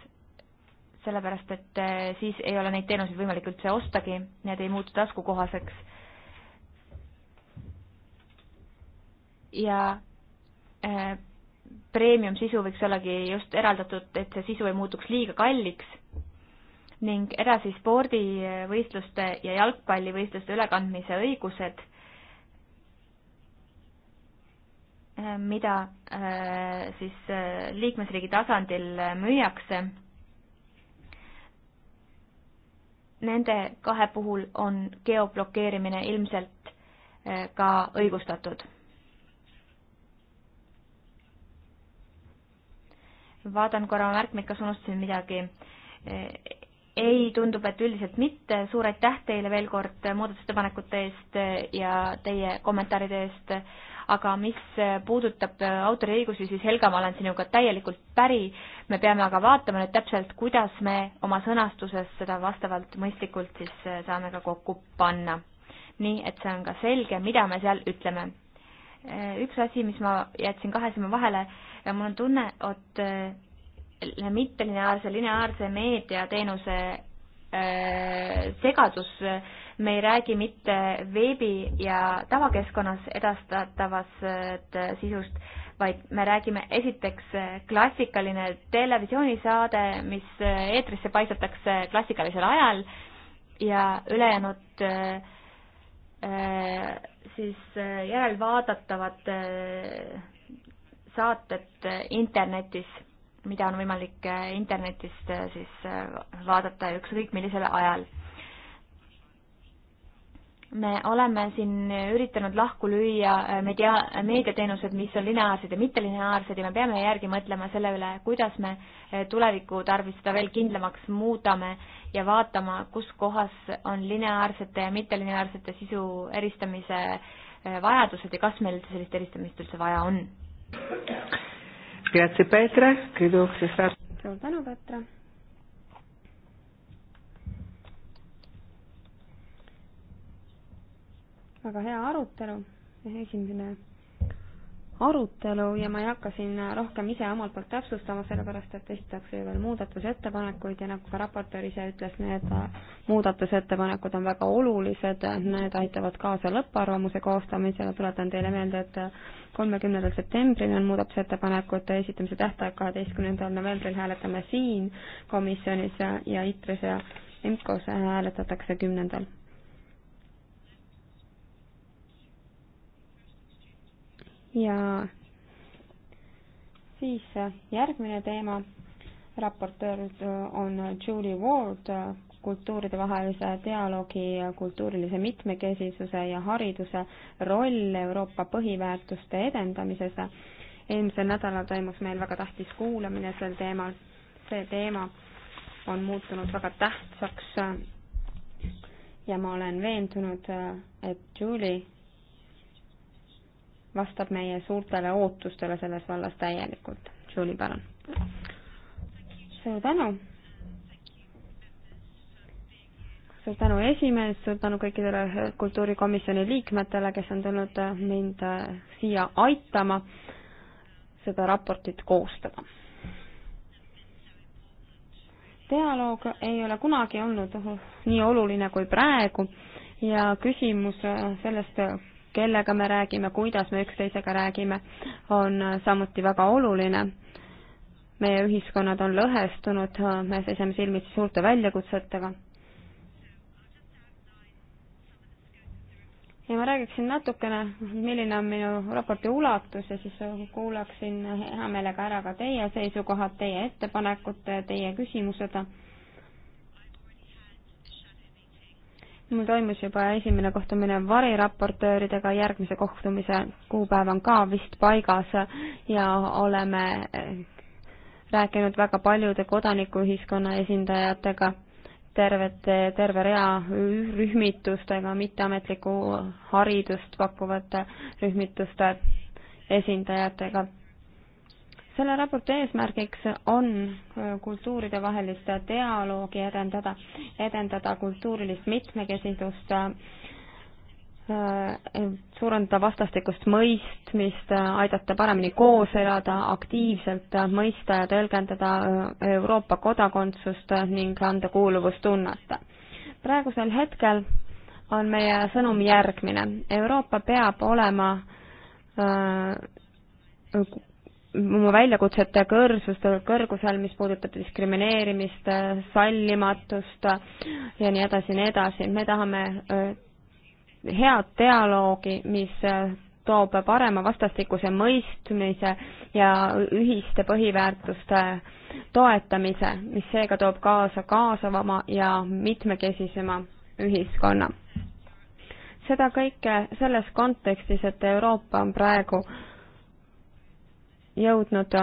sellepärast et eh, siis ei ole neid teenuseid võimalik üldse ostagi, need ei muutu taskukohaseks. ja äh, premium sisu võiks ollagi just eraldatud, et see sisu ei muutuks liiga kalliks ning edasi spordivõistluste ja jalgpallivõistluste ülekandmise õigused, äh, mida äh, siis äh, liikmesriigi tasandil müüakse. Nende kahe puhul on geoblokeerimine ilmselt ka õigustatud vaatan korra märkmeid, kas unustasin midagi ei, tundub, et üldiselt mitte. suur aitäh teile veel kord muudatusettepanekute eest eh, ja teie kommentaaride eest. aga mis eh, puudutab eh, autoriõigusi, siis Helga, ma olen sinuga täielikult päri. me peame aga vaatama nüüd täpselt, kuidas me oma sõnastuses seda vastavalt mõistlikult siis saame ka kokku panna. nii et see on ka selge, mida me seal ütleme. üks asi, mis ma jätsin kahe silma vahele, mul on tunne, et mittelineaarse, lineaarse meediateenuse äh, segadus, me ei räägi mitte veebi ja tavakeskkonnas edastatavast äh, sisust, vaid me räägime esiteks äh, klassikaline televisioonisaade, mis eetrisse paisatakse klassikalisel ajal ja ülejäänud siis järelvaadatavad saated internetis mida on võimalik äh, internetist äh, siis äh, vaadata ükskõik millisel ajal. me oleme siin üritanud lahku lüüa media-, meediateenused, mis on lineaarsed ja mittelineaarsed ja me peame järgi mõtlema selle üle, kuidas me tuleviku tarvis seda veel kindlamaks muudame ja vaatama, kus kohas on lineaarsete ja mittelineaarsete sisu eristamise vajadused ja kas meil sellist eristamist üldse vaja on Grazie Petra, credo sia stato. suur tänu, Petra. väga hea arutelu, esimene arutelu ja ma ei hakka siin rohkem ise omalt poolt täpsustama, sellepärast et esitatakse ju veel muudatusettepanekuid ja nagu ka raportöör ise ütles, need muudatusettepanekud on väga olulised, need aitavad kaasa lõpparvamuse koostamisele, tuletan teile meelde, et kolmekümnendal septembril on muudatusettepanekute esitamise tähtaeg, kaheteistkümnendal novembril hääletame siin komisjonis ja ITRE-s ja EMKO-s hääletatakse kümnendal ja siis äh, järgmine teema, raportöör äh, on Julie Ward, äh, kultuuride vahelise dialoogi kultuurilise mitmekesisuse ja hariduse roll Euroopa põhiväärtuste edendamises. eelmisel nädalal toimus meil väga tähtis kuulamine sel teemal. see teema on muutunud väga tähtsaks ja ma olen veendunud, et Julie vastab meie suurtele ootustele selles vallas täielikult. Julie, palun. suur tänu. suur tänu esimees, suur tänu kõikidele kultuurikomisjoni liikmetele, kes on tulnud mind siia aitama seda raportit koostada. dialoog ei ole kunagi olnud nii oluline kui praegu ja küsimus sellest, kellega me räägime, kuidas me üksteisega räägime, on samuti väga oluline. meie ühiskonnad on lõhestunud, me seisame silmitsi suurte väljakutsetega. ja ma räägiksin natukene, milline on minu raporti ulatus ja siis kuulaksin hea meelega ära ka teie seisukohad, teie ettepanekud, teie küsimused mul toimus juba esimene kohtumine variraportööridega, järgmise kohtumise kuupäev on ka vist paigas ja oleme eh, rääkinud väga paljude kodanikuühiskonna esindajatega, tervete, terve rea rühmitustega, mitteametlikku haridust pakkuvate rühmituste esindajatega selle raporti eesmärgiks on äh, kultuuridevahelist dialoogi edendada, edendada kultuurilist mitmekesisust, äh, suurendada vastastikust mõistmist, aidata paremini koos elada, aktiivselt mõista ja tõlgendada äh, Euroopa kodakondsust ning anda kuuluvustunnet. praegusel hetkel on meie sõnum järgmine. Euroopa peab olema oma väljakutsete kõrsust, kõrgusel, mis puudutab diskrimineerimist, sallimatust ja nii edasi ja nii edasi. me tahame äh, head dialoogi, mis äh, toob parema vastastikuse mõistmise ja ühiste põhiväärtuste toetamise, mis seega toob kaasa kaasavama ja mitmekesisema ühiskonna. seda kõike selles kontekstis, et Euroopa on praegu äh, jõudnud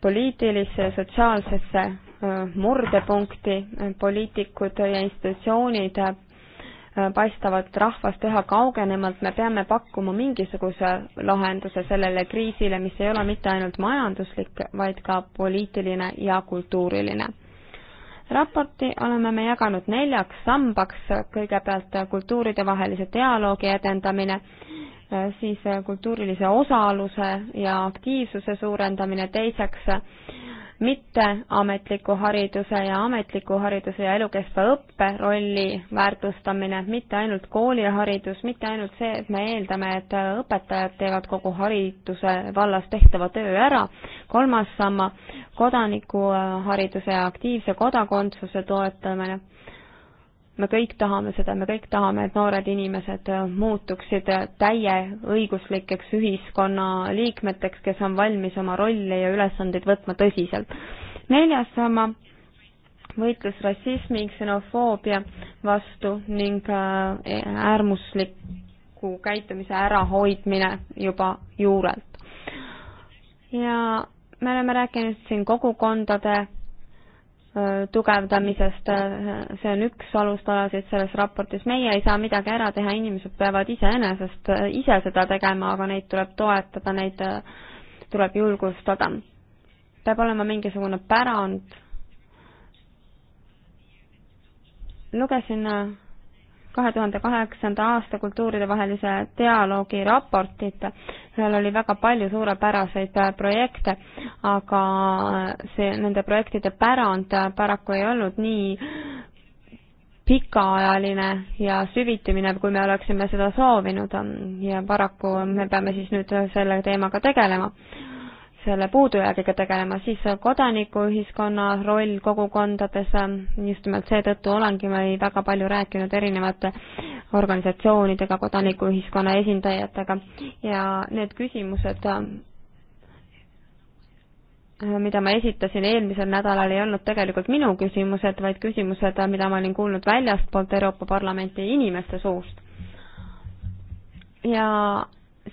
poliitilisse ja sotsiaalsesse äh, murdepunkti, poliitikud ja institutsioonid äh, paistavad rahvast üha kaugenemalt, me peame pakkuma mingisuguse lahenduse sellele kriisile, mis ei ole mitte ainult majanduslik, vaid ka poliitiline ja kultuuriline. raporti oleme me jaganud neljaks sambaks, kõigepealt kultuuridevahelise dialoogi edendamine, Äh, siis äh, kultuurilise osaluse ja aktiivsuse suurendamine, teiseks äh, mitteametliku hariduse ja ametliku hariduse ja elukestva õppe rolli väärtustamine, mitte ainult kooliharidus, mitte ainult see, et me eeldame, et õpetajad teevad kogu hariduse vallas tehtava töö ära, kolmas samma, kodanikuhariduse ja aktiivse kodakondsuse toetamine, me kõik tahame seda, me kõik tahame, et noored inimesed äh, muutuksid täieõiguslikeks ühiskonna liikmeteks, kes on valmis oma rolli ja ülesandeid võtma tõsiselt. neljas sama, võitlus rassismi, ksenofoobia vastu ning äh, äärmusliku käitumise ärahoidmine juba juurelt. ja me oleme rääkinud siin kogukondade tugevdamisest, see on üks alustalasid selles raportis, meie ei saa midagi ära teha, inimesed peavad iseenesest ise seda tegema, aga neid tuleb toetada, neid tuleb julgustada. peab olema mingisugune pärand. lugesin kahe tuhande kaheksanda aasta kultuuridevahelise dialoogi raportit. seal oli väga palju suurepäraseid äh, projekte, aga äh, see, nende projektide pärand äh, paraku ei olnud nii pikaajaline ja süviti minev, kui me oleksime seda soovinud ja paraku me peame siis nüüd selle teemaga tegelema selle puudujäägiga tegelema, siis kodanikuühiskonna roll kogukondades, just nimelt seetõttu olengi me väga palju rääkinud erinevate organisatsioonidega, kodanikuühiskonna esindajatega ja need küsimused, mida ma esitasin eelmisel nädalal, ei olnud tegelikult minu küsimused, vaid küsimused, mida ma olin kuulnud väljastpoolt Euroopa Parlamenti inimeste suust. ja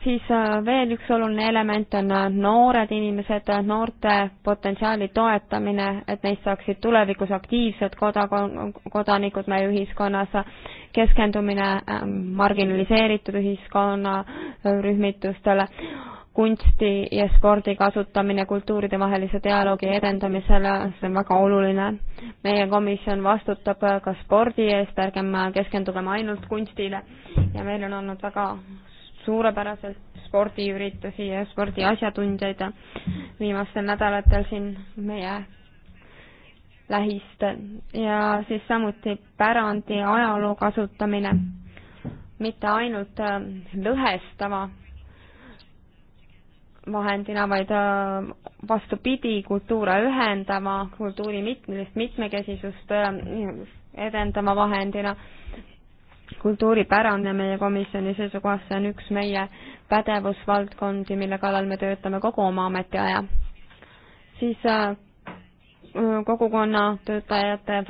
siis äh, veel üks oluline element on äh, noored inimesed, äh, noorte potentsiaali toetamine, et neist saaksid tulevikus aktiivsed koda-, kodanikud meie ühiskonnas, keskendumine ähm, marginaliseeritud ühiskonnarühmitustele, kunsti ja spordi kasutamine kultuuridevahelise dialoogi edendamisel, see on väga oluline. meie komisjon vastutab ka spordi eest, ärgem keskendugem ainult kunstile ja meil on olnud väga suurepäraselt spordiüritusi ja spordiasjatundjaid viimastel nädalatel siin meie lähistel ja siis samuti pärandi ajaloo kasutamine, mitte ainult äh, lõhestava vahendina, vaid äh, vastupidi, kultuure ühendama, kultuuri mitmelist mitmekesisust äh, edendama vahendina kultuuripärand ja meie komisjoni seisukohast see on üks meie pädevusvaldkondi, mille kallal me töötame kogu oma ametiaja. siis äh, kogukonna töötajate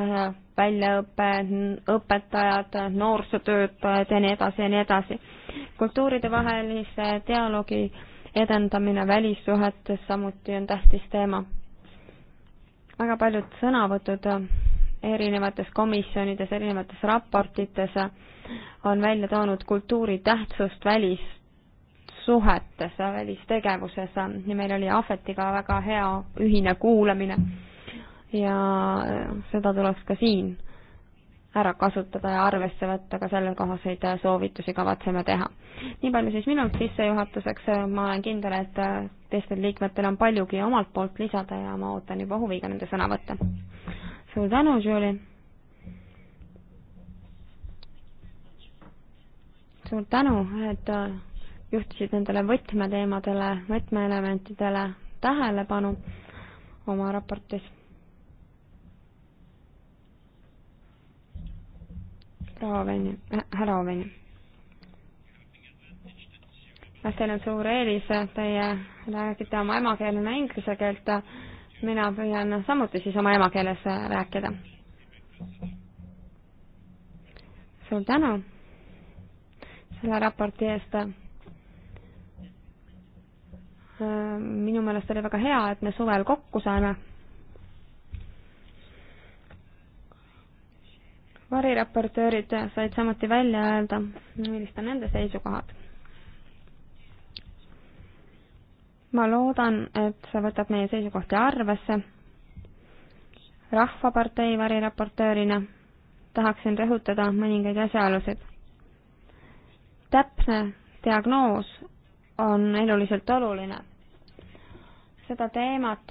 väljaõpe, õpetajad, noorsootöötajad ja nii edasi ja nii edasi. kultuuride vahelise dialoogi edendamine välissuhetes samuti on tähtis teema. väga paljud sõnavõtud erinevates komisjonides, erinevates raportites on välja toonud kultuuri tähtsust välissuhetes, välistegevuses ja meil oli Ahvetiga väga hea ühine kuulamine. ja seda tuleks ka siin ära kasutada ja arvesse võtta ka sellekohaseid soovitusi kavatseme teha. nii palju siis minult sissejuhatuseks, ma olen kindel, et teistel liikmetel on paljugi omalt poolt lisada ja ma ootan juba huviga nende sõnavõtte suur tänu, Julie. suur tänu, et äh, juhtisid nendele võtmeteemadele, võtmeelementidele tähelepanu oma raportis. proua Oveni äh,, härra Oveni. jah, teil on suur eelis, teie räägite oma emakeelena inglise keelt mina püüan samuti siis oma emakeeles rääkida. suur tänu selle raporti eest. minu meelest oli väga hea, et me suvel kokku saime. variraportöörid said samuti välja öelda, millised on nende seisukohad ma loodan, et see võtab meie seisukohti arvesse. rahvapartei variraportöörina tahaksin rõhutada mõningaid asjaolusid. täpne diagnoos on eluliselt oluline. seda teemat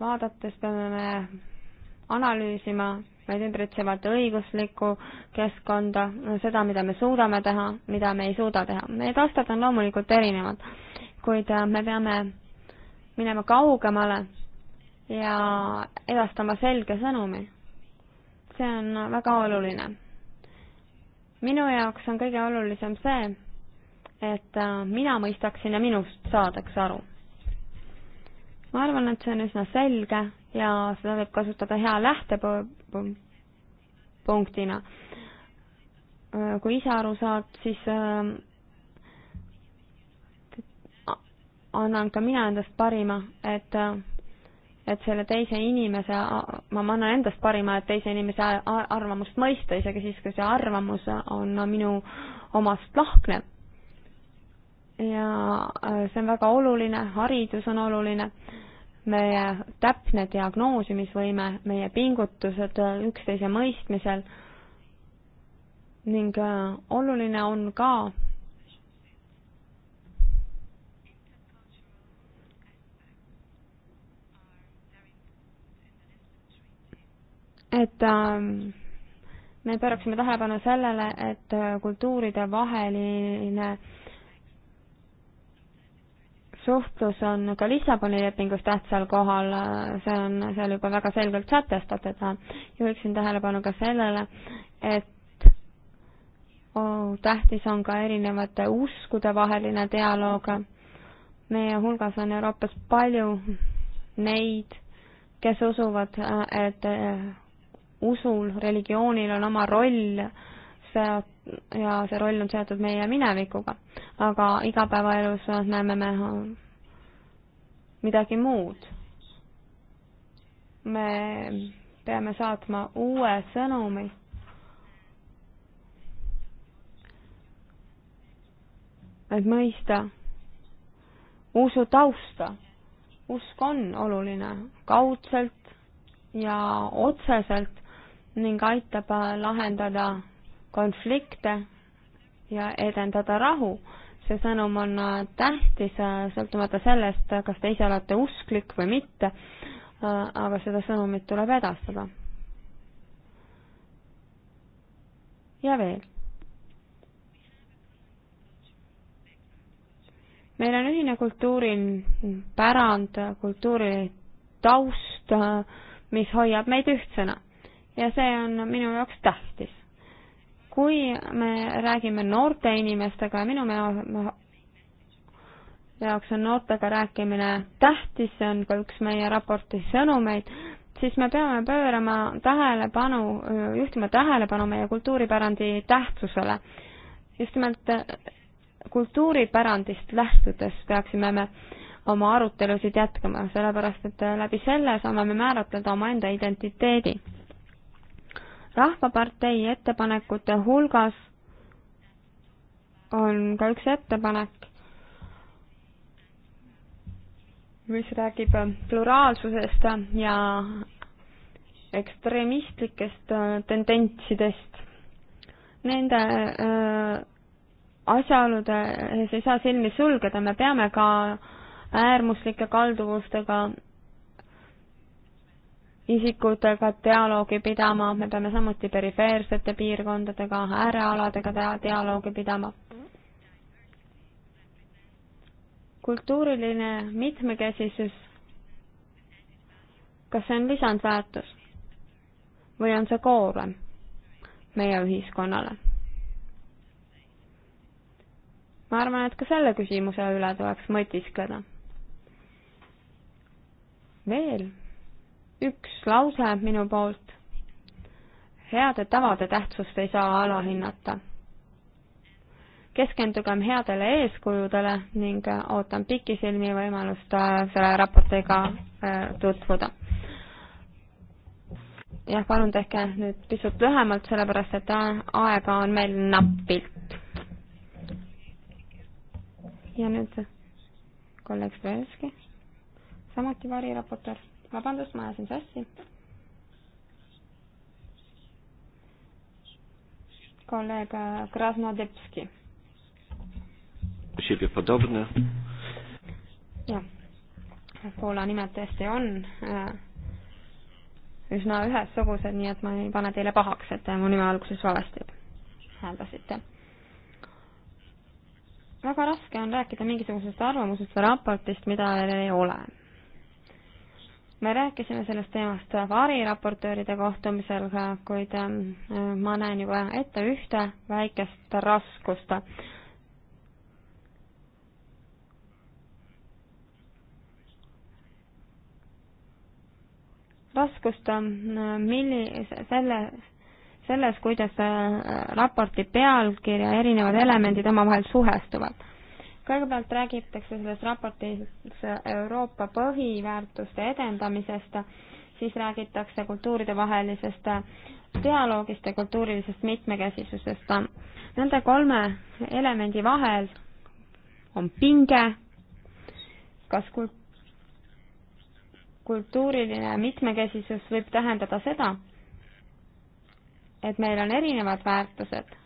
vaadates peame me analüüsima meid ümbritsevat õiguslikku keskkonda, seda, mida me suudame teha, mida me ei suuda teha. Need aastad on loomulikult erinevad kuid äh, me peame minema kaugemale ja edastama selge sõnumi. see on väga oluline. minu jaoks on kõige olulisem see, et äh, mina mõistaksin ja minust saadaks aru. ma arvan, et see on üsna selge ja seda võib kasutada hea lähtepunktina. Äh, kui ise aru saad, siis annan ka mina endast parima, et, et selle teise inimese, ma annan endast parima, et teise inimese arvamust mõista, isegi siis, kui see arvamus on minu omast lahknev. ja äh, see on väga oluline, haridus on oluline, meie täpne diagnoosimisvõime, meie pingutused üksteise mõistmisel ning äh, oluline on ka et ähm, me pööraksime tähelepanu sellele, et äh, kultuuride vaheline suhtlus on ka Lissaboni lepingus tähtsal kohal, äh, see on seal juba väga selgelt sätestatud. juhiksin tähelepanu ka sellele, et oh, tähtis on ka erinevate uskude vaheline dialoog. meie hulgas on Euroopas palju neid, kes usuvad, äh, et usul, religioonil on oma roll, see ja see roll on seotud meie minevikuga. aga igapäevaelus näeme me midagi muud. me peame saatma uue sõnumi et mõista usu tausta. usk on oluline kaudselt ja otseselt, ning aitab äh, lahendada konflikte ja edendada rahu. see sõnum on äh, tähtis, äh, sõltumata sellest, kas te ise olete usklik või mitte, aga seda sõnumit tuleb edastada. ja veel. meil on ühine kultuuripärand, kultuuritaust, mis hoiab meid ühtsena ja see on minu jaoks tähtis. kui me räägime noorte inimestega ja minu jaoks on noortega rääkimine tähtis, see on ka üks meie raporti sõnumeid, siis me peame pöörama tähelepanu, juhtima tähelepanu meie kultuuripärandi tähtsusele. just nimelt äh, kultuuripärandist lähtudes peaksime me oma arutelusid jätkama, sellepärast et äh, läbi selle saame me määratleda omaenda identiteedi rahvapartei ettepanekute hulgas on ka üks ettepanek, mis räägib pluraalsusest ja ekstremistlikest tendentsidest. Nende äh, asjaolude ees ei saa silmi sulgeda, me peame ka äärmuslike kalduvustega isikutega dialoogi pidama, me peame samuti perifeersete piirkondadega, äärealadega dialoogi pidama. kultuuriline mitmekesisus, kas see on lisandväärtus või on see koorem meie ühiskonnale? ma arvan, et ka selle küsimuse üle tuleks mõtiskleda. veel üks lause minu poolt. heade tavade tähtsust ei saa alahinnata. keskendugem headele eeskujudele ning ootan pikisilmi võimalust äh, selle raportiga äh, tutvuda. jah, palun tehke nüüd pisut lühemalt, sellepärast et äh, aega on meil napilt. ja nüüd kolleeg Strelski, samuti variraportöör vabandust, ma ajasin sassi. kolleeg äh, Krasnodebski. jah, Poola nimed tõesti on äh, üsna ühesugused, nii et ma ei pane teile pahaks, et te mu nime alguses valesti hääldasite. väga raske on rääkida mingisugusest arvamusest või raportist, mida ei ole me rääkisime sellest teemast variraportööride kohtumisel, kuid ähm, ma näen juba ette ühte väikest raskust. raskust, ähm, milli-, selle, selles, kuidas äh, raporti pealkirja erinevad elemendid omavahel suhestuvad kõigepealt räägitakse selles raportis Euroopa põhiväärtuste edendamisest, siis räägitakse kultuuridevahelisest dialoogist ja kultuurilisest mitmekesisusest. Nende kolme elemendi vahel on pinge, kas kult-, kultuuriline mitmekesisus võib tähendada seda, et meil on erinevad väärtused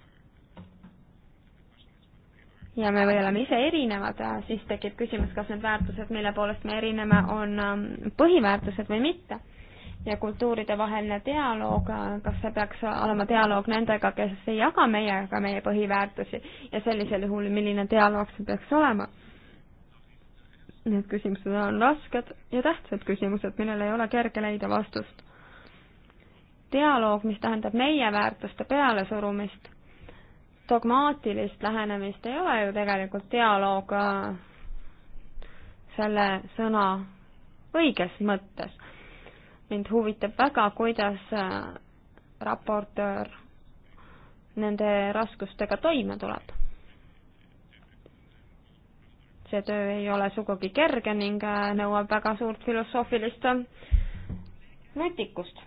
ja me või oleme ise erinevad, äh, siis tekib küsimus, kas need väärtused, mille poolest me erineme, on ähm, põhiväärtused või mitte. ja kultuuridevaheline dialoog, äh, kas see peaks olema dialoog nendega, kes ei jaga meiega meie põhiväärtusi ja sellisel juhul, milline dialoog see peaks olema? Need küsimused on rasked ja tähtsad küsimused, millele ei ole kerge leida vastust. dialoog, mis tähendab meie väärtuste pealesurumist dogmaatilist lähenemist ei ole ju tegelikult dialoog äh, selle sõna õiges mõttes. mind huvitab väga, kuidas äh, raportöör nende raskustega toime tuleb. see töö ei ole sugugi kerge ning äh, nõuab väga suurt filosoofilist nutikust.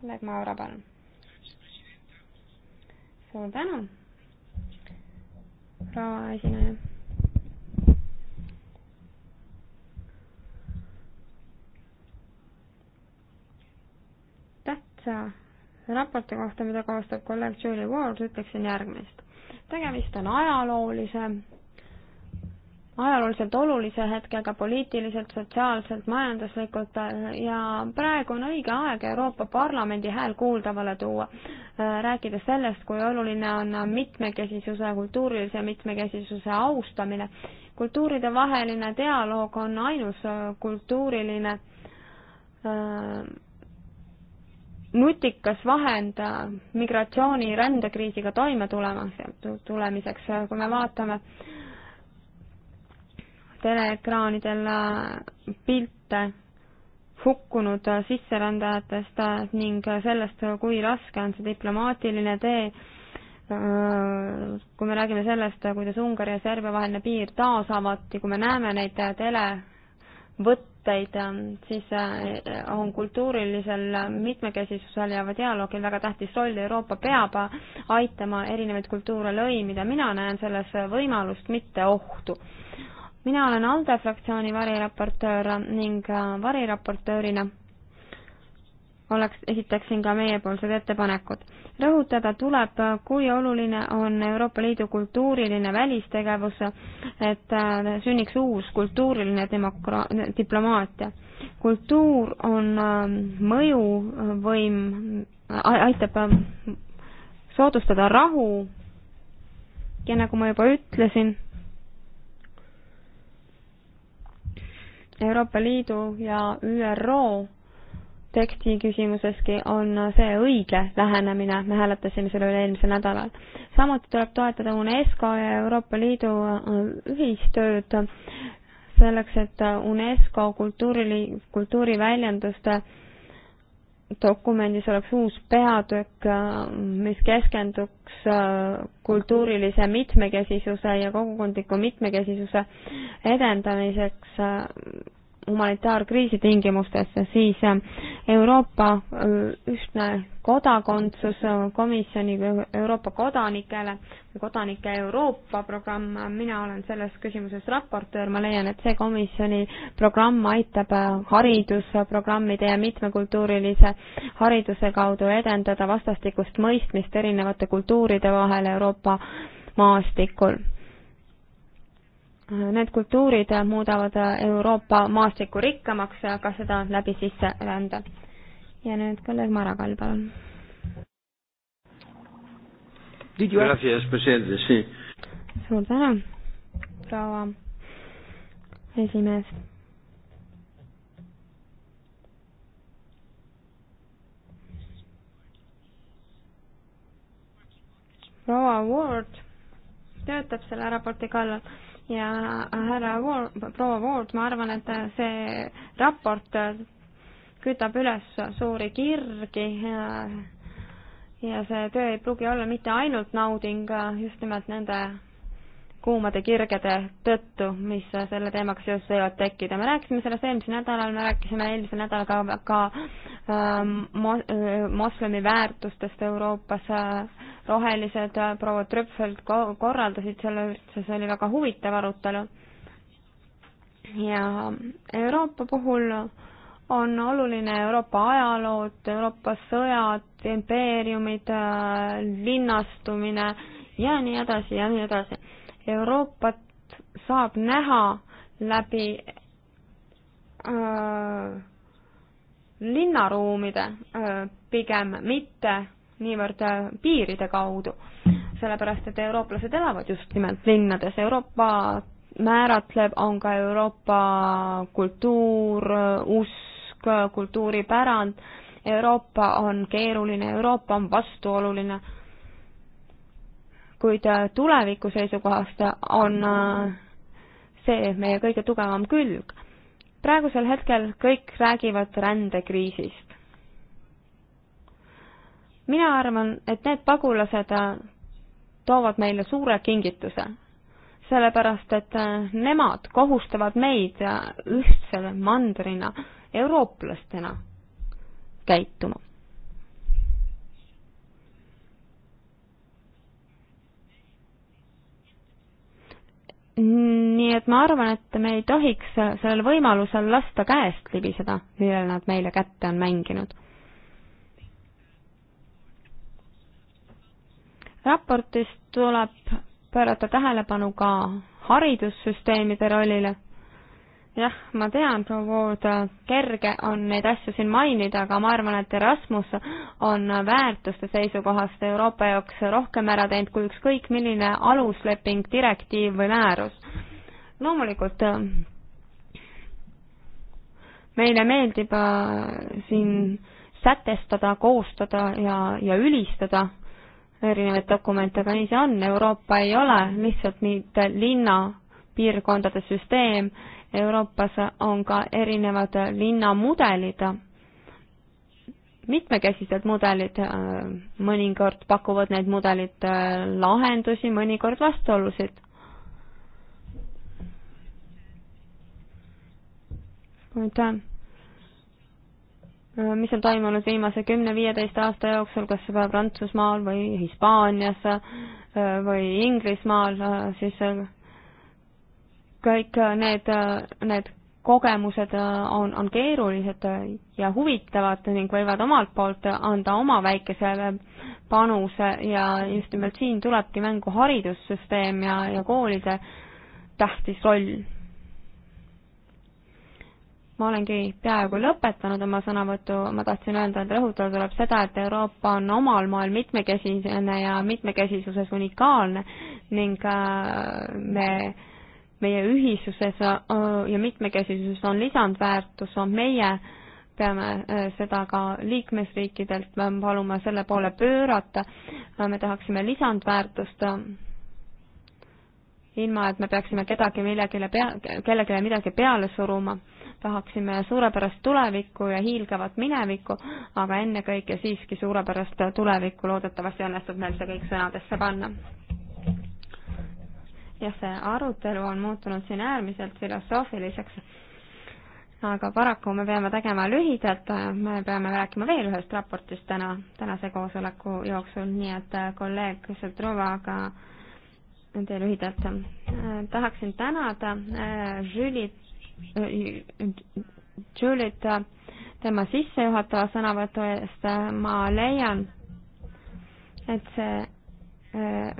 kolleeg Maura, palun suur tänu, proua esineja. tähtsa raporti kohta, mida koostab kolleeg Julie Ward, ütleksin järgmist. tegemist on ajaloolise ajalooliselt olulise hetkega poliitiliselt, sotsiaalselt, majanduslikult äh, ja praegu on õige aeg Euroopa Parlamendi hääl kuuldavale tuua, äh, rääkides sellest, kui oluline on mitmekesisuse, kultuurilise mitmekesisuse austamine. kultuuride vaheline dialoog on ainus äh, kultuuriline nutikas vahend migratsiooni rändekriisiga toime tulemiseks, tulemiseks, kui me vaatame äh, teleekraanidel äh, pilte hukkunud äh, sisserändajatest äh, ning sellest, kui raske on see diplomaatiline tee, kui me räägime sellest, kuidas Ungari ja Serbia vaheline piir taas avati, kui me näeme neid televõtteid, siis on kultuurilisel mitmekesisusel ja dialoogil väga tähtis roll, Euroopa peab aitama erinevaid kultuure lõimida, mina näen selles võimalust, mitte ohtu mina olen ALDE fraktsiooni variraportöör ning äh, variraportöörina oleks, esitaksin ka meiepoolsed ettepanekud. rõhutada tuleb, äh, kui oluline on Euroopa Liidu kultuuriline välistegevus, et äh, sünniks uus kultuuriline demokra-, diplomaatia. kultuur on mõjuvõim, aitab ähm, soodustada rahu ja nagu ma juba ütlesin, Euroopa Liidu ja ÜRO teksti küsimuseski on see õige lähenemine, me hääletasime selle üle eelmisel nädalal. samuti tuleb toetada UNESCO ja Euroopa Liidu äh, ühistööd selleks, et UNESCO kultuuri, kultuuriväljenduste dokumendis oleks uus peatükk, mis keskenduks äh, kultuurilise mitmekesisuse ja kogukondliku mitmekesisuse edendamiseks äh, humanitaarkriisi tingimustes, siis äh, Euroopa äh, ühtne kodakondsus äh, komisjoni Euroopa kodanikele või kodanike Euroopa programm, mina olen selles küsimuses raportöör, ma leian, et see komisjoni programm aitab haridusprogrammide ja mitmekultuurilise hariduse kaudu edendada vastastikust mõistmist erinevate kultuuride vahel Euroopa maastikul Need kultuurid muudavad Euroopa maastikku rikkamaks, aga seda läbi sisserände. ja nüüd kolleeg Mara Kall, palun. suur tänu, proua esimees proua Ward töötab selle raporti kallal ja härra Ward, proua Ward, ma arvan, et see raport kütab üles suuri kirgi ja, ja see töö ei pruugi olla mitte ainult nauding just nimelt nende kuumade kirgede tõttu, mis selle teemaga seoses võivad tekkida. me rääkisime sellest eelmisel nädalal, me rääkisime eelmisel nädalal ka, ka ähm, äh, moslemi väärtustest Euroopas äh,. rohelised äh, proua Trüpfeld ko korraldasid selle üldse, see oli väga huvitav arutelu. ja Euroopa puhul on oluline Euroopa ajalood, Euroopa sõjad, impeeriumid äh,, linnastumine ja nii edasi ja nii edasi Euroopat saab näha läbi äh, linnaruumide äh, pigem, mitte niivõrd äh, piiride kaudu. sellepärast, et eurooplased elavad just nimelt linnades, Euroopa määratleb, on ka Euroopa kultuur, äh, usk, kultuuripärand, Euroopa on keeruline, Euroopa on vastuoluline kuid äh, tuleviku seisukohast äh, on äh, see meie kõige tugevam külg. praegusel hetkel kõik räägivad rändekriisist. mina arvan, et need pagulased toovad meile suure kingituse, sellepärast et nemad kohustavad meid ühtse mandrina, eurooplastena käituma nii et ma arvan, et me ei tohiks sellel võimalusel lasta käest libiseda, millele nad meile kätte on mänginud. raportis tuleb pöörata tähelepanu ka haridussüsteemide rollile jah, ma tean, Provood, kerge on neid asju siin mainida, aga ma arvan, et Erasmus on väärtuste seisukohast Euroopa jaoks rohkem ära teinud kui ükskõik milline alusleping, direktiiv või määrus. loomulikult meile meeldib äh, siin sätestada, koostada ja, ja ülistada erinevaid dokumente, aga nii see on, Euroopa ei ole lihtsalt mitte linna piirkondade süsteem. Euroopas on ka erinevad linnamudelid, mitmekesised mudelid, mõnikord pakuvad need mudelid äh, lahendusi, mõnikord vastuolusid. aitäh! mis on toimunud viimase kümne-viieteist aasta jooksul, kas juba Prantsusmaal või Hispaanias äh, või Inglismaal, äh, siis kõik äh, need, äh, need kogemused äh, on, on keerulised ja huvitavad ning võivad omalt poolt anda oma väikese panuse ja just nimelt siin tulebki mängu haridussüsteem ja, ja koolide tähtis roll. ma olengi peaaegu lõpetanud oma sõnavõtu, ma tahtsin öelda, et rõhutada tuleb seda, et Euroopa on omal moel mitmekesisene ja mitmekesisuses unikaalne ning me äh, meie ühisuses äh, ja mitmekesisuses on lisandväärtus, on meie peame äh, seda ka liikmesriikidelt äh, paluma selle poole pöörata, me tahaksime lisandväärtust, ilma et me peaksime kedagi millegile pea, kellelegi midagi peale suruma, tahaksime suurepärast tulevikku ja hiilgavat minevikku, aga ennekõike siiski suurepärast tulevikku, loodetavasti õnnestub meil see kõik sõnadesse panna ja see arutelu on muutunud siin äärmiselt filosoofiliseks. aga paraku me peame tegema lühidalt, me peame rääkima veel ühest raportist täna, tänase koosoleku jooksul, nii et äh, kolleeg Sõltrovaga tee lühidalt. Äh, tahaksin tänada äh, Julit, Julit tema sissejuhatava sõnavõtu eest, ma leian, et see,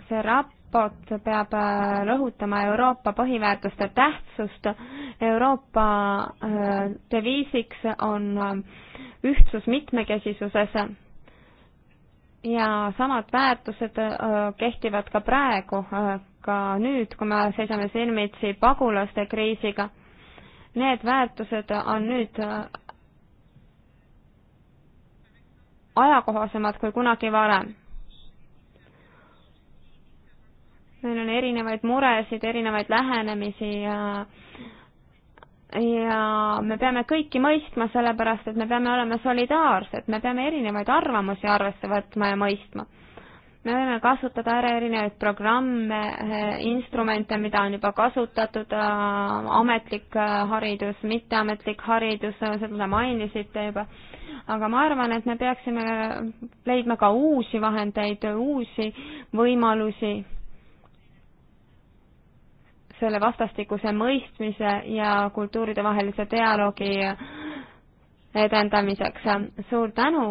see rap-, poolt peab äh, rõhutama Euroopa põhiväärtuste tähtsust. Euroopa äh, deviisiks on äh, ühtsus mitmekesisuses ja samad väärtused kehtivad ka praegu, ka nüüd, kui me seisame silmitsi pagulaste kriisiga. Need väärtused on nüüd ajakohasemad kui kunagi varem meil on erinevaid muresid, erinevaid lähenemisi ja ja me peame kõiki mõistma, sellepärast et me peame olema solidaarsed, me peame erinevaid arvamusi arvesse võtma ja mõistma. me võime kasutada ära erinevaid programme, eh, instrumente, mida on juba kasutatud, eh, ametlik eh, haridus, mitteametlik haridus, seda te mainisite juba, aga ma arvan, et me peaksime leidma ka uusi vahendeid, uusi võimalusi selle vastastikuse mõistmise ja kultuuridevahelise dialoogi edendamiseks. suur tänu,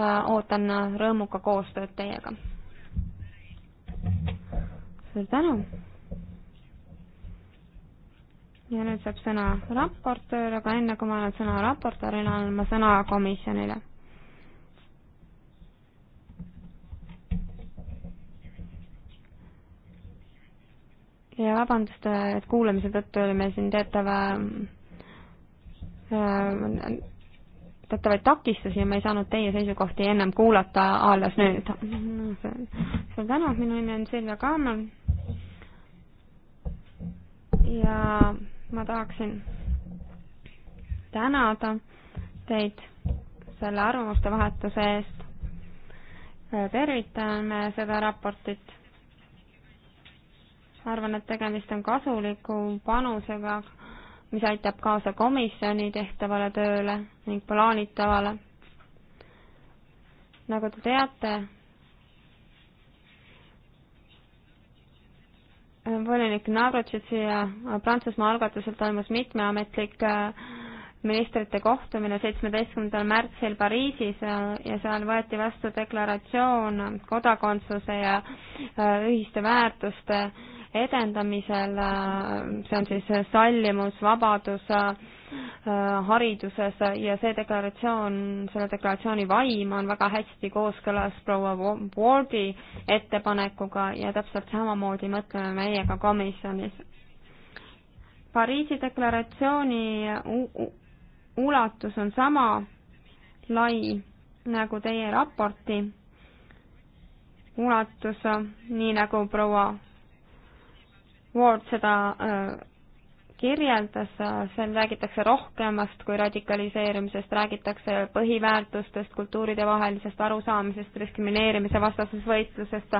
äh, ootan rõõmuga koostööd teiega. suur tänu. ja nüüd saab sõna raportöör, aga enne kui ma annan sõna raportöörile, annan ma sõna komisjonile ja vabandust, et kuulamise tõttu oli meil siin teatava äh, teatavaid takistusi ja ma ei saanud teie seisukohti ennem kuulata alles nüüd. suur tänu, minu nimi on Silvia Kaaman. ja ma tahaksin tänada teid selle arvamuste vahetuse eest. tervitame seda raportit arvan, et tegemist on kasuliku panusega, mis aitab kaasa komisjoni tehtavale tööle ning plaanitavale. nagu te teate, volinik Navratšitsi ja Prantsusmaa algatusel toimus mitmeametlik äh, ministrite kohtumine seitsmeteistkümnendal märtsil Pariisis äh, ja seal võeti vastu deklaratsioon kodakondsuse ja äh, ühiste väärtuste edendamisel, äh, see on siis sallimus, vabadus äh, hariduses ja see deklaratsioon, selle deklaratsiooni vaim on väga hästi kooskõlas proua Wardi ettepanekuga ja täpselt samamoodi mõtleme meie ka komisjonis. Pariisi deklaratsiooni ulatus on sama lai nagu teie raporti ulatus, nii nagu proua Ward seda äh, kirjeldas, äh, seal räägitakse rohkemast kui radikaliseerumisest, räägitakse põhiväärtustest, kultuuridevahelisest arusaamisest, diskrimineerimise vastases võitlusest,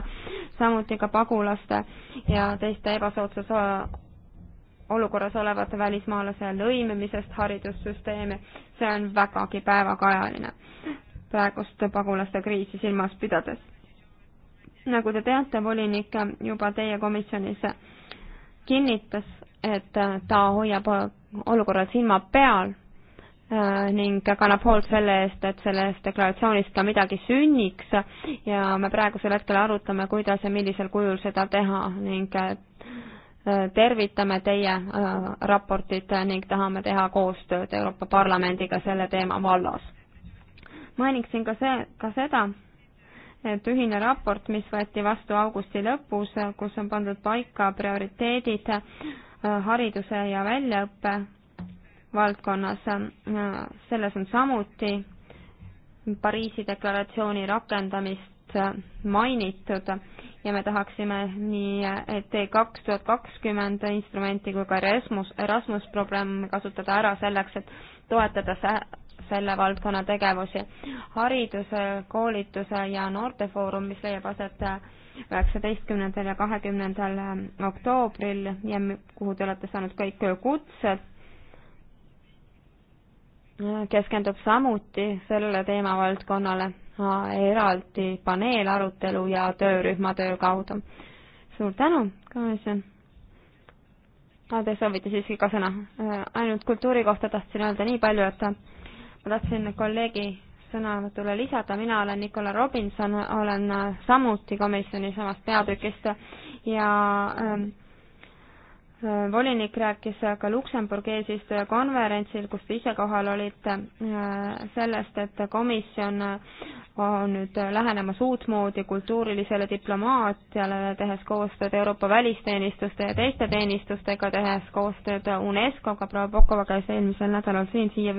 samuti ka pagulaste ja teiste ebasoodsas äh, olukorras olevate välismaalase lõimimisest haridussüsteemi, see on vägagi päevakajaline praegust pagulaste kriisi silmas pidades. nagu te teate, volinik juba teie komisjonis kinnitas, et äh, ta hoiab äh, olukorral silma peal äh, ning kannab hoolt selle eest, et sellest deklaratsioonist ka midagi sünniks ja me praegusel hetkel arutame, kuidas ja millisel kujul seda teha ning tervitame teie raportit ning tahame teha koostööd Euroopa Parlamendiga selle teema vallas. mainiksin ka see, ka seda, et ühine raport, mis võeti vastu augusti lõpus, kus on pandud paika prioriteedid äh, hariduse ja väljaõppe valdkonnas, äh, selles on samuti Pariisi deklaratsiooni rakendamist äh, mainitud ja me tahaksime nii ET kaks tuhat kakskümmend instrumenti kui ka Erasmus, Erasmus programm kasutada ära selleks, et toetada selle valdkonna tegevusi. hariduse, koolituse ja noortefoorum, mis leiab aset üheksateistkümnendal ja kahekümnendal ähm, oktoobril ja kuhu te olete saanud kõik kutsed, äh, keskendub samuti sellele teemavaldkonnale äh, eraldi paneelarutelu ja töörühma töö kaudu. suur tänu, komisjon! Ah, te soovite siiski ka sõna? Äh, ainult kultuuri kohta tahtsin öelda nii palju, et ma tahtsin kolleegi sõnavõtule lisada, mina olen Nicola Robinson, olen äh, samuti komisjoni samast peatükist ja ähm, äh, volinik rääkis ka Luksemburgi eesistuja konverentsil, kus te ise kohal olite, äh, sellest, et komisjon on nüüd lähenemas uutmoodi kultuurilisele diplomaatiale, tehes koostööd Euroopa välisteenistuste ja teiste teenistustega, tehes koostööd UNESCO-ga, proua Pokova käis eelmisel nädalal siin siia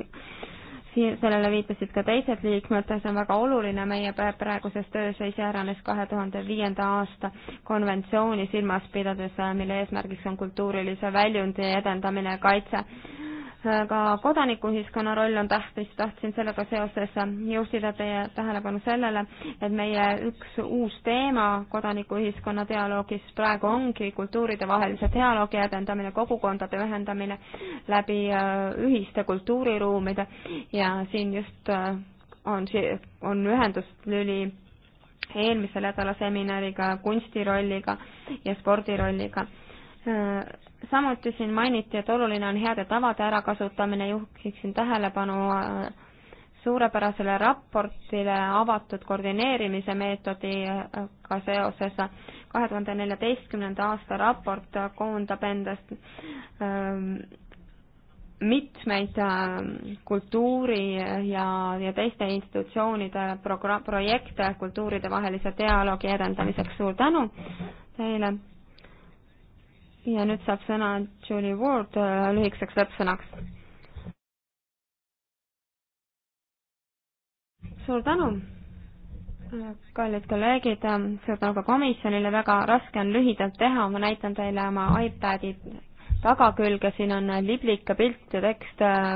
sellele viitasid ka teised liikmed, see on väga oluline meie praeguses töös, iseäranis kahe tuhande viienda aasta konventsiooni silmas pidades, mille eesmärgiks on kultuurilise väljundi edendamine ja kaitse Äh, ka kodanikuühiskonna roll on tähtis, tahtsin sellega seoses äh, juhtida teie tähelepanu sellele, et meie üks uus teema kodanikuühiskonna dialoogis praegu ongi kultuuridevahelise dialoogi edendamine, kogukondade ühendamine läbi äh, ühiste kultuuriruumide ja siin just on see, on ühenduslüli eelmise nädala seminariga, kunstirolliga ja spordirolliga samuti siin mainiti, et oluline on heade tavade ärakasutamine, juhiksin tähelepanu äh, suurepärasele raportile avatud koordineerimise meetodiga äh, seoses. Äh, kahe tuhande neljateistkümnenda aasta raport koondab endast ähm, mitmeid kultuuri ja, ja teiste institutsioonide progra-, projekte kultuuridevahelise dialoogi edendamiseks. suur tänu teile! ja nüüd saab sõna Julie Ward äh, lühikeseks lõppsõnaks. suur tänu, kallid kolleegid, suur tänu ka komisjonile, väga raske on lühidalt teha, ma näitan teile oma iPadi tagakülge, siin on liblika pilt ja tekst, äh,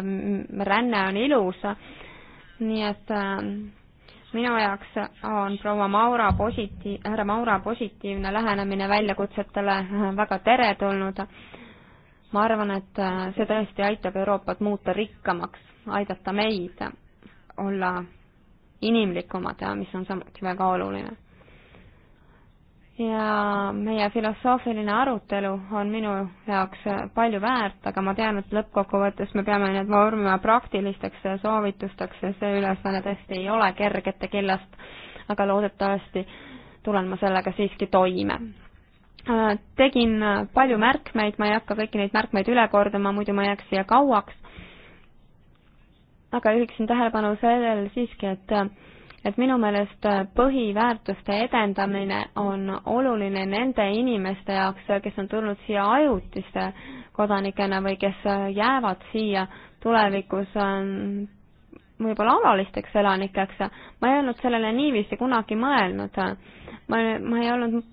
ränne on ilus, nii et äh, minu jaoks on proua Maura positi-, härra Maura positiivne lähenemine väljakutsetele väga teretulnud. ma arvan, et see tõesti aitab Euroopat muuta rikkamaks, aidata meid olla inimlikumad ja mis on samuti väga oluline ja meie filosoofiline arutelu on minu jaoks palju väärt, aga ma tean, et lõppkokkuvõttes me peame need vormima praktilisteks soovitusteks ja see ülesanne tõesti ei ole kergete killast, aga loodetavasti tulen ma sellega siiski toime. tegin palju märkmeid, ma ei hakka kõiki neid märkmeid üle kordama, muidu ma jääks siia kauaks, aga juhiksin tähelepanu sellele siiski, et et minu meelest äh, põhiväärtuste edendamine on oluline nende inimeste jaoks, äh, kes on tulnud siia ajutiste kodanikena või kes äh, jäävad siia tulevikus ähm, võib-olla alalisteks elanikeks. ma ei olnud sellele niiviisi kunagi mõelnud. ma, ma ei olnud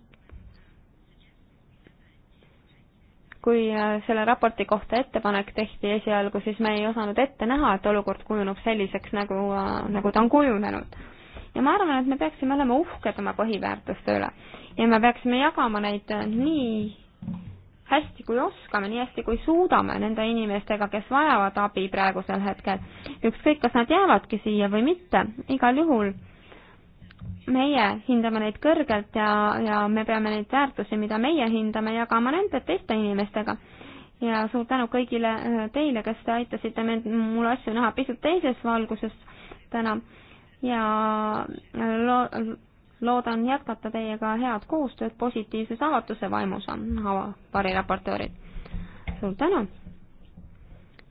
kui selle raporti kohta ettepanek tehti esialgu, siis me ei osanud ette näha, et olukord kujuneb selliseks, nagu, nagu ta on kujunenud ja ma arvan, et me peaksime olema uhked oma põhiväärtuste üle ja me peaksime jagama neid nii hästi kui oskame, nii hästi kui suudame nende inimestega, kes vajavad abi praegusel hetkel. ükskõik, kas nad jäävadki siia või mitte, igal juhul meie hindame neid kõrgelt ja, ja me peame neid väärtusi, mida meie hindame, jagama nende teiste inimestega. ja suur tänu kõigile äh, teile, kes te aitasite mind, mul asju näha pisut teises valguses täna ja lo-, loodan jätkata teiega head koostööd positiivses avatuse vaimus, ava-, variraportöörid. suur tänu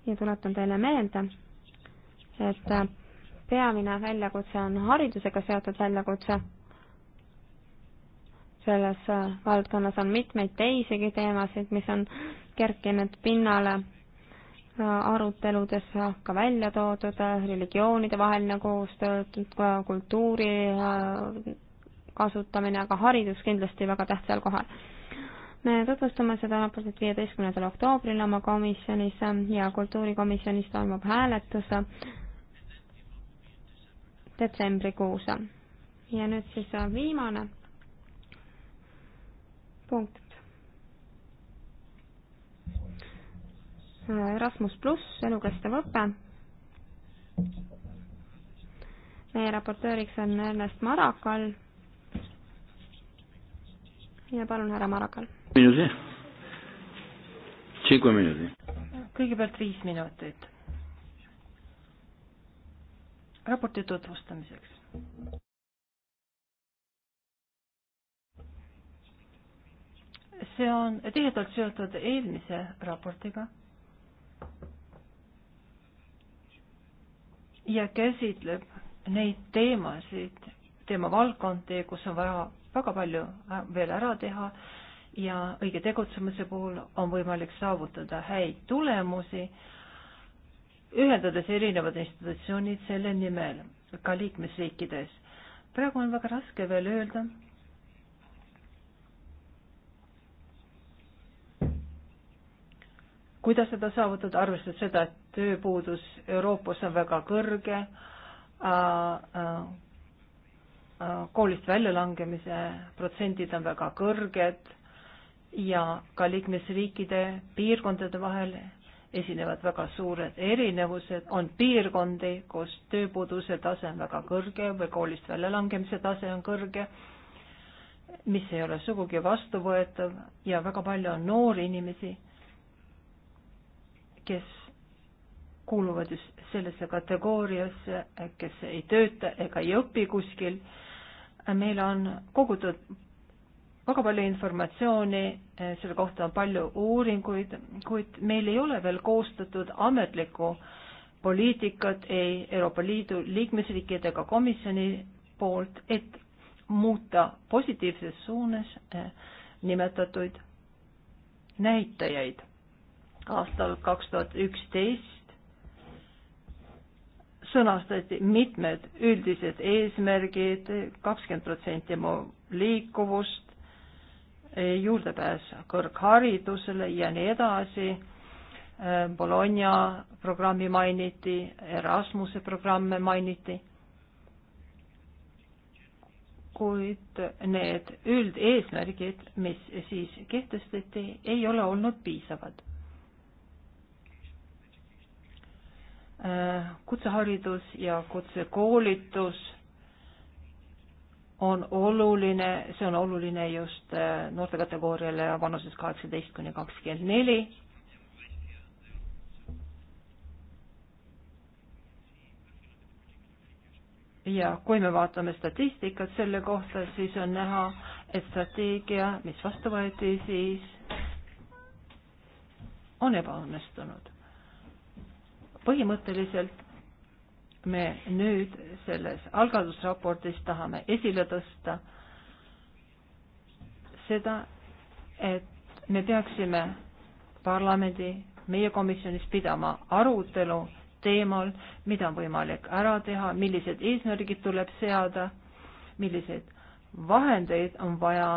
ja tuletan teile meelde, et peamine väljakutse on haridusega seotud väljakutse. selles valdkonnas on mitmeid teisigi teemasid, mis on kerkinud pinnale aruteludes ka välja toodud, religioonide vaheline koostöö, kultuuri äh, kasutamine, aga haridus kindlasti väga tähtsal kohal. me tutvustame seda raportit viieteistkümnendal oktoobril oma komisjonis ja kultuurikomisjonis toimub hääletus detsembrikuus. ja nüüd siis viimane punkt Erasmus pluss, elukestev õpe. meie raportööriks on Ernest Marakal. ja palun, härra Marakal. minuti. Cinque minuti. kõigepealt viis minutit. raporti tutvustamiseks. see on tihedalt seotud eelmise raportiga ja käsitleb neid teemasid, teemavaldkondi, kus on vaja väga palju veel ära teha ja õige tegutsemise puhul on võimalik saavutada häid tulemusi, ühendades erinevad institutsioonid selle nimel ka liikmesriikides. praegu on väga raske veel öelda kuidas seda saavutada, arvestades seda, et tööpuudus Euroopas on väga kõrge, äh, äh, äh, koolist väljalangemise protsendid on väga kõrged ja ka liikmesriikide piirkondade vahel esinevad väga suured erinevused, on piirkondi, kus tööpuuduse tase on väga kõrge või koolist väljalangemise tase on kõrge mis ei ole sugugi vastuvõetav ja väga palju on noori inimesi, kes kuuluvad just sellesse kategooriasse, kes ei tööta ega ei õpi kuskil. meil on kogutud väga palju informatsiooni, selle kohta on palju uuringuid, kuid meil ei ole veel koostatud ametlikku poliitikat ei Euroopa Liidu liikmesriikide ega komisjoni poolt, et muuta positiivses suunas eh, nimetatud näitajaid aastal kaks tuhat üksteist sõnastati mitmed üldised eesmärgid, kakskümmend protsenti liikuvust, juurdepääs kõrgharidusele ja nii edasi. Bologna programmi mainiti, Erasmuse programme mainiti. kuid need üldeesmärgid, mis siis kehtestati, ei ole olnud piisavad kutseharidus ja kutsekoolitus on oluline, see on oluline just äh, noorte kategooriale vanuses kaheksateist kuni kakskümmend neli. ja kui me vaatame statistikat selle kohta, siis on näha, et strateegia, mis vastu võeti, siis on ebaõnnestunud põhimõtteliselt me nüüd selles algatusraportis tahame esile tõsta seda, et me peaksime parlamendi, meie komisjonis pidama arutelu teemal, mida on võimalik ära teha, millised eesmärgid tuleb seada, milliseid vahendeid on vaja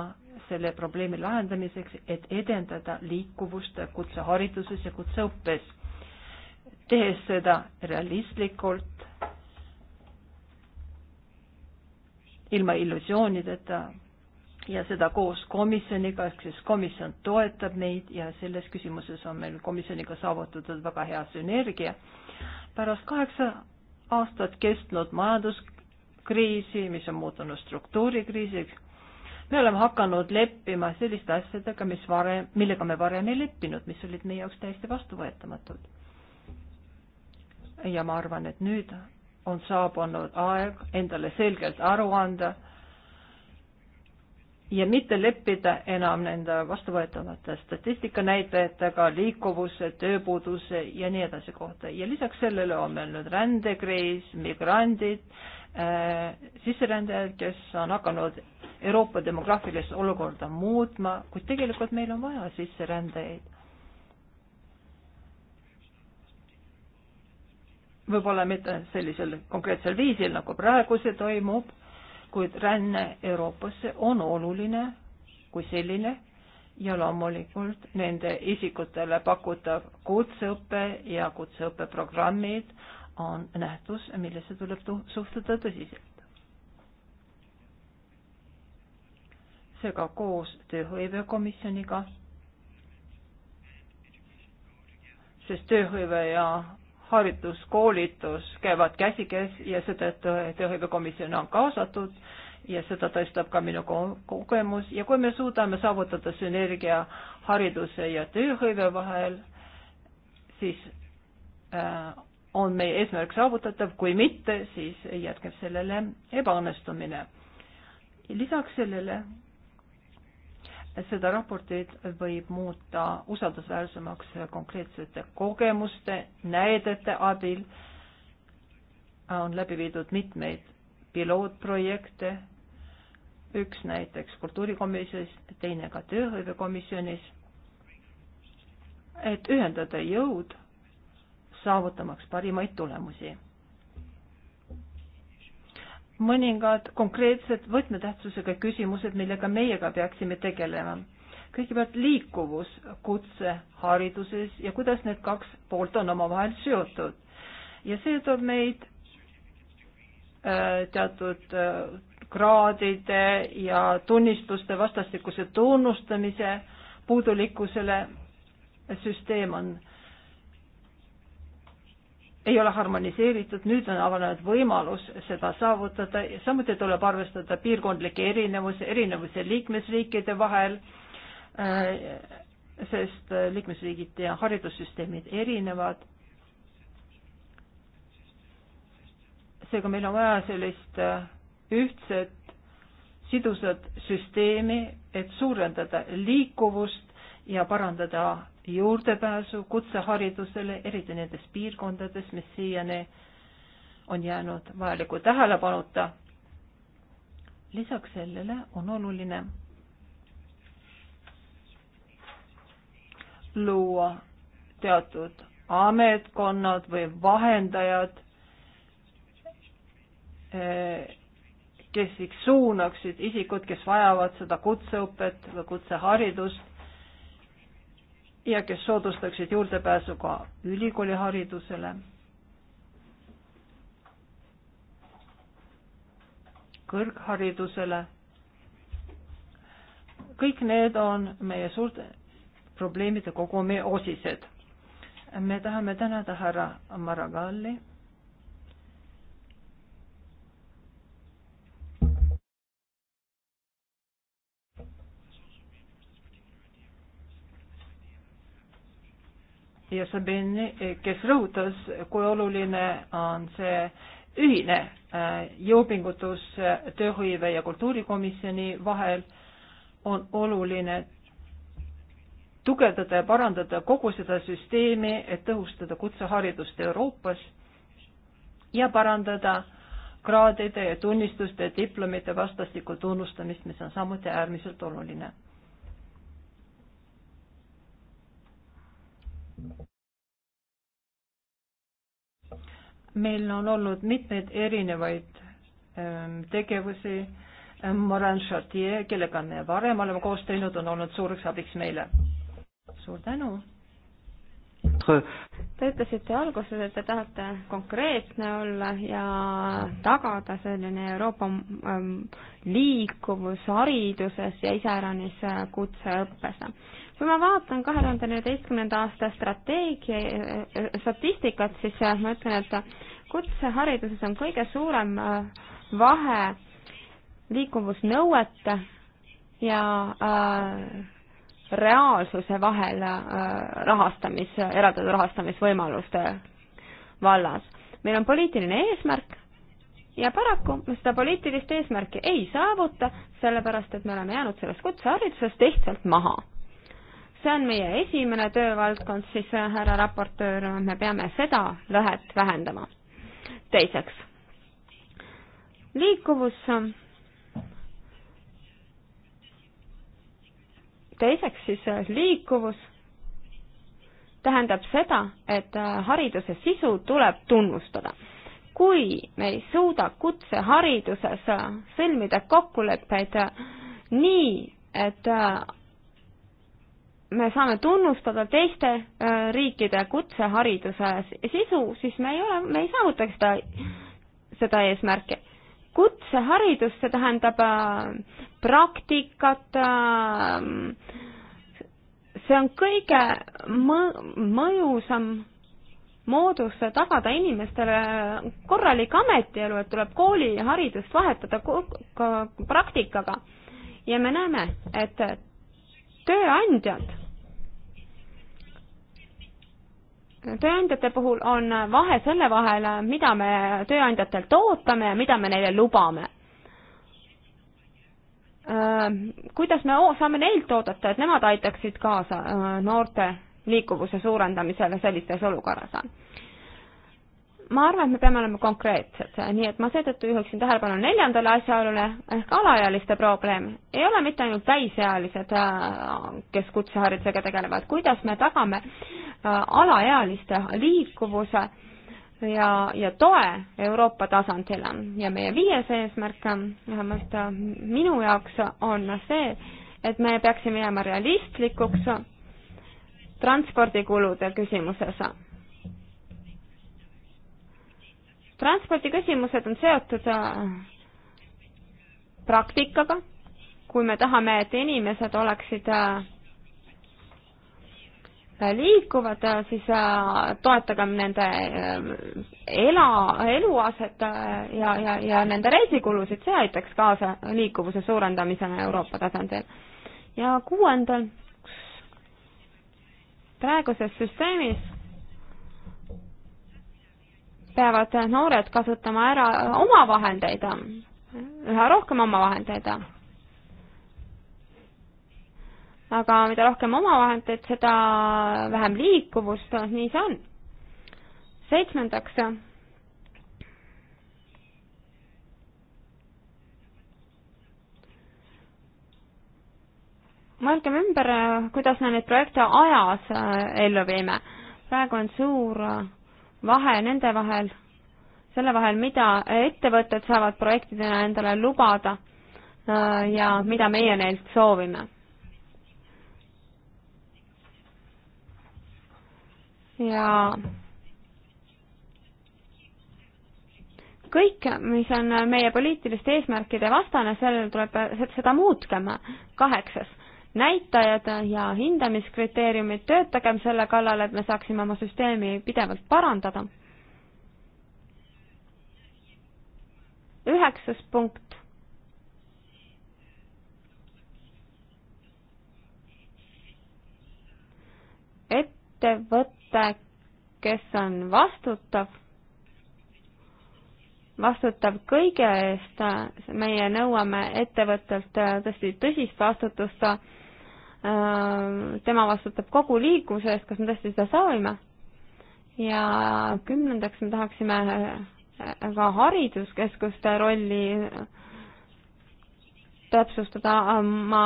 selle probleemi lahendamiseks, et edendada liikuvust kutsehariduses ja kutseõppes tehes seda realistlikult, ilma illusioonideta ja seda koos komisjoniga, ehk siis komisjon toetab meid ja selles küsimuses on meil komisjoniga saavutatud väga hea sünergia. pärast kaheksa aastat kestnud majanduskriisi, mis on muutunud struktuurikriisiks, me oleme hakanud leppima selliste asjadega, mis varem, millega me varem ei leppinud, mis olid meie jaoks täiesti vastuvõetamatud ja ma arvan, et nüüd on saabunud aeg endale selgelt aru anda ja mitte leppida enam nende vastuvõetavate statistikanäitajatega liikuvuse, tööpuuduse ja nii edasi kohta ja lisaks sellele on meil nüüd rändekriis, migrandid äh,, sisserändajad, kes on hakanud Euroopa demograafilist olukorda muutma, kuid tegelikult meil on vaja sisserändajaid võib-olla mitte sellisel konkreetsel viisil, nagu praegu see toimub, kuid ränne Euroopasse on oluline kui selline ja loomulikult nende isikutele pakutav kutseõpe ja kutseõppeprogrammid on nähtus, millesse tuleb suhtuda tõsiselt. seega koos tööhõivekomisjoniga, sest tööhõive ja haritus, koolitus käivad käsikäes ja seetõttu tööhõivekomisjon on kaasatud ja seda tõestab ka minu ko kogemus ja kui me suudame saavutada sünergia hariduse ja tööhõive vahel, siis äh, on meie eesmärk saavutatav, kui mitte, siis jätkab sellele ebaõnnestumine. lisaks sellele seda raportit võib muuta usaldusväärsemaks konkreetsete kogemuste, näidete abil. on läbi viidud mitmeid pilootprojekte, üks näiteks kultuurikomisjonis, teine ka tööhõivekomisjonis, et ühendada jõud, saavutamaks parimaid tulemusi mõningad konkreetsed võtmetähtsusega küsimused, millega meiega peaksime tegelema. kõigepealt liikuvus kutsehariduses ja kuidas need kaks poolt on omavahel seotud. ja see toob meid äh, teatud äh, kraadide ja tunnistuste vastastikuse tunnustamise puudulikkusele süsteem on ei ole harmoniseeritud, nüüd on avanenud võimalus seda saavutada ja samuti tuleb arvestada piirkondlikke erinevusi, erinevusi liikmesriikide vahel, äh, sest liikmesriigid ja haridussüsteemid erinevad. seega meil on vaja sellist äh, ühtset sidusat süsteemi, et suurendada liikuvust ja parandada juurdepääsu kutseharidusele, eriti nendes piirkondades, mis siiani on jäänud vajaliku tähelepanuta. lisaks sellele on oluline luua teatud ametkonnad või vahendajad, eh, kes siis suunaksid isikud, kes vajavad seda kutseõpet või kutseharidust ja kes soodustaksid juurdepääsu ka ülikooliharidusele. kõrgharidusele. kõik need on meie suurte probleemide kogumi osised. me tahame tänada härra Maragalli ja Sabine, kes rõhutas, kui oluline on see ühine äh, jõupingutus äh, tööhõive ja kultuurikomisjoni vahel, on oluline tugevdada ja parandada kogu seda süsteemi, et tõhustada kutseharidust Euroopas ja parandada kraadide ja tunnistuste ja diplomite vastastikku tunnustamist, mis on samuti äärmiselt oluline meil on olnud mitmeid erinevaid ähm, tegevusi. Ähm, Morin Chartier, kellega me varem oleme koos teinud, on olnud suureks abiks meile. suur tänu. Te ütlesite alguses, et te tahate konkreetne olla ja tagada selline Euroopa ähm, liikuvus hariduses ja iseäranis äh, kutseõppes kui ma vaatan kahe tuhande neljateistkümnenda aasta strateegia, äh, äh, statistikat, siis äh, ma ütlen, et kutsehariduses on kõige suurem vahe liikuvusnõuete ja reaalsuse vahel rahastamis, eraldatud rahastamisvõimaluste vallas. meil on poliitiline eesmärk ja paraku me seda poliitilist eesmärki ei saavuta, sellepärast et me oleme jäänud sellest kutseharidusest lihtsalt maha see on meie esimene töövaldkond, siis äh, härra raportöör, me peame seda lõhet vähendama. teiseks, liikuvus. teiseks siis äh, liikuvus tähendab seda, et äh, hariduse sisu tuleb tunnustada. kui me ei suuda kutsehariduses sõlmida kokkuleppeid nii, et me saame tunnustada teiste äh, riikide kutsehariduse sisu, siis me ei ole, me ei saavutaks seda, seda eesmärki. kutseharidus, see tähendab äh, praktikat, äh, see on kõige mõ-, mõjusam moodus tagada inimestele korralik ametielu, et tuleb kooliharidust vahetada ka praktikaga. ja me näeme, et tööandjad. tööandjate puhul on vahe selle vahel, mida me tööandjatelt ootame ja mida me neile lubame äh, kuidas me saame neilt oodata, et nemad aitaksid kaasa äh, noorte liikuvuse suurendamisele sellistes olukorras on? ma arvan, et me peame olema konkreetsed, nii et ma seetõttu juhiksin tähelepanu neljandale asjaolule ehk alaealiste probleem. ei ole mitte ainult täisealised, äh, kes kutseharidusega tegelevad, kuidas me tagame äh, alaealiste liikuvuse ja, ja toe Euroopa tasandil ja meie viies eesmärk, vähemalt äh, minu jaoks, on see, et me peaksime jääma realistlikuks transpordikulude küsimuses transpordiküsimused on seotud äh, praktikaga, kui me tahame, et inimesed oleksid äh, liikuvad, äh, siis toetagem nende ela, eluaset ja, ja, ja nende reisikulusid, see aitaks kaasa liikuvuse suurendamisele Euroopa tasandil. ja kuuendal, praeguses süsteemis peavad noored kasutama ära oma vahendeid, üha rohkem oma vahendeid. aga mida rohkem oma vahendeid, seda vähem liikuvust, nii see on. seitsmendaks. mõelgem ümber, kuidas me neid projekte ajas äh, ellu viime. praegu on suur vahe nende vahel, selle vahel, mida ettevõtted saavad projektidena endale lubada äh, ja mida meie neilt soovime. ja kõik, mis on meie poliitiliste eesmärkide vastane, sellel tuleb, seda muutkem. kaheksas, näitajad ja hindamiskriteeriumid, töötagem selle kallal, et me saaksime oma süsteemi pidevalt parandada. üheksas punkt. ettevõte, kes on vastutav, vastutab kõige eest, meie nõuame ettevõttelt tõesti tõsist vastutust Äh, tema vastutab kogu liikluse eest, kas me tõesti seda soovime? ja kümnendaks me tahaksime äh, ka hariduskeskuste rolli täpsustada, ma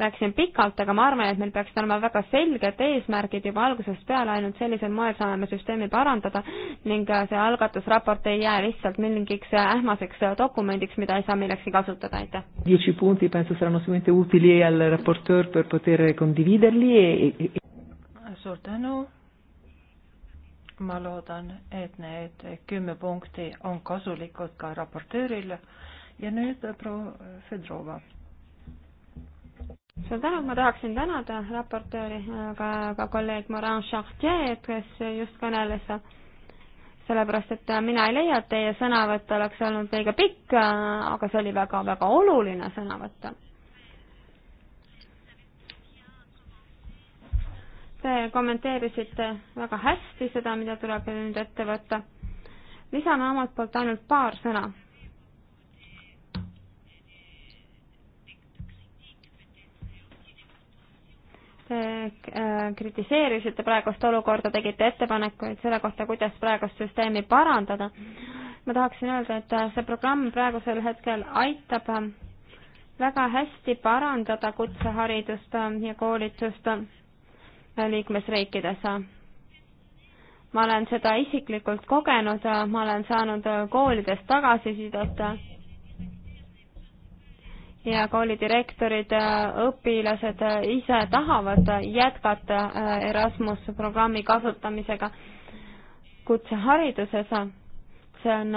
rääkisin pikalt, aga ma arvan, et meil peaksid olema väga selged eesmärgid juba algusest peale, ainult sellisel moel saame me süsteemi parandada ning äh, see algatusraport ei jää lihtsalt mingiks äh, ähmaseks äh, dokumendiks, mida ei saa millekski kasutada, aitäh. Dieci punti penso saranno sicuramente utili al raportöör per poter condividerli e, e, e suur tänu. ma loodan, et need kümme punkti on kasulikud ka raportöörile ja nüüd proua Fedorova suur tänu, ma tahaksin tänada raportööri, aga ka kolleeg Morin Chartier, kes just kõneles, sellepärast et mina ei leia, et teie sõnavõtt oleks olnud liiga pikk, aga see oli väga-väga oluline sõnavõtt. Te kommenteerisite väga hästi seda, mida tuleb nüüd ette võtta. lisame omalt poolt ainult paar sõna Äh, kritiseerisite praegust olukorda, tegite ettepanekuid selle kohta, kuidas praegust süsteemi parandada. ma tahaksin öelda, et see programm praegusel hetkel aitab väga hästi parandada kutseharidust ja koolitust liikmesriikides. ma olen seda isiklikult kogenud, ma olen saanud koolidest tagasisidet ja koolidirektorid, äh, õpilased äh, ise tahavad äh, jätkata Erasmus programmi kasutamisega kutsehariduses. see on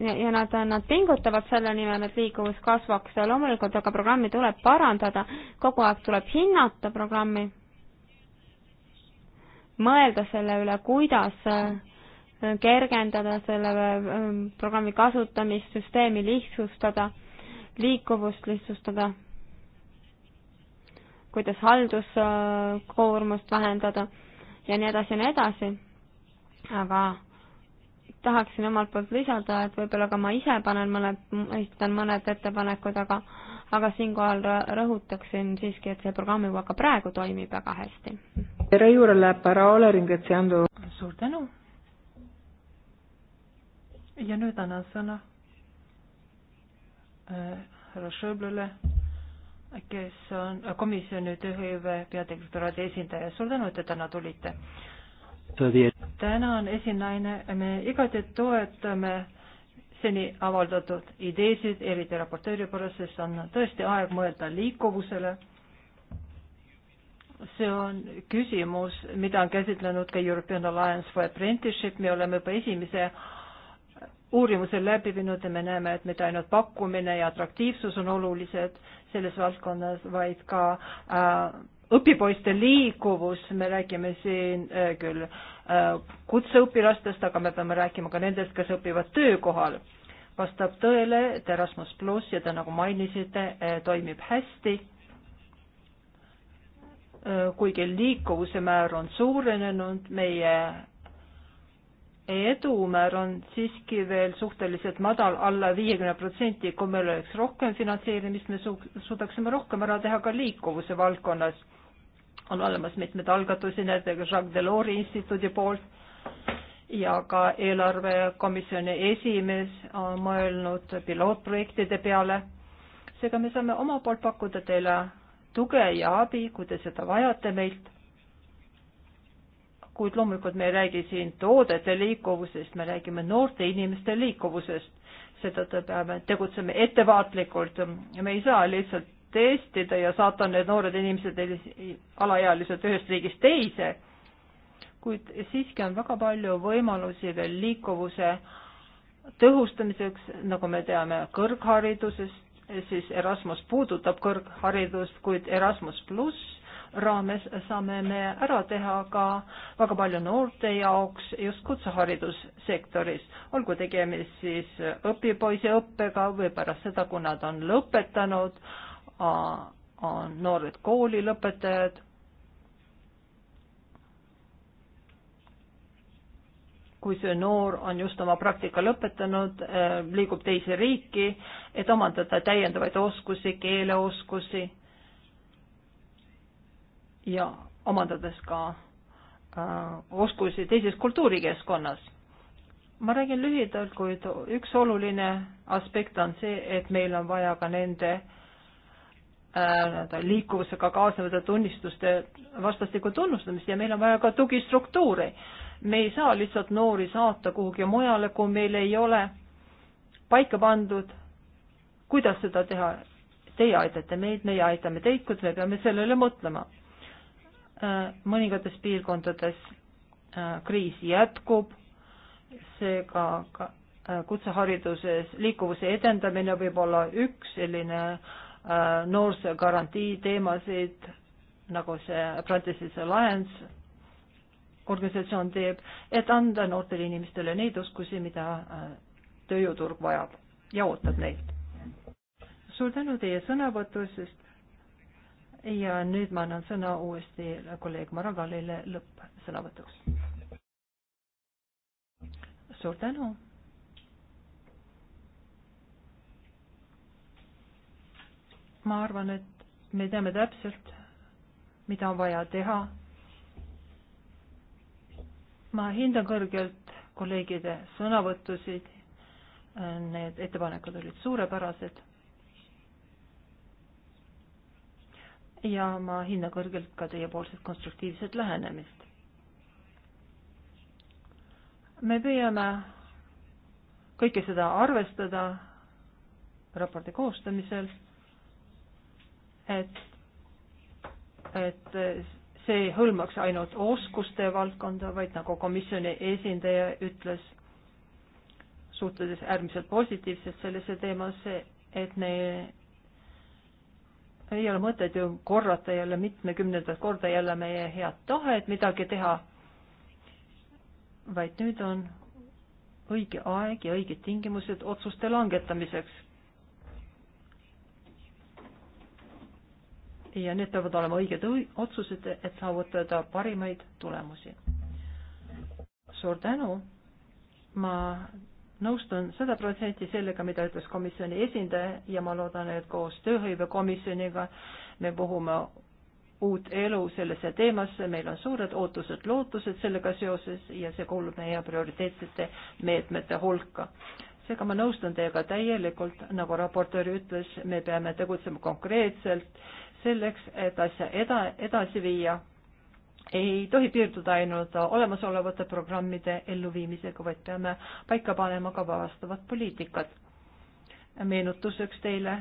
ja, ja nad, nad pingutavad selle nimel, et liikuvus kasvaks ja loomulikult aga programmi tuleb parandada, kogu aeg tuleb hinnata programmi, mõelda selle üle, kuidas äh, kergendada selle ähm, programmi kasutamist, süsteemi lihtsustada, liikuvust lihtsustada, kuidas halduskoormust vähendada ja nii edasi ja nii edasi. aga tahaksin omalt poolt lisada, et võib-olla ka ma ise panen mõned, esitan mõned ettepanekud, aga aga siinkohal rõhutaksin siiski, et see programm juba ka praegu toimib väga hästi. tere juurde, Paraola, ringratsiando. suur tänu ja nüüd annan sõna äh, härra Schöblele, kes on äh, komisjoni tööhõive peadirektoraadi esindaja. suur tänu, et te täna tulite. tänan, esinaine, me igati toetame seni avaldatud ideesid, eriti raporteeri pärast, sest on tõesti aeg mõelda liikuvusele. see on küsimus, mida on käsitlenud ka European Alliance for Apprenticeship, me oleme juba esimese uurimuse läbi viinud ja me näeme, et mitte ainult pakkumine ja atraktiivsus on olulised selles valdkonnas, vaid ka äh, õpipoiste liikuvus, me räägime siin äh, küll äh, kutseõpilastest, aga me peame rääkima ka nendest, kes õpivad töökohal. vastab tõele, et Erasmus pluss ja te nagu mainisite äh,, toimib hästi äh,. kuigi liikuvuse määr on suurenenud, meie edumäär on siiski veel suhteliselt madal, alla viiekümne protsendi, kui meil oleks rohkem finantseerimist, me su suudaksime rohkem ära teha ka liikuvuse valdkonnas. on olemas mitmeid algatusi, näiteks Jacques Delors'i instituudi poolt ja ka eelarvekomisjoni esimees on mõelnud pilootprojektide peale. seega me saame oma poolt pakkuda teile tuge ja abi, kui te seda vajate meilt kuid loomulikult me ei räägi siin toodete liikuvusest, me räägime noorte inimeste liikuvusest. seetõttu peame tegutsema ettevaatlikult ja me ei saa lihtsalt testida ja saata need noored inimesed, alaealised ühest riigist teise, kuid siiski on väga palju võimalusi veel liikuvuse tõhustamiseks, nagu me teame kõrgharidusest, siis Erasmus puudutab kõrgharidust, kuid Erasmus pluss raames saame me ära teha ka väga palju noorte jaoks just kutseharidussektoris, olgu tegemist siis õpipoisiõppega või pärast seda, kui nad on lõpetanud, on noored koolilõpetajad, kui see noor on just oma praktika lõpetanud, eh, liigub teise riiki, et omandada täiendavaid oskusi, keeleoskusi ja omandades ka äh, oskusi teises kultuurikeskkonnas. ma räägin lühidalt, kuid üks oluline aspekt on see, et meil on vaja ka nende äh, nii-öelda liikuvusega kaasnevate tunnistuste vastastikku tunnustamist ja meil on vaja ka tugistruktuure. me ei saa lihtsalt noori saata kuhugi mujale, kui meil ei ole paika pandud, kuidas seda teha. Teie aitate meid, meie aitame teid, kuid me peame sellele mõtlema Äh, mõningates piirkondades äh, kriis jätkub, seega ka äh, kutsehariduses liikuvuse edendamine võib olla üks selline noorsoogarantii teemasid, nagu see Practices Alliance organisatsioon teeb, et anda noortele inimestele neid oskusi, mida tööjõuturg vajab ja ootab neilt. suur tänu teie sõnavõtu, sest ja nüüd ma annan sõna uuesti kolleeg Maragalile lõppsõnavõtuks. suur tänu. ma arvan, et me teame täpselt, mida on vaja teha. ma hindan kõrgelt kolleegide sõnavõttusid. Need ettepanekud olid suurepärased ja ma hindan kõrgelt ka teiepoolset konstruktiivset lähenemist. me püüame kõike seda arvestada raporti koostamisel, et, et see ei hõlmaks ainult oskuste valdkonda, vaid nagu komisjoni esindaja ütles, suhtudes äärmiselt positiivselt sellesse teemasse, et me ei ole mõtet ju korrata jälle mitmekümnendat korda jälle meie head tahet midagi teha, vaid nüüd on õige aeg ja õiged tingimused otsuste langetamiseks. ja need peavad olema õiged otsused, et saavutada parimaid tulemusi. suur tänu, ma nõustun sada protsenti sellega, mida ütles komisjoni esindaja ja ma loodan, et koos tööhõivekomisjoniga me puhume uut elu sellesse teemasse, meil on suured ootused-lootused sellega seoses ja see kuulub meie prioriteetsete meetmete hulka. seega ma nõustun teiega täielikult, nagu raportöör ütles, me peame tegutsema konkreetselt selleks, et asja eda, edasi viia ei tohi piirduda ainult olemasolevate programmide elluviimisega, vaid peame paika panema ka vastavad poliitikad. meenutuseks teile,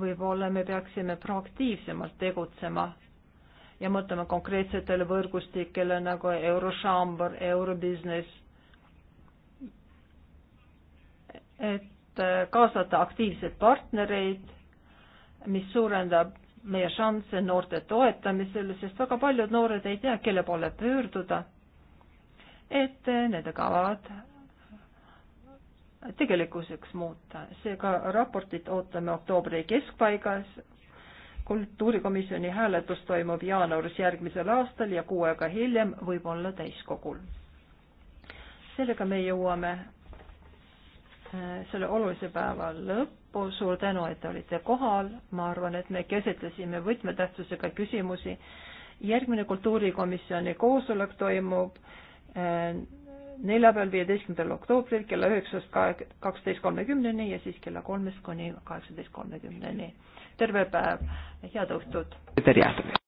võib-olla me peaksime proaktiivsemalt tegutsema ja mõtlema konkreetsetele võrgustikele nagu Eurošamber, Eurobusiness, et kaasata aktiivseid partnereid, mis suurendab meie šansse noorte toetamisel, sest väga paljud noored ei tea, kelle poole pöörduda, et nende kavad tegelikkuseks muuta. seega raportit ootame oktoobri keskpaigas. kultuurikomisjoni hääletus toimub jaanuaris järgmisel aastal ja kuu aega hiljem võib-olla täiskogul. sellega me jõuame äh, selle olulise päeva lõppu lõppu, suur tänu, et te olite kohal, ma arvan, et me käsitlesime võtmetähtsusega küsimusi. järgmine kultuurikomisjoni koosolek toimub äh, neljapäeval, viieteistkümnendal oktoobril kella üheksast kaksteist kolmekümneni ja siis kella kolmest kuni kaheksateist kolmekümneni. terve päev, head õhtut!